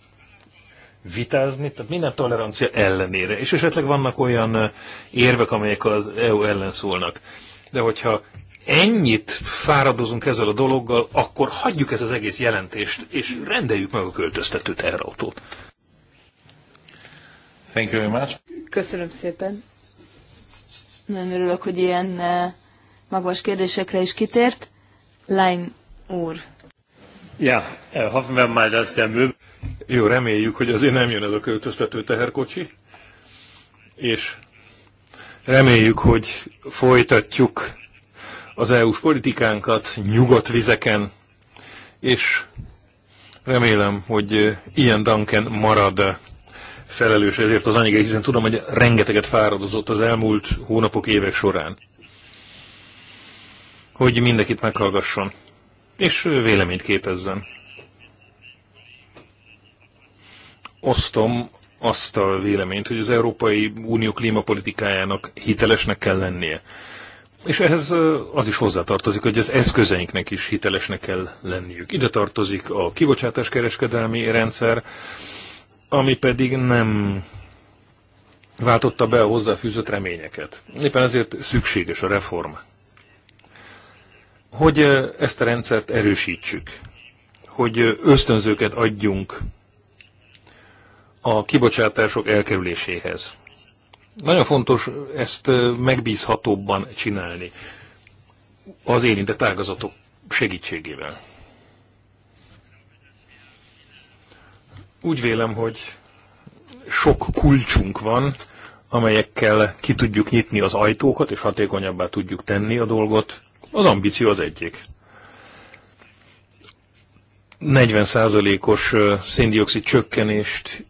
S3: vitázni, tehát minden tolerancia ellenére. És esetleg vannak olyan érvek, amelyek az EU ellen szólnak. De hogyha ennyit fáradozunk ezzel a dologgal, akkor hagyjuk ezt az egész jelentést, és rendeljük meg a költöztető terrautót. Thank you very much.
S2: Köszönöm szépen. Nagyon örülök, hogy ilyen magas kérdésekre is kitért. Lime úr.
S3: Ja, eh, hoffen wir mal, dass der Möbel... Jó, reméljük, hogy azért nem jön ez a költöztető teherkocsi, és reméljük, hogy folytatjuk az EU-s politikánkat nyugodt vizeken, és remélem, hogy eh, ilyen Duncan marad eh, felelős ezért az anyagai, hiszen tudom, hogy rengeteget fáradozott az elmúlt hónapok, évek során hogy mindenkit meghallgasson, és véleményt képezzen. Osztom azt a véleményt, hogy az Európai Unió klímapolitikájának hitelesnek kell lennie. És ehhez az is hozzátartozik, hogy az eszközeinknek is hitelesnek kell lenniük. Ide tartozik a kereskedelmi rendszer, ami pedig nem váltotta be a hozzáfűzött reményeket. Éppen ezért szükséges a reform hogy ezt a rendszert erősítsük, hogy ösztönzőket adjunk a kibocsátások elkerüléséhez. Nagyon fontos ezt megbízhatóbban csinálni az érintett ágazatok segítségével. Úgy vélem, hogy sok kulcsunk van, amelyekkel ki tudjuk nyitni az ajtókat, és hatékonyabbá tudjuk tenni a dolgot. Az ambíció az egyik. 40%-os széndiokszid csökkenést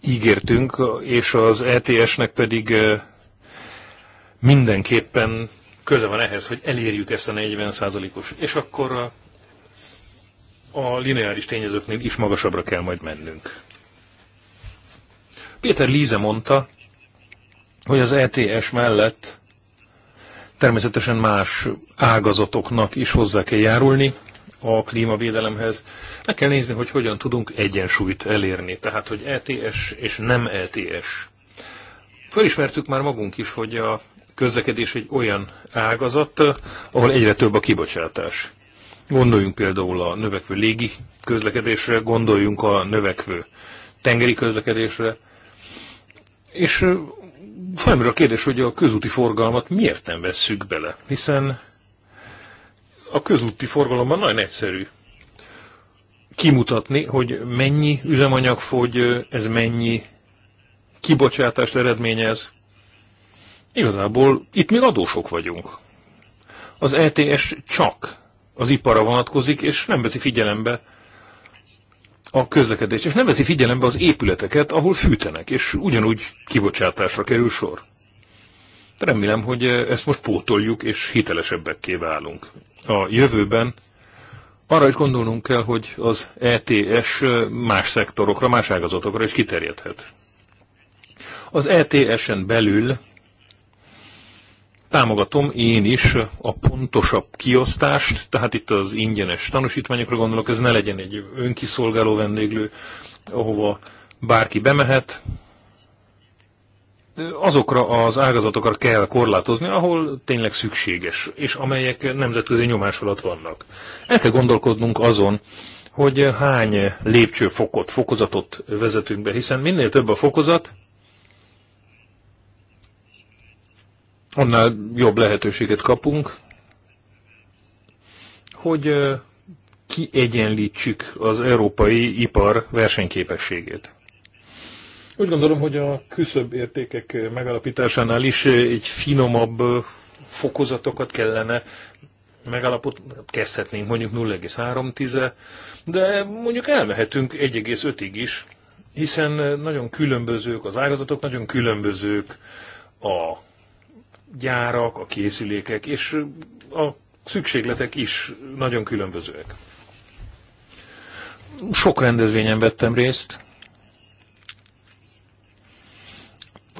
S3: ígértünk, és az ETS-nek pedig mindenképpen köze van ehhez, hogy elérjük ezt a 40%-os. És akkor a lineáris tényezőknél is magasabbra kell majd mennünk. Péter Líze mondta, hogy az ETS mellett Természetesen más ágazatoknak is hozzá kell járulni a klímavédelemhez. Meg kell nézni, hogy hogyan tudunk egyensúlyt elérni, tehát hogy ETS és nem ETS. Fölismertük már magunk is, hogy a közlekedés egy olyan ágazat, ahol egyre több a kibocsátás. Gondoljunk például a növekvő légi közlekedésre, gondoljunk a növekvő tengeri közlekedésre, és felmerül a kérdés, hogy a közúti forgalmat miért nem vesszük bele, hiszen a közúti forgalomban nagyon egyszerű kimutatni, hogy mennyi üzemanyag fogy, ez mennyi kibocsátást eredményez. Igazából itt még adósok vagyunk. Az ETS csak az ipara vonatkozik, és nem veszi figyelembe a közlekedést, és nem veszi figyelembe az épületeket, ahol fűtenek, és ugyanúgy kibocsátásra kerül sor. Remélem, hogy eh, ezt most pótoljuk, és hitelesebbekké válunk. A jövőben arra is gondolnunk kell, hogy az ETS eh, más szektorokra, más ágazatokra is kiterjedhet. Az ETS-en belül Támogatom én is a pontosabb kiosztást, tehát itt az ingyenes tanúsítványokra gondolok, ez ne legyen egy önkiszolgáló vendéglő, ahova bárki bemehet. Azokra az ágazatokra kell korlátozni, ahol tényleg szükséges, és amelyek nemzetközi nyomás alatt vannak. El kell gondolkodnunk azon, hogy hány lépcsőfokot, fokozatot vezetünk be, hiszen minél több a fokozat, annál jobb lehetőséget kapunk, hogy kiegyenlítsük az európai ipar versenyképességét. Úgy gondolom, hogy a küszöbb értékek megalapításánál is egy finomabb fokozatokat kellene megalapot kezdhetnénk mondjuk 0,3, de mondjuk elmehetünk 1,5-ig is, hiszen nagyon különbözők az ágazatok, nagyon különbözők a gyárak, a készülékek és a szükségletek is nagyon különbözőek. Sok rendezvényen vettem részt.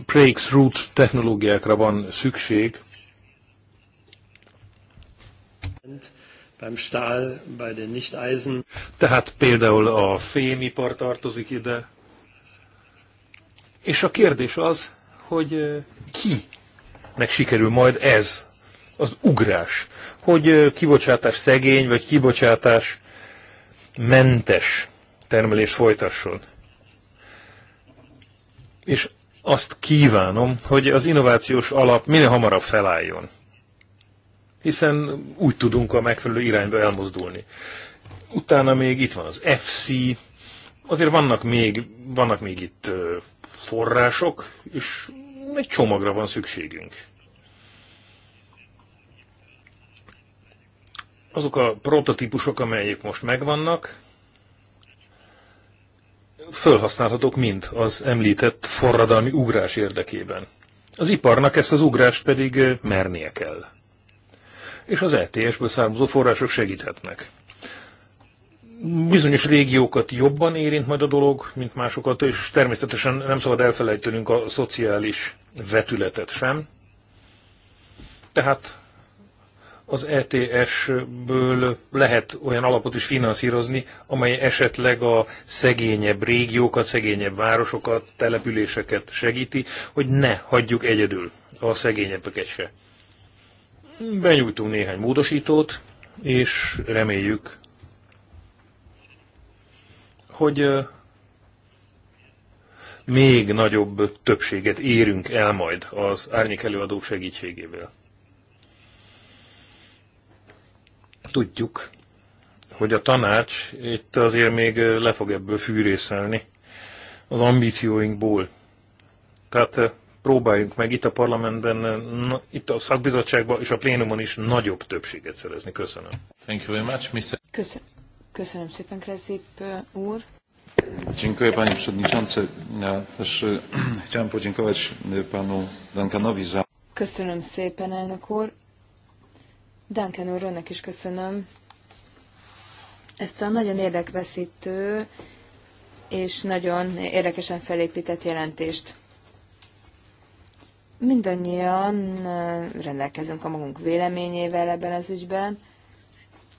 S3: Breakthrough technológiákra van szükség. Tehát például a fémipar tartozik ide. És a kérdés az, hogy eh, ki nek sikerül majd ez, az ugrás, hogy kibocsátás szegény, vagy kibocsátás mentes termelés folytasson. És azt kívánom, hogy az innovációs alap minél hamarabb felálljon. Hiszen úgy tudunk a megfelelő irányba elmozdulni. Utána még itt van az FC, azért vannak még, vannak még itt források, és egy csomagra van szükségünk. Azok a prototípusok, amelyek most megvannak, fölhasználhatók mind az említett forradalmi ugrás érdekében. Az iparnak ezt az ugrást pedig mernie kell. És az ETS-ből származó források segíthetnek bizonyos régiókat jobban érint majd a dolog, mint másokat, és természetesen nem szabad elfelejtenünk a szociális vetületet sem. Tehát az ETS-ből lehet olyan alapot is finanszírozni, amely esetleg a szegényebb régiókat, szegényebb városokat, településeket segíti, hogy ne hagyjuk egyedül a szegényebbeket se. Benyújtunk néhány módosítót, és reméljük, hogy még nagyobb többséget érünk el majd az árnyék előadók segítségével. Tudjuk, hogy a tanács itt azért még le fog ebből fűrészelni az ambícióinkból. Tehát próbáljunk meg itt a parlamentben, itt a szakbizottságban és a plénumon is nagyobb többséget szerezni. Köszönöm. Thank you very much, Mr.
S2: Köszönöm. Köszönöm szépen, Krezip úr.
S1: Dziękuję panie przewodniczący. Ja też e, *clears throat* chciałem podziękować e, panu Duncanowi za...
S2: Köszönöm szépen, elnök úr. Duncan úr, is köszönöm ezt a nagyon érdekveszítő és nagyon érdekesen felépített jelentést. Mindannyian rendelkezünk a magunk véleményével ebben az ügyben,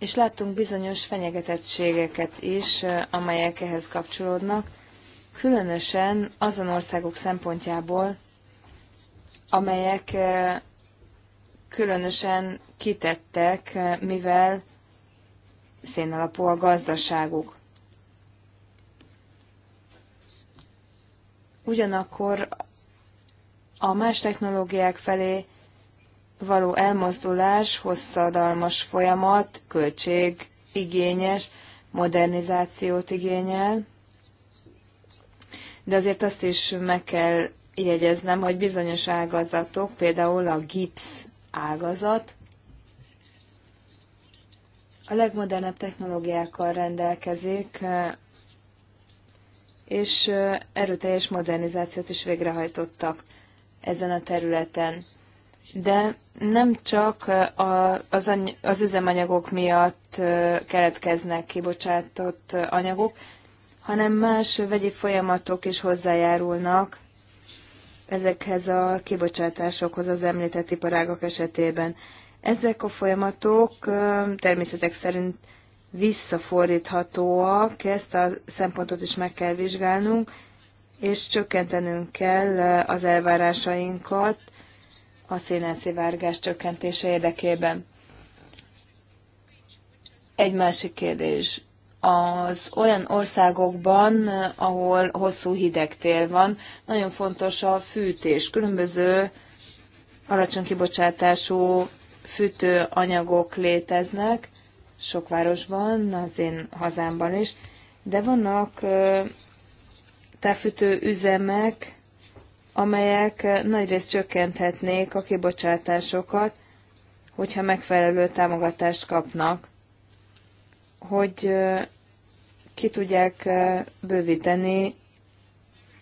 S2: és láttunk bizonyos fenyegetettségeket is, amelyek ehhez kapcsolódnak, különösen azon országok szempontjából, amelyek különösen kitettek, mivel szénalapú a gazdaságuk. Ugyanakkor a más technológiák felé való elmozdulás hosszadalmas folyamat, igényes modernizációt igényel, de azért azt is meg kell jegyeznem, hogy bizonyos ágazatok, például a gipsz ágazat, a legmodernebb technológiákkal rendelkezik, és erőteljes modernizációt is végrehajtottak ezen a területen de nem csak a, az, any, az üzemanyagok miatt keletkeznek kibocsátott anyagok, hanem más vegyi folyamatok is hozzájárulnak ezekhez a kibocsátásokhoz az említett iparágak esetében. Ezek a folyamatok természetek szerint visszafordíthatóak, ezt a szempontot is meg kell vizsgálnunk, és csökkentenünk kell az elvárásainkat a szénelszivárgás csökkentése érdekében. Egy másik kérdés. Az olyan országokban, ahol hosszú hideg tél van, nagyon fontos a fűtés. Különböző alacsony kibocsátású fűtőanyagok léteznek sok városban, az én hazámban is, de vannak tefűtő üzemek, amelyek eh, nagyrészt csökkenthetnék a kibocsátásokat, hogyha megfelelő támogatást kapnak, hogy eh, ki tudják eh, bővíteni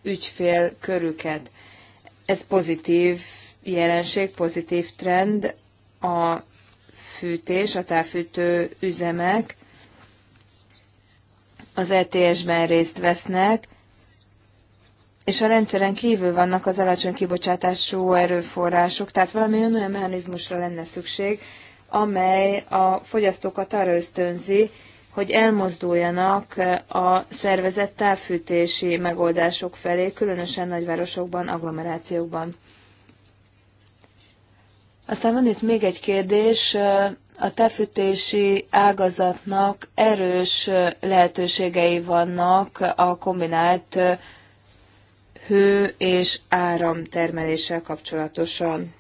S2: ügyfél körüket. Ez pozitív jelenség, pozitív trend, a fűtés, a távfűtő üzemek az ETS-ben részt vesznek, és a rendszeren kívül vannak az alacsony kibocsátású erőforrások, tehát valami olyan mechanizmusra lenne szükség, amely a fogyasztókat arra ösztönzi, hogy elmozduljanak a szervezett távfűtési megoldások felé, különösen nagyvárosokban, agglomerációkban. Aztán van itt még egy kérdés, a távfűtési ágazatnak erős lehetőségei vannak a kombinált hő és áram termeléssel kapcsolatosan.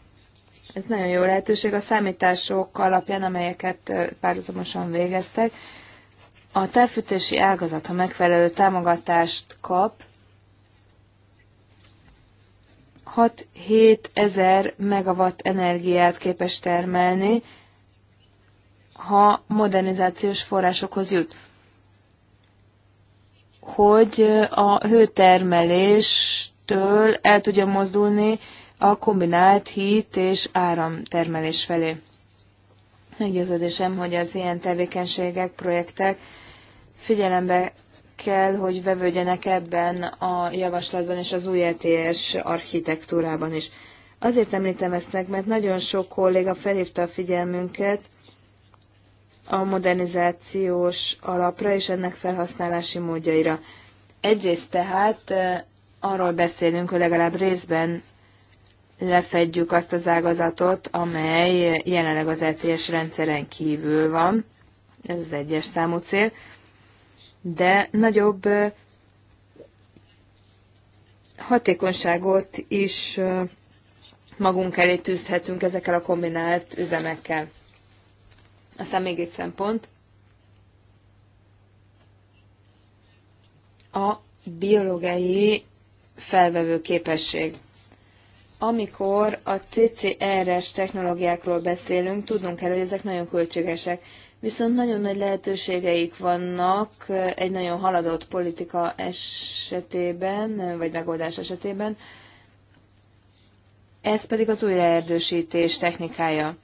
S2: Ez nagyon jó lehetőség a számítások alapján, amelyeket párhuzamosan végeztek. A telfűtési ágazat, ha megfelelő támogatást kap, 6-7 ezer megawatt energiát képes termelni, ha modernizációs forrásokhoz jut hogy a hőtermeléstől el tudja mozdulni a kombinált hit és áramtermelés felé. Meggyőződésem, hogy az ilyen tevékenységek, projektek figyelembe kell, hogy vevődjenek ebben a javaslatban és az új ETS architektúrában is. Azért említem ezt meg, mert nagyon sok kolléga felhívta a figyelmünket a modernizációs alapra és ennek felhasználási módjaira. Egyrészt tehát arról beszélünk, hogy legalább részben lefedjük azt az ágazatot, amely jelenleg az ETS rendszeren kívül van, ez az egyes számú cél, de nagyobb hatékonyságot is magunk elé tűzhetünk ezekkel a kombinált üzemekkel. Aztán még egy szempont. A biológiai felvevő képesség. Amikor a CCRS technológiákról beszélünk, tudnunk kell, hogy ezek nagyon költségesek. Viszont nagyon nagy lehetőségeik vannak eh, egy nagyon haladott politika esetében, eh, vagy megoldás esetében. Ez pedig az újraerdősítés technikája.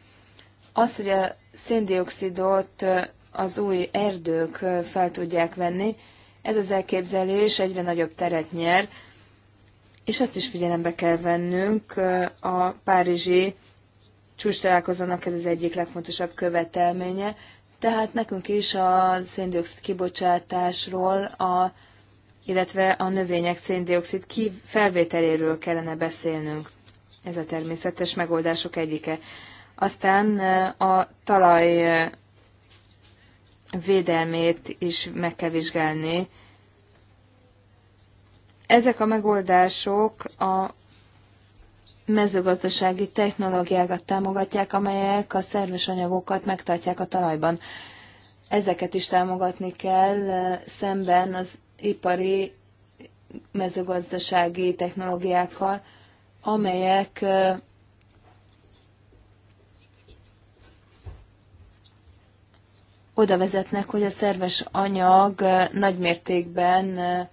S2: Az, hogy a széndiokszidot az új erdők fel tudják venni. Ez az elképzelés egyre nagyobb teret nyer, és azt is figyelembe kell vennünk a párizsi csúcstalálkozónak ez az egyik legfontosabb követelménye, tehát nekünk is a széndiokszid kibocsátásról, a, illetve a növények széndiokszid felvételéről kellene beszélnünk. Ez a természetes megoldások egyike. Aztán a talaj védelmét is meg kell vizsgálni. Ezek a megoldások a mezőgazdasági technológiákat támogatják, amelyek a szerves anyagokat megtartják a talajban. Ezeket is támogatni kell szemben az ipari mezőgazdasági technológiákkal, amelyek oda vezetnek, hogy a szerves anyag eh, nagymértékben eh,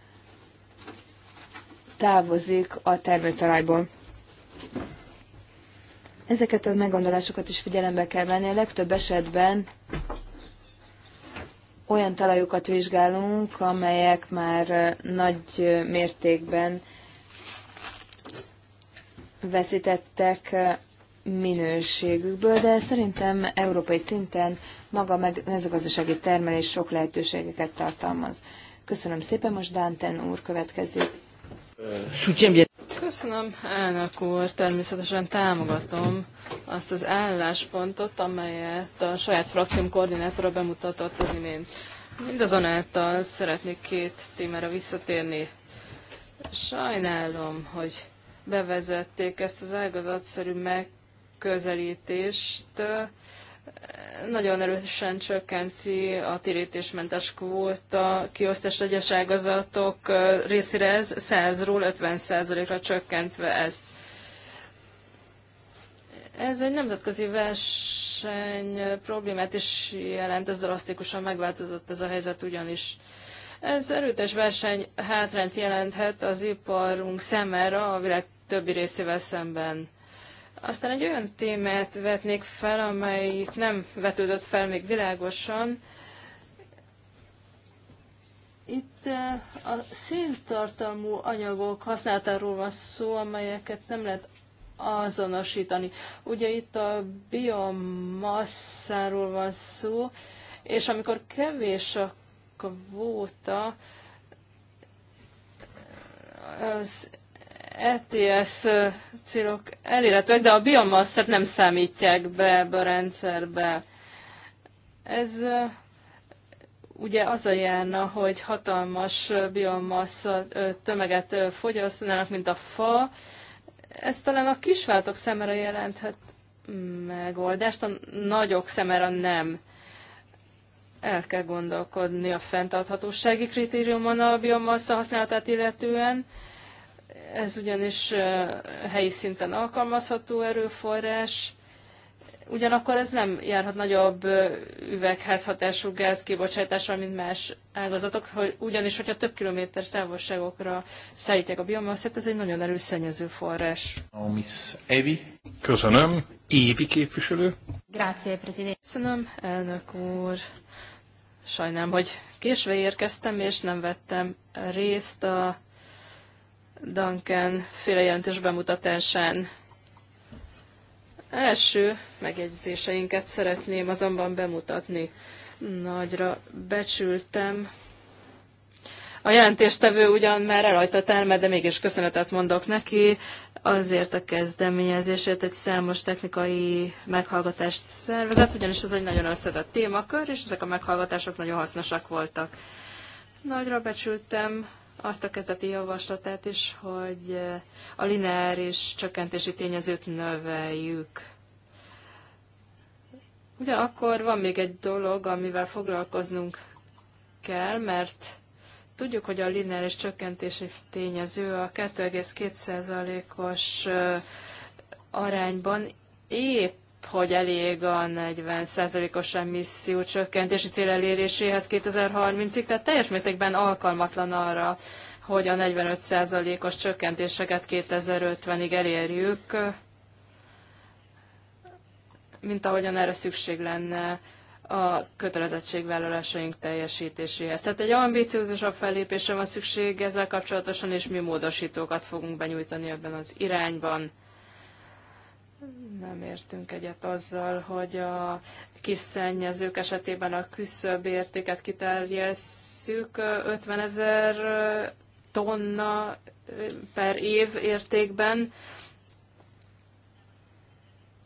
S2: távozik a termőtalajból. Ezeket a meggondolásokat is figyelembe kell venni. A legtöbb esetben olyan talajokat vizsgálunk, amelyek már eh, nagy mértékben veszítettek minőségükből, de szerintem európai szinten maga a mezőgazdasági termelés sok lehetőségeket tartalmaz. Köszönöm szépen,
S4: most Dánten úr következik. Köszönöm, elnök úr, természetesen támogatom azt az álláspontot, amelyet a saját frakcióm koordinátora bemutatott az imént. Mindazonáltal szeretnék két témára visszatérni. Sajnálom, hogy bevezették ezt az ágazatszerű meg közelítést nagyon erősen csökkenti a térítésmentes kvóta kiosztás egyes ágazatok részére ez 100-ról 50%-ra csökkentve ezt. Ez egy nemzetközi verseny problémát is jelent, ez drasztikusan megváltozott ez a helyzet ugyanis. Ez erőtes verseny hátrányt jelenthet az iparunk szemére a világ többi részével szemben. Aztán egy olyan témát vetnék fel, amely itt nem vetődött fel még világosan. Itt a széntartalmú anyagok használatáról van szó, amelyeket nem lehet azonosítani. Ugye itt a biomasszáról van szó, és amikor kevés a kvóta, az ETS célok elérhetőek, de a biomasszát nem számítják be ebbe a rendszerbe. Ez ugye az a járna, hogy hatalmas biomassa tömeget fogyasztanának, mint a fa. Ez talán a kisváltok szemére jelenthet megoldást, a nagyok szemére nem. El kell gondolkodni a fenntarthatósági kritériumon a biomassa használatát illetően, ez ugyanis helyi szinten alkalmazható erőforrás, ugyanakkor ez nem járhat nagyobb üvegházhatású gáz kibocsátással, mint más ágazatok, hogy ugyanis, hogyha több kilométeres távolságokra szállítják a biomasszát, ez egy nagyon erős szennyező forrás.
S3: Evi. Köszönöm. Évi képviselő.
S4: Grazie, president. Köszönöm, elnök úr. Sajnálom, hogy késve érkeztem, és nem vettem részt a Duncan félrejelentés bemutatásán. Első megjegyzéseinket szeretném azonban bemutatni. Nagyra becsültem. A jelentéstevő ugyan már elhagyta termet, de mégis köszönetet mondok neki azért a kezdeményezésért egy számos technikai meghallgatást szervezett, ugyanis ez egy nagyon összetett témakör, és ezek a meghallgatások nagyon hasznosak voltak. Nagyra becsültem azt a kezdeti javaslatát is, hogy eh, a lineáris csökkentési tényezőt növeljük. Ugyanakkor van még egy dolog, amivel foglalkoznunk kell, mert tudjuk, hogy a lineáris csökkentési tényező a 2,2%-os eh, arányban épp hogy elég a 40%-os emisszió csökkentési cél eléréséhez 2030-ig, tehát teljes mértékben alkalmatlan arra, hogy a 45%-os csökkentéseket 2050-ig elérjük, mint ahogyan erre szükség lenne a kötelezettségvállalásaink teljesítéséhez. Tehát egy ambiciózusabb fellépésre van szükség ezzel kapcsolatosan, és mi módosítókat fogunk benyújtani ebben az irányban nem értünk egyet azzal, hogy a kis szennyezők esetében a küszöbb értéket kiterjesszük 50 ezer tonna per év értékben,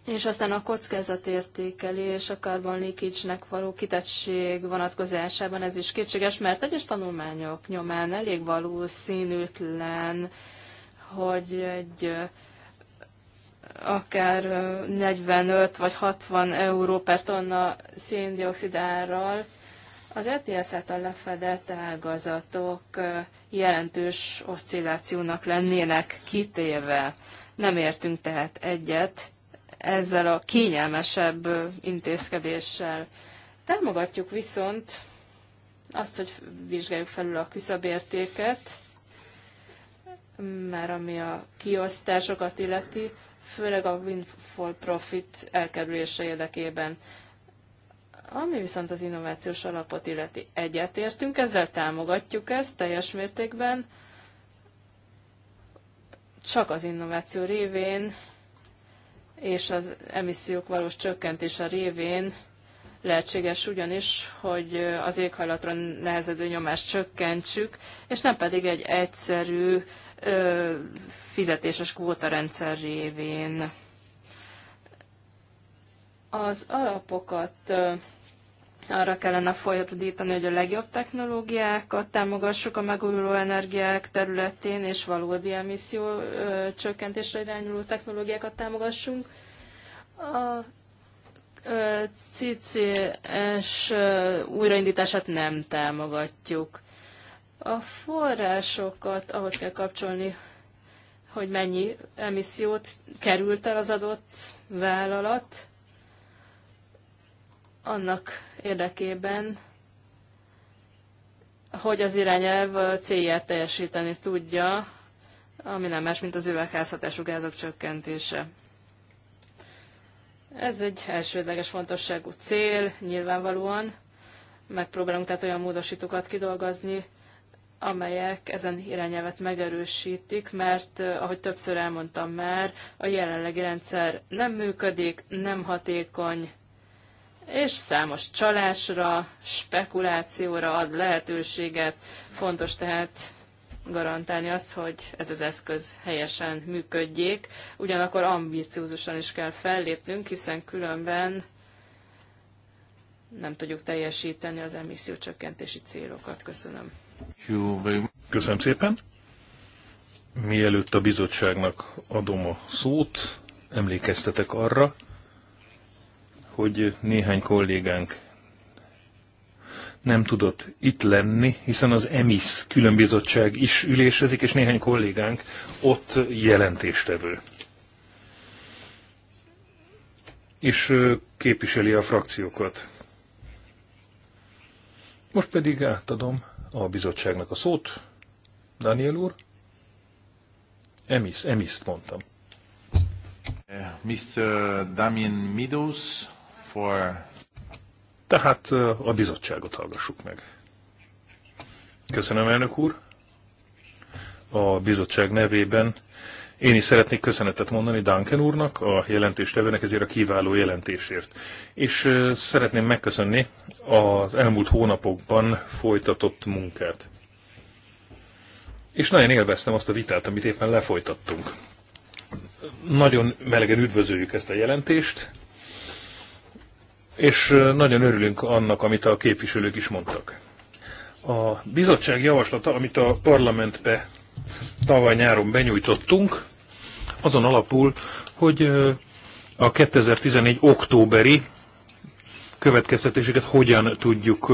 S4: és aztán a kockázatértékelés, a carbon leakage való kitettség vonatkozásában ez is kétséges, mert egyes tanulmányok nyomán elég valószínűtlen, hogy egy akár 45 vagy 60 euró per tonna széndiokszid árral. Az ETS által lefedett ágazatok jelentős oszcillációnak lennének kitéve. Nem értünk tehát egyet ezzel a kényelmesebb intézkedéssel. Támogatjuk viszont azt, hogy vizsgáljuk felül a küszöbértéket, már ami a kiosztásokat illeti, főleg a windfall profit elkerülése érdekében. Ami viszont az innovációs alapot illeti egyetértünk, ezzel támogatjuk ezt teljes mértékben, csak az innováció révén és az emissziók valós csökkentése révén lehetséges ugyanis, hogy az éghajlatra nehezedő nyomást csökkentsük, és nem pedig egy egyszerű fizetéses rendszer révén. Az alapokat arra kellene fordítani, hogy a legjobb technológiákat támogassuk a megújuló energiák területén, és valódi emisszió ö, csökkentésre irányuló technológiákat támogassunk. A CCS újraindítását nem támogatjuk. A forrásokat ahhoz kell kapcsolni, hogy mennyi emissziót került el az adott vállalat, annak érdekében, hogy az irányelv célját teljesíteni tudja, ami nem más, mint az üvegházhatású gázok csökkentése. Ez egy elsődleges fontosságú cél, nyilvánvalóan. Megpróbálunk tehát olyan módosítókat kidolgozni, amelyek ezen irányelvet megerősítik, mert eh, ahogy többször elmondtam már, a jelenlegi rendszer nem működik, nem hatékony, és számos csalásra, spekulációra ad lehetőséget. Fontos tehát garantálni azt, hogy ez az eszköz helyesen működjék. Ugyanakkor ambiciózusan is kell fellépnünk, hiszen különben nem tudjuk teljesíteni az emissziócsökkentési célokat. Köszönöm.
S3: Köszönöm szépen. Mielőtt a bizottságnak adom a szót, emlékeztetek arra, hogy néhány kollégánk nem tudott itt lenni, hiszen az EMIS különbizottság is ülésezik, és néhány kollégánk ott jelentéstevő. És képviseli a frakciókat. Most pedig átadom a bizottságnak a szót. Daniel úr? Emis, Emis mondtam.
S1: Uh, Mr. Damien Meadows for...
S3: Tehát uh, a bizottságot hallgassuk meg. Köszönöm, elnök úr. A bizottság nevében én is szeretnék köszönetet mondani Duncan úrnak, a jelentéstevőnek ezért a kiváló jelentésért. És szeretném megköszönni az elmúlt hónapokban folytatott munkát. És nagyon élveztem azt a vitát, amit éppen lefolytattunk. Nagyon melegen üdvözöljük ezt a jelentést, és nagyon örülünk annak, amit a képviselők is mondtak. A bizottság javaslata, amit a parlamentbe tavaly nyáron benyújtottunk, azon alapul, hogy a 2014 októberi következtetéseket hogyan tudjuk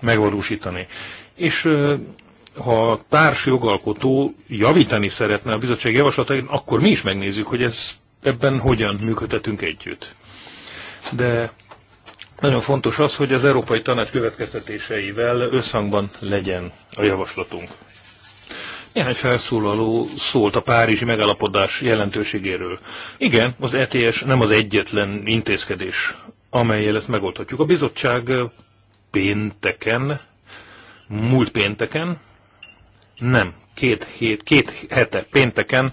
S3: megvalósítani. És ha a társ jogalkotó javítani szeretne a bizottság javaslatait, akkor mi is megnézzük, hogy ez, ebben hogyan működhetünk együtt. De nagyon fontos az, hogy az Európai Tanács következtetéseivel összhangban legyen a javaslatunk. Néhány felszólaló szólt a Párizsi megállapodás jelentőségéről. Igen, az ETS nem az egyetlen intézkedés, amelyel ezt megoldhatjuk. A bizottság pénteken, múlt pénteken, nem, két, hét, két hete pénteken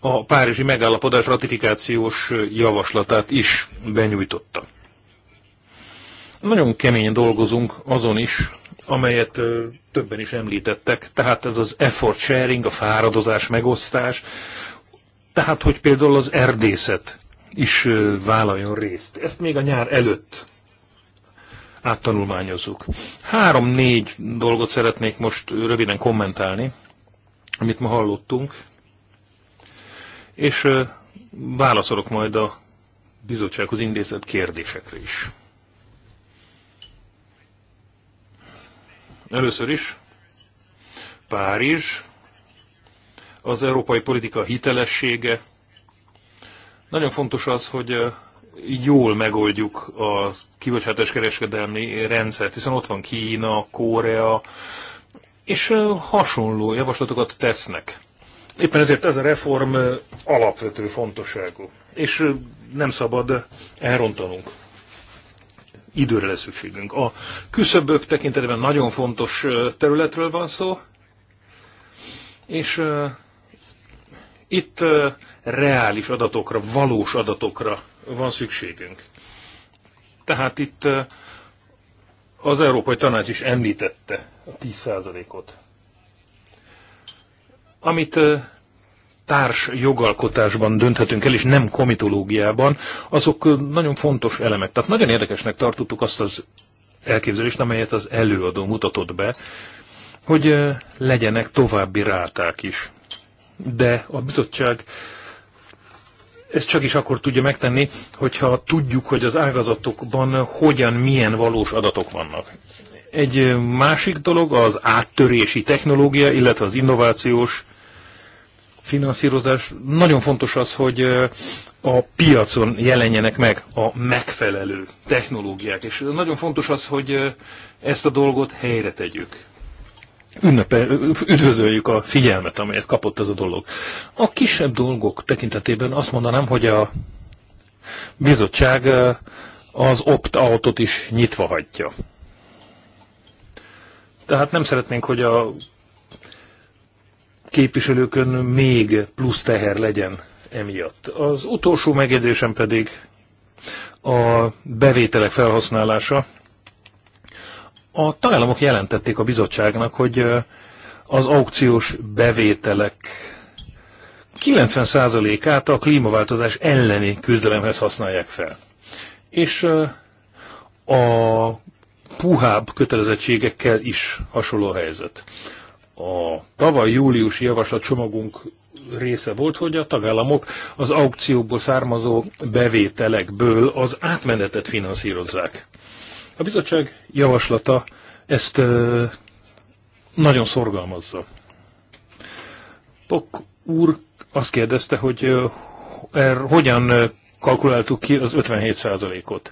S3: a Párizsi megállapodás ratifikációs javaslatát is benyújtotta. Nagyon keményen dolgozunk azon is, amelyet többen is említettek, tehát ez az effort sharing, a fáradozás megosztás, tehát hogy például az erdészet is vállaljon részt. Ezt még a nyár előtt áttanulmányozzuk. Három-négy dolgot szeretnék most röviden kommentálni, amit ma hallottunk, és válaszolok majd a bizottsághoz intézett kérdésekre is. Először is Párizs, az európai politika hitelessége. Nagyon fontos az, hogy jól megoldjuk a kibocsátás kereskedelmi rendszert, hiszen ott van Kína, Korea, és hasonló javaslatokat tesznek. Éppen ezért ez a reform alapvető fontosságú, és nem szabad elrontanunk időre lesz szükségünk. A küszöbök tekintetében nagyon fontos területről van szó, és uh, itt uh, reális adatokra, valós adatokra van szükségünk. Tehát itt uh, az Európai Tanács is említette a 10%-ot. Amit uh, társ jogalkotásban dönthetünk el, és nem komitológiában, azok nagyon fontos elemek. Tehát nagyon érdekesnek tartottuk azt az elképzelést, amelyet az előadó mutatott be, hogy legyenek további ráták is. De a bizottság ezt csak is akkor tudja megtenni, hogyha tudjuk, hogy az ágazatokban hogyan, milyen valós adatok vannak. Egy másik dolog az áttörési technológia, illetve az innovációs finanszírozás. Nagyon fontos az, hogy a piacon jelenjenek meg a megfelelő technológiák, és nagyon fontos az, hogy ezt a dolgot helyre tegyük. Ünnepe, üdvözöljük a figyelmet, amelyet kapott ez a dolog. A kisebb dolgok tekintetében azt mondanám, hogy a bizottság az opt-outot is nyitva hagyja. Tehát nem szeretnénk, hogy a képviselőkön még plusz teher legyen emiatt. Az utolsó megjegyzésem pedig a bevételek felhasználása. A tagállamok jelentették a bizottságnak, hogy az aukciós bevételek 90%-át a klímaváltozás elleni küzdelemhez használják fel. És a puhább kötelezettségekkel is hasonló a helyzet a tavaly júliusi javaslat csomagunk része volt, hogy a tagállamok az aukcióból származó bevételekből az átmenetet finanszírozzák. A bizottság javaslata ezt nagyon szorgalmazza. Pok úr azt kérdezte, hogy er, hogyan kalkuláltuk ki az 57%-ot.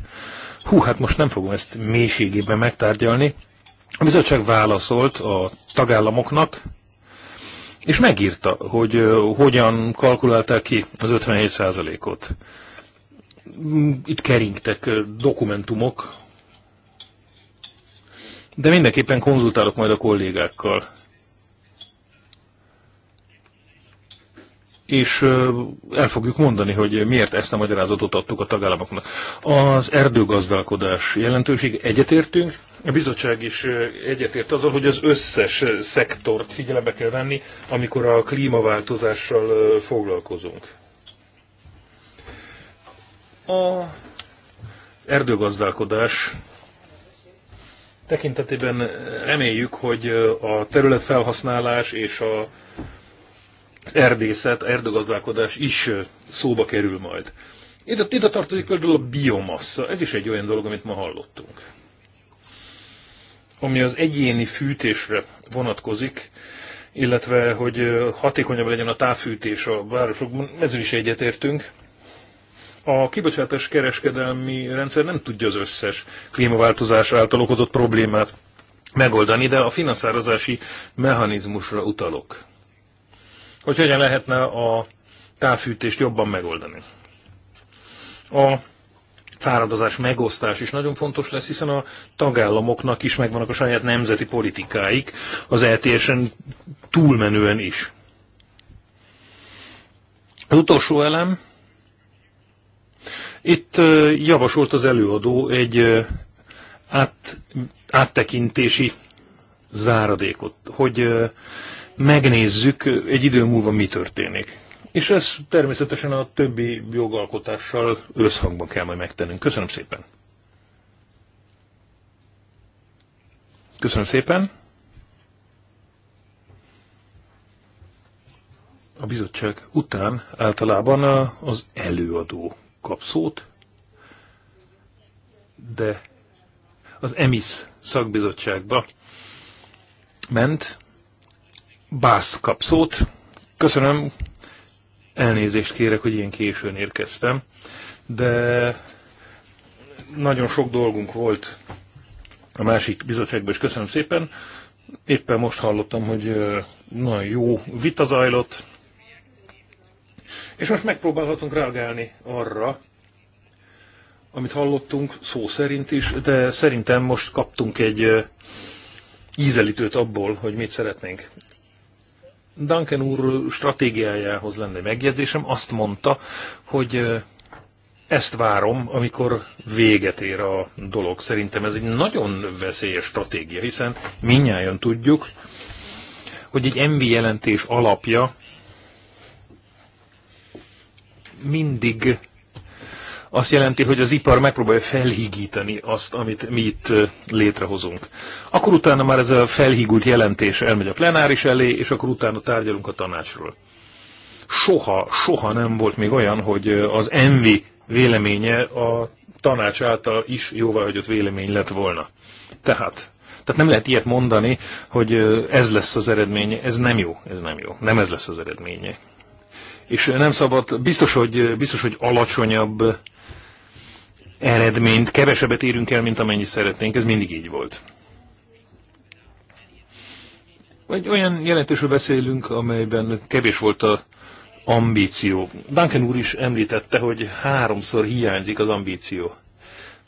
S3: Hú, hát most nem fogom ezt mélységében megtárgyalni, a bizottság válaszolt a tagállamoknak, és megírta, hogy hogyan kalkulálták ki az 57 százalékot. Itt keringtek dokumentumok, de mindenképpen konzultálok majd a kollégákkal. és el fogjuk mondani, hogy miért ezt a magyarázatot adtuk a tagállamoknak. Az erdőgazdálkodás jelentőség egyetértünk, a bizottság is egyetért azzal, hogy az összes szektort figyelembe kell venni, amikor a klímaváltozással foglalkozunk. A erdőgazdálkodás tekintetében reméljük, hogy a területfelhasználás és a erdészet, erdőgazdálkodás is szóba kerül majd. Ide, ide tartozik például a biomassa, ez is egy olyan dolog, amit ma hallottunk. Ami az egyéni fűtésre vonatkozik, illetve hogy hatékonyabb legyen a távfűtés a városokban, ezzel is egyetértünk. A kibocsátás kereskedelmi rendszer nem tudja az összes klímaváltozás által okozott problémát megoldani, de a finanszározási mechanizmusra utalok hogy hogyan lehetne a távfűtést jobban megoldani. A fáradozás megosztás is nagyon fontos lesz, hiszen a tagállamoknak is megvannak a saját nemzeti politikáik az ETS-en túlmenően is. Az utolsó elem, itt javasolt az előadó egy át, áttekintési záradékot, hogy megnézzük egy idő múlva mi történik. És ez természetesen a többi jogalkotással összhangban kell majd megtennünk. Köszönöm szépen! Köszönöm szépen! A bizottság után általában az előadó kap szót, de az EMIS szakbizottságba ment, Bász kap szót. Köszönöm. Elnézést kérek, hogy ilyen későn érkeztem, de nagyon sok dolgunk volt a másik bizottságban, és köszönöm szépen. Éppen most hallottam, hogy nagyon jó vita zajlott, és most megpróbálhatunk reagálni arra, amit hallottunk, szó szerint is, de szerintem most kaptunk egy ízelítőt abból, hogy mit szeretnénk. Duncan úr stratégiájához lenne megjegyzésem, azt mondta, hogy ezt várom, amikor véget ér a dolog. Szerintem ez egy nagyon veszélyes stratégia, hiszen minnyáján tudjuk, hogy egy MV jelentés alapja mindig azt jelenti, hogy az ipar megpróbálja felhígítani azt, amit mi itt létrehozunk. Akkor utána már ez a felhígult jelentés elmegy a plenáris elé, és akkor utána tárgyalunk a tanácsról. Soha, soha nem volt még olyan, hogy az envi véleménye a tanács által is jóváhagyott vélemény lett volna. Tehát, tehát nem lehet ilyet mondani, hogy ez lesz az eredménye, ez nem jó, ez nem jó, nem ez lesz az eredménye. És nem szabad, biztos, hogy, biztos, hogy alacsonyabb eredményt, kevesebbet érünk el, mint amennyi szeretnénk. Ez mindig így volt. Vagy olyan jelentésről beszélünk, amelyben kevés volt a ambíció. Duncan úr is említette, hogy háromszor hiányzik az ambíció.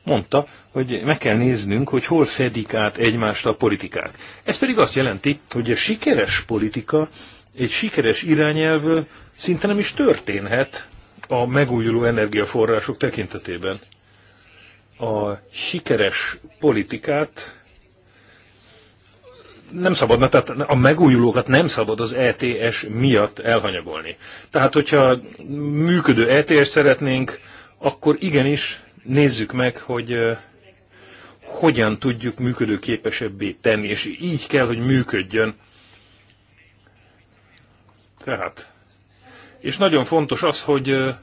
S3: Mondta, hogy meg kell néznünk, hogy hol fedik át egymást a politikák. Ez pedig azt jelenti, hogy a sikeres politika, egy sikeres irányelv szinte nem is történhet a megújuló energiaforrások tekintetében a sikeres politikát nem szabadna, tehát a megújulókat nem szabad az ETS miatt elhanyagolni. Tehát, hogyha működő ETS szeretnénk, akkor igenis nézzük meg, hogy hogyan tudjuk működőképesebbé tenni, és így kell, hogy működjön. Tehát. És nagyon fontos az, hogy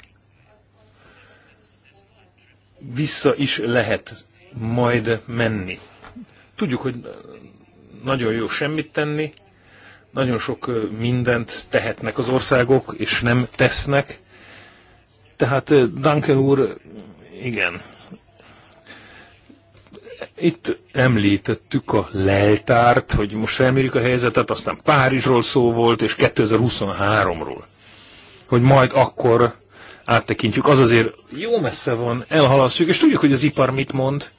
S3: vissza is lehet majd menni. Tudjuk, hogy nagyon jó semmit tenni, nagyon sok mindent tehetnek az országok, és nem tesznek. Tehát Danke úr, igen, itt említettük a leltárt, hogy most felmérjük a helyzetet, aztán Párizsról szó volt, és 2023-ról. Hogy majd akkor áttekintjük, az azért jó messze van, elhalasztjuk, és tudjuk, hogy az ipar mit mond.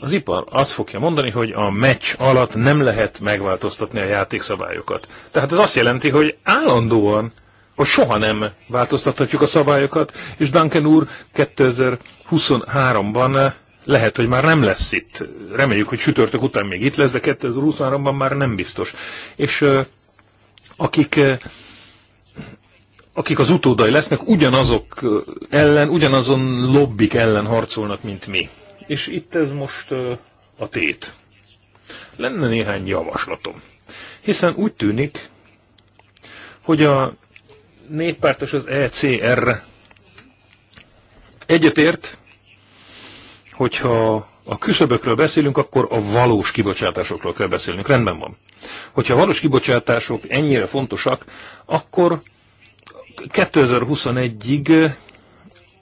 S3: Az ipar azt fogja mondani, hogy a meccs alatt nem lehet megváltoztatni a játékszabályokat. Tehát ez azt jelenti, hogy állandóan, hogy soha nem változtathatjuk a szabályokat, és Duncan úr 2023-ban lehet, hogy már nem lesz itt. Reméljük, hogy sütörtök után még itt lesz, de 2023-ban már nem biztos. És akik akik az utódai lesznek, ugyanazok ellen, ugyanazon lobbik ellen harcolnak, mint mi. És itt ez most a tét. Lenne néhány javaslatom. Hiszen úgy tűnik, hogy a néppártos az ECR egyetért, hogyha a küszöbökről beszélünk, akkor a valós kibocsátásokról kell beszélnünk. Rendben van. Hogyha a valós kibocsátások ennyire fontosak, akkor 2021-ig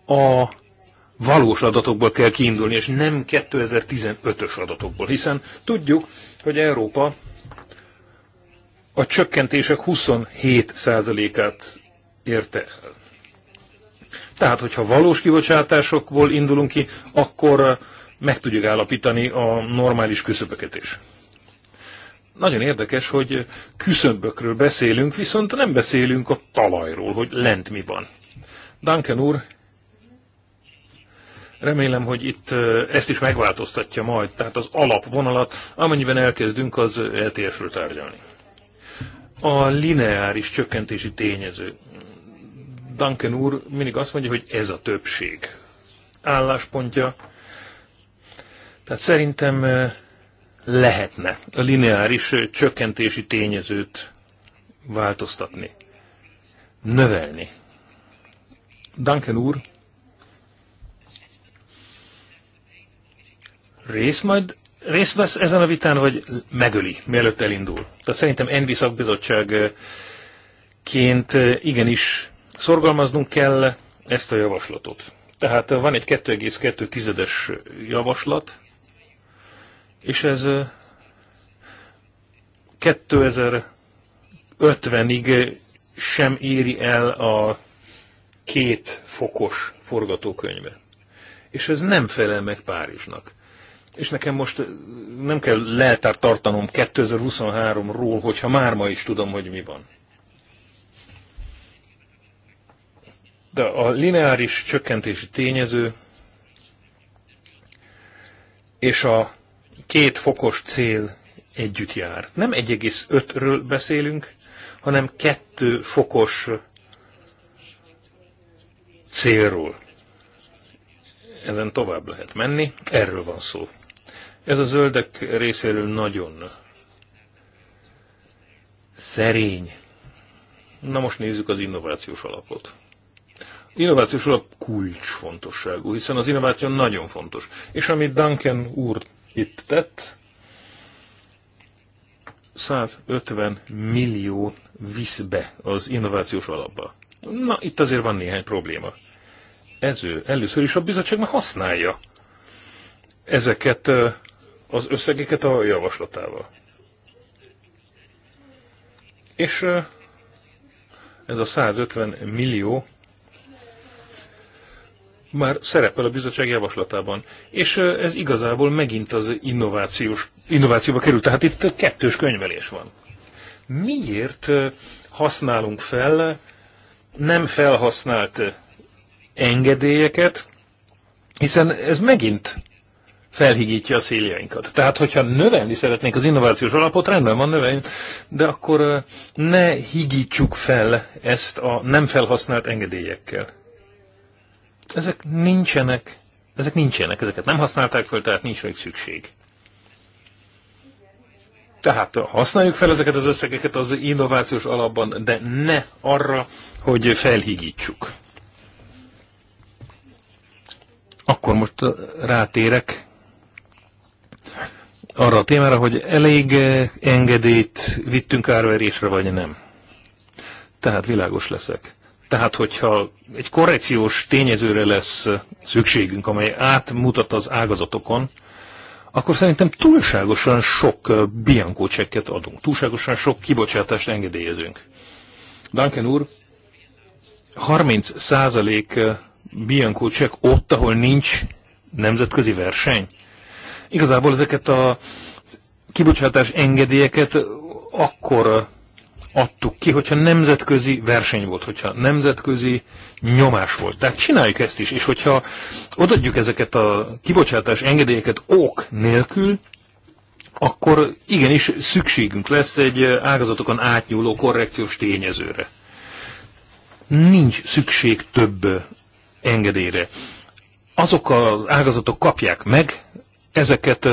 S3: a valós adatokból kell kiindulni, és nem 2015-ös adatokból, hiszen tudjuk, hogy Európa a csökkentések 27%-át érte el. Tehát, hogyha valós kibocsátásokból indulunk ki, akkor meg tudjuk állapítani a normális küszöböket is nagyon érdekes, hogy küszöbökről beszélünk, viszont nem beszélünk a talajról, hogy lent mi van. Duncan úr, remélem, hogy itt ezt is megváltoztatja majd, tehát az alapvonalat, amennyiben elkezdünk az ETS-ről tárgyalni. A lineáris csökkentési tényező. Duncan úr mindig azt mondja, hogy ez a többség álláspontja. Tehát szerintem lehetne a lineáris csökkentési tényezőt változtatni, növelni. Duncan úr rész majd részt vesz ezen a vitán, vagy megöli, mielőtt elindul. Tehát szerintem Envi szakbizottságként igenis szorgalmaznunk kell ezt a javaslatot. Tehát van egy 2,2 tizedes javaslat, és ez 2050-ig sem éri el a két fokos forgatókönyve. És ez nem felel meg Párizsnak. És nekem most nem kell leltárt tartanom 2023-ról, hogyha már ma is tudom, hogy mi van. De a lineáris csökkentési tényező és a két fokos cél együtt jár. Nem 1,5-ről beszélünk, hanem kettő fokos célról. Ezen tovább lehet menni, erről van szó. Ez a zöldek részéről nagyon szerény. Na most nézzük az innovációs alapot. Innovációs alap kulcsfontosságú, hiszen az innováció nagyon fontos. És amit Duncan úr itt tett. 150 millió visz be az innovációs alapba. Na, itt azért van néhány probléma. Ez ő. Először is a bizottság már használja ezeket az összegeket a javaslatával. És ez a 150 millió már szerepel a bizottság javaslatában. És ez igazából megint az innovációs, innovációba került. Tehát itt kettős könyvelés van. Miért használunk fel nem felhasznált engedélyeket, hiszen ez megint felhigítja a széljainkat. Tehát, hogyha növelni szeretnénk az innovációs alapot, rendben van növelni, de akkor ne higítsuk fel ezt a nem felhasznált engedélyekkel. Ezek nincsenek, ezek nincsenek, ezeket nem használták fel, tehát nincs rá szükség. Tehát használjuk fel ezeket az összegeket az innovációs alapban, de ne arra, hogy felhigítsuk. Akkor most rátérek arra a témára, hogy elég eh, engedélyt vittünk árverésre, vagy nem. Tehát világos leszek. Tehát, hogyha egy korrekciós tényezőre lesz szükségünk, amely átmutat az ágazatokon, akkor szerintem túlságosan sok bianco csekket adunk, túlságosan sok kibocsátást engedélyezünk. Duncan úr, 30 százalék bianco csekk ott, ahol nincs nemzetközi verseny? Igazából ezeket a kibocsátás engedélyeket akkor adtuk ki, hogyha nemzetközi verseny volt, hogyha nemzetközi nyomás volt. Tehát csináljuk ezt is, és hogyha odadjuk ezeket a kibocsátás engedélyeket ok nélkül, akkor igenis szükségünk lesz egy ágazatokon átnyúló korrekciós tényezőre. Nincs szükség több engedélyre. Azok az ágazatok kapják meg ezeket,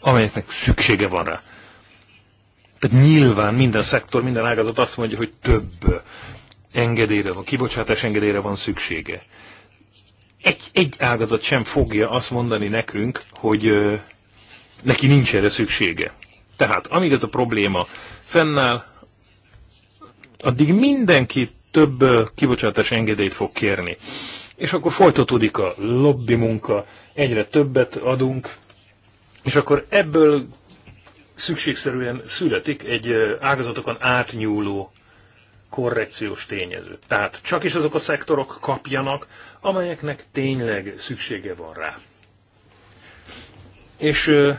S3: amelyeknek szüksége van rá. Tehát nyilván minden szektor, minden ágazat azt mondja, hogy több engedélyre, a kibocsátás engedélyre van szüksége. Egy, egy ágazat sem fogja azt mondani nekünk, hogy ö, neki nincs erre szüksége. Tehát amíg ez a probléma fennáll, addig mindenki több kibocsátás engedélyt fog kérni. És akkor folytatódik a lobby munka, egyre többet adunk, és akkor ebből szükségszerűen születik egy ágazatokon átnyúló korrekciós tényező. Tehát csak is azok a szektorok kapjanak, amelyeknek tényleg szüksége van rá. És uh,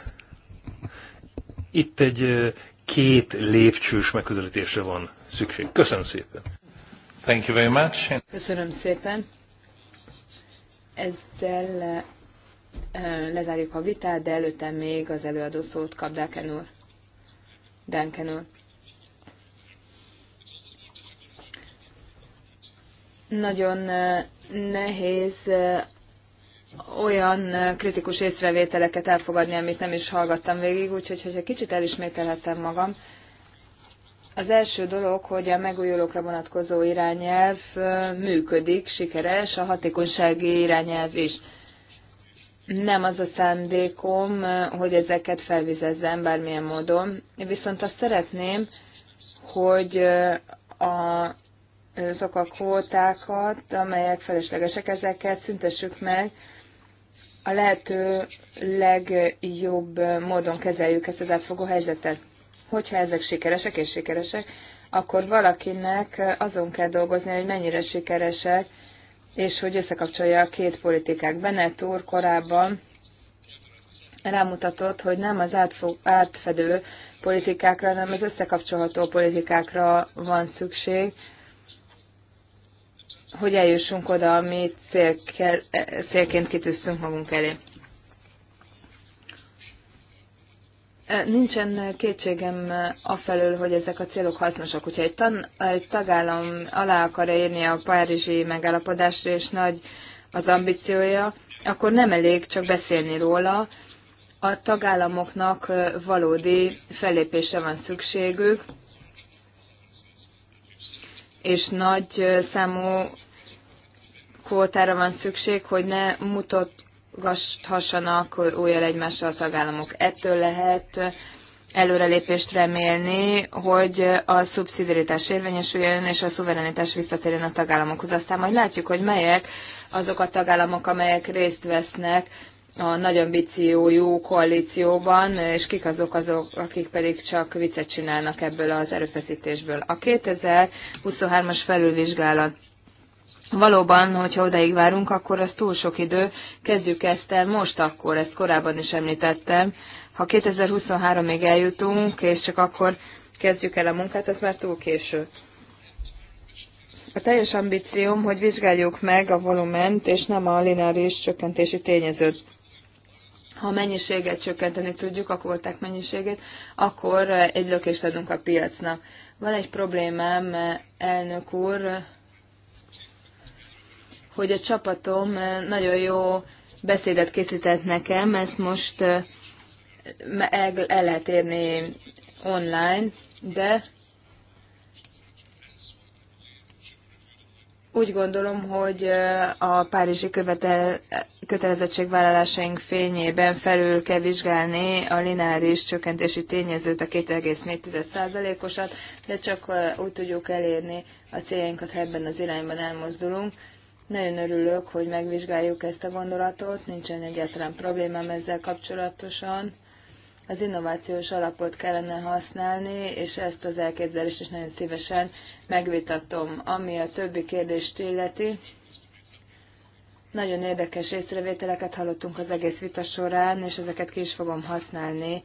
S3: itt egy uh, két lépcsős megközelítésre van szükség. Köszönöm szépen. Thank you very much.
S2: Köszönöm szépen. Ezzel lezárjuk a vitát, de előtte még az előadó szót kap Dáken úr. Denkenő. Nagyon nehéz olyan kritikus észrevételeket elfogadni, amit nem is hallgattam végig, úgyhogy hogyha kicsit elismételhettem magam. Az első dolog, hogy a megújulókra vonatkozó irányelv működik, sikeres, a hatékonysági irányelv is nem az a szándékom, hogy ezeket felvizezzem bármilyen módon, viszont azt szeretném, hogy a, azok a kvótákat, amelyek feleslegesek, ezeket szüntessük meg, a lehető legjobb módon kezeljük ezt az átfogó helyzetet. Hogyha ezek sikeresek és sikeresek, akkor valakinek azon kell dolgozni, hogy mennyire sikeresek, és hogy összekapcsolja a két politikák. Bennett úr korábban rámutatott, hogy nem az átfog, átfedő politikákra, hanem az összekapcsolható politikákra van szükség, hogy eljussunk oda, amit célként kitűztünk magunk elé. Nincsen kétségem afelől, hogy ezek a célok hasznosak. Hogyha egy, tan, egy tagállam alá akar érni a párizsi megállapodásra, és nagy az ambíciója, akkor nem elég csak beszélni róla. A tagállamoknak valódi fellépése van szükségük, és nagy számú kvótára van szükség, hogy ne mutat, támogathassanak újjal egymással a tagállamok. Ettől lehet előrelépést remélni, hogy a szubszidiaritás érvényesüljön, és a szuverenitás visszatérjen a tagállamokhoz. Aztán majd látjuk, hogy melyek azok a tagállamok, amelyek részt vesznek a nagy ambíciójú koalícióban, és kik azok azok, akik pedig csak viccet csinálnak ebből az erőfeszítésből. A 2023-as felülvizsgálat Valóban, hogyha odaig várunk, akkor az túl sok idő. Kezdjük ezt el most akkor, ezt korábban is említettem. Ha 2023-ig eljutunk, és csak akkor kezdjük el a munkát, az már túl késő. A teljes ambícióm, hogy vizsgáljuk meg a volument, és nem a lineáris csökkentési tényezőt. Ha a mennyiséget csökkenteni tudjuk, a kolták mennyiségét, akkor egy lökést adunk a piacnak. Van egy problémám, elnök úr, hogy a csapatom eh, nagyon jó beszédet készített nekem, ezt most eh, el, el lehet érni online, de úgy gondolom, hogy eh, a párizsi követel, kötelezettségvállalásaink fényében felül kell vizsgálni a lineáris csökkentési tényezőt, a 2,4%-osat, de csak úgy tudjuk elérni a céljainkat, ha ebben az irányban elmozdulunk. Nagyon örülök, hogy megvizsgáljuk ezt a gondolatot, nincsen egyetlen problémám ezzel kapcsolatosan. Az innovációs alapot kellene használni, és ezt az elképzelést is nagyon szívesen megvitatom. Ami a többi kérdést illeti, nagyon érdekes észrevételeket hallottunk az egész vita során, és ezeket ki is fogom használni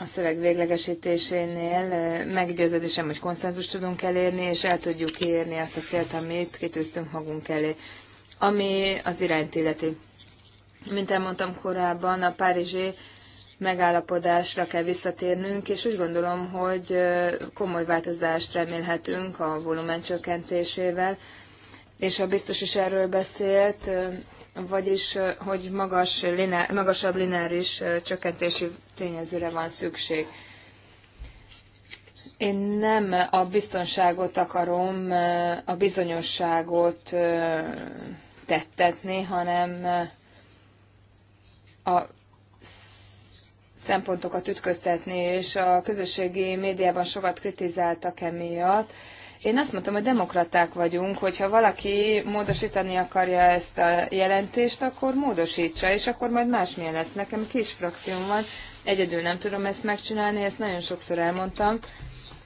S2: a szöveg véglegesítésénél meggyőződésem, hogy konszenzus tudunk elérni, és el tudjuk érni azt a célt, amit kitűztünk magunk elé, ami az irányt illeti. Mint elmondtam korábban, a párizsi megállapodásra kell visszatérnünk, és úgy gondolom, hogy komoly változást remélhetünk a volumen csökkentésével, és a biztos is erről beszélt, vagyis, hogy magas, lineár, magasabb lineáris csökkentési tényezőre van szükség. Én nem a biztonságot akarom, a bizonyosságot tettetni, hanem a szempontokat ütköztetni, és a közösségi médiában sokat kritizáltak emiatt. Én azt mondtam, hogy demokraták vagyunk, hogyha valaki módosítani akarja ezt a jelentést, akkor módosítsa, és akkor majd másmilyen lesz. Nekem kis frakcióm van, Egyedül nem tudom ezt megcsinálni, ezt nagyon sokszor elmondtam.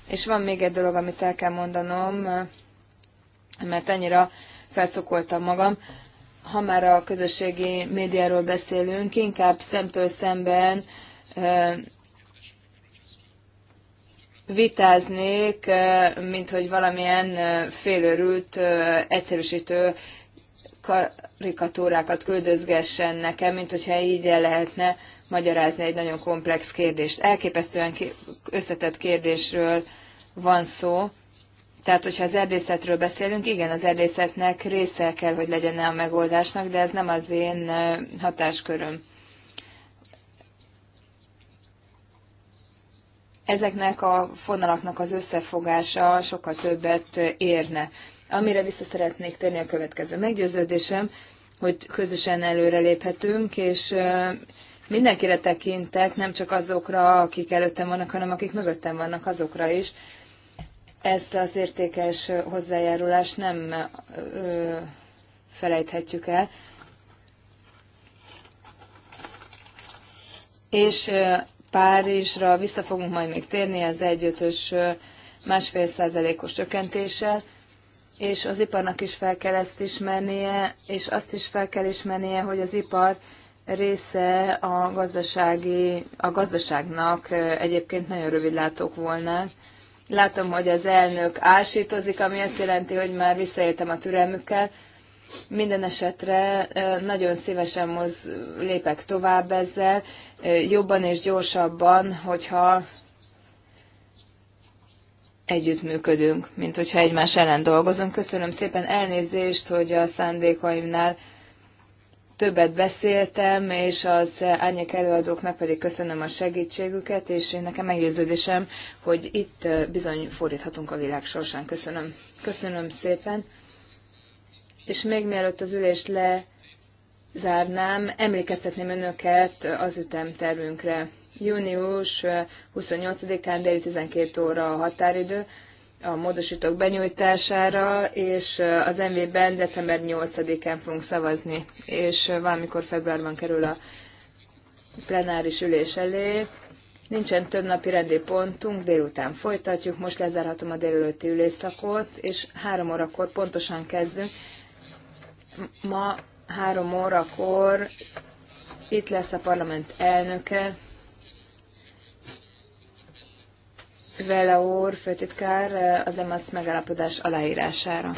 S2: És van még egy dolog, amit el kell mondanom, mert annyira felszokoltam magam. Ha már a közösségi médiáról beszélünk, inkább szemtől szemben vitáznék, mint hogy valamilyen félőrült, egyszerűsítő karikatúrákat küldözgessen nekem, mint hogyha így el lehetne magyarázni egy nagyon komplex kérdést. Elképesztően összetett kérdésről van szó. Tehát, hogyha az erdészetről beszélünk, igen, az erdészetnek része kell, hogy legyen a megoldásnak, de ez nem az én hatásköröm. Ezeknek a fonalaknak az összefogása sokkal többet érne. Amire vissza szeretnék térni a következő meggyőződésem, hogy közösen előreléphetünk, és mindenkire tekintek, nem csak azokra, akik előttem vannak, hanem akik mögöttem vannak, azokra is. Ezt az értékes hozzájárulás nem ö, felejthetjük el. És Párizsra vissza fogunk majd még térni az egyötös másfél százalékos csökkentéssel, és az iparnak is fel kell ezt ismernie, és azt is fel kell ismernie, hogy az ipar része a, gazdasági, a gazdaságnak egyébként nagyon rövidlátók volnánk. Látom, hogy az elnök ásítozik, ami azt jelenti, hogy már visszaéltem a türelmükkel. Minden esetre nagyon szívesen moz, lépek tovább ezzel, jobban és gyorsabban, hogyha együttműködünk, mint hogyha egymás ellen dolgozunk. Köszönöm szépen elnézést, hogy a szándékaimnál többet beszéltem, és az árnyék előadóknak pedig köszönöm a segítségüket, és én nekem meggyőződésem, hogy itt bizony fordíthatunk a világ sorsán. Köszönöm. Köszönöm szépen. És még mielőtt az ülést lezárnám, emlékeztetném önöket az ütemtervünkre. Június 28-án déli 12 óra a határidő a módosítók benyújtására, és az MV-ben december 8-án fogunk szavazni, és valamikor februárban kerül a plenáris ülés elé. Nincsen több napi rendi pontunk, délután folytatjuk, most lezárhatom a délelőtti ülésszakot, és három órakor pontosan kezdünk. Ma három órakor itt lesz a parlament elnöke, Vele úr, főtitkár,
S5: az EMASZ megállapodás aláírására.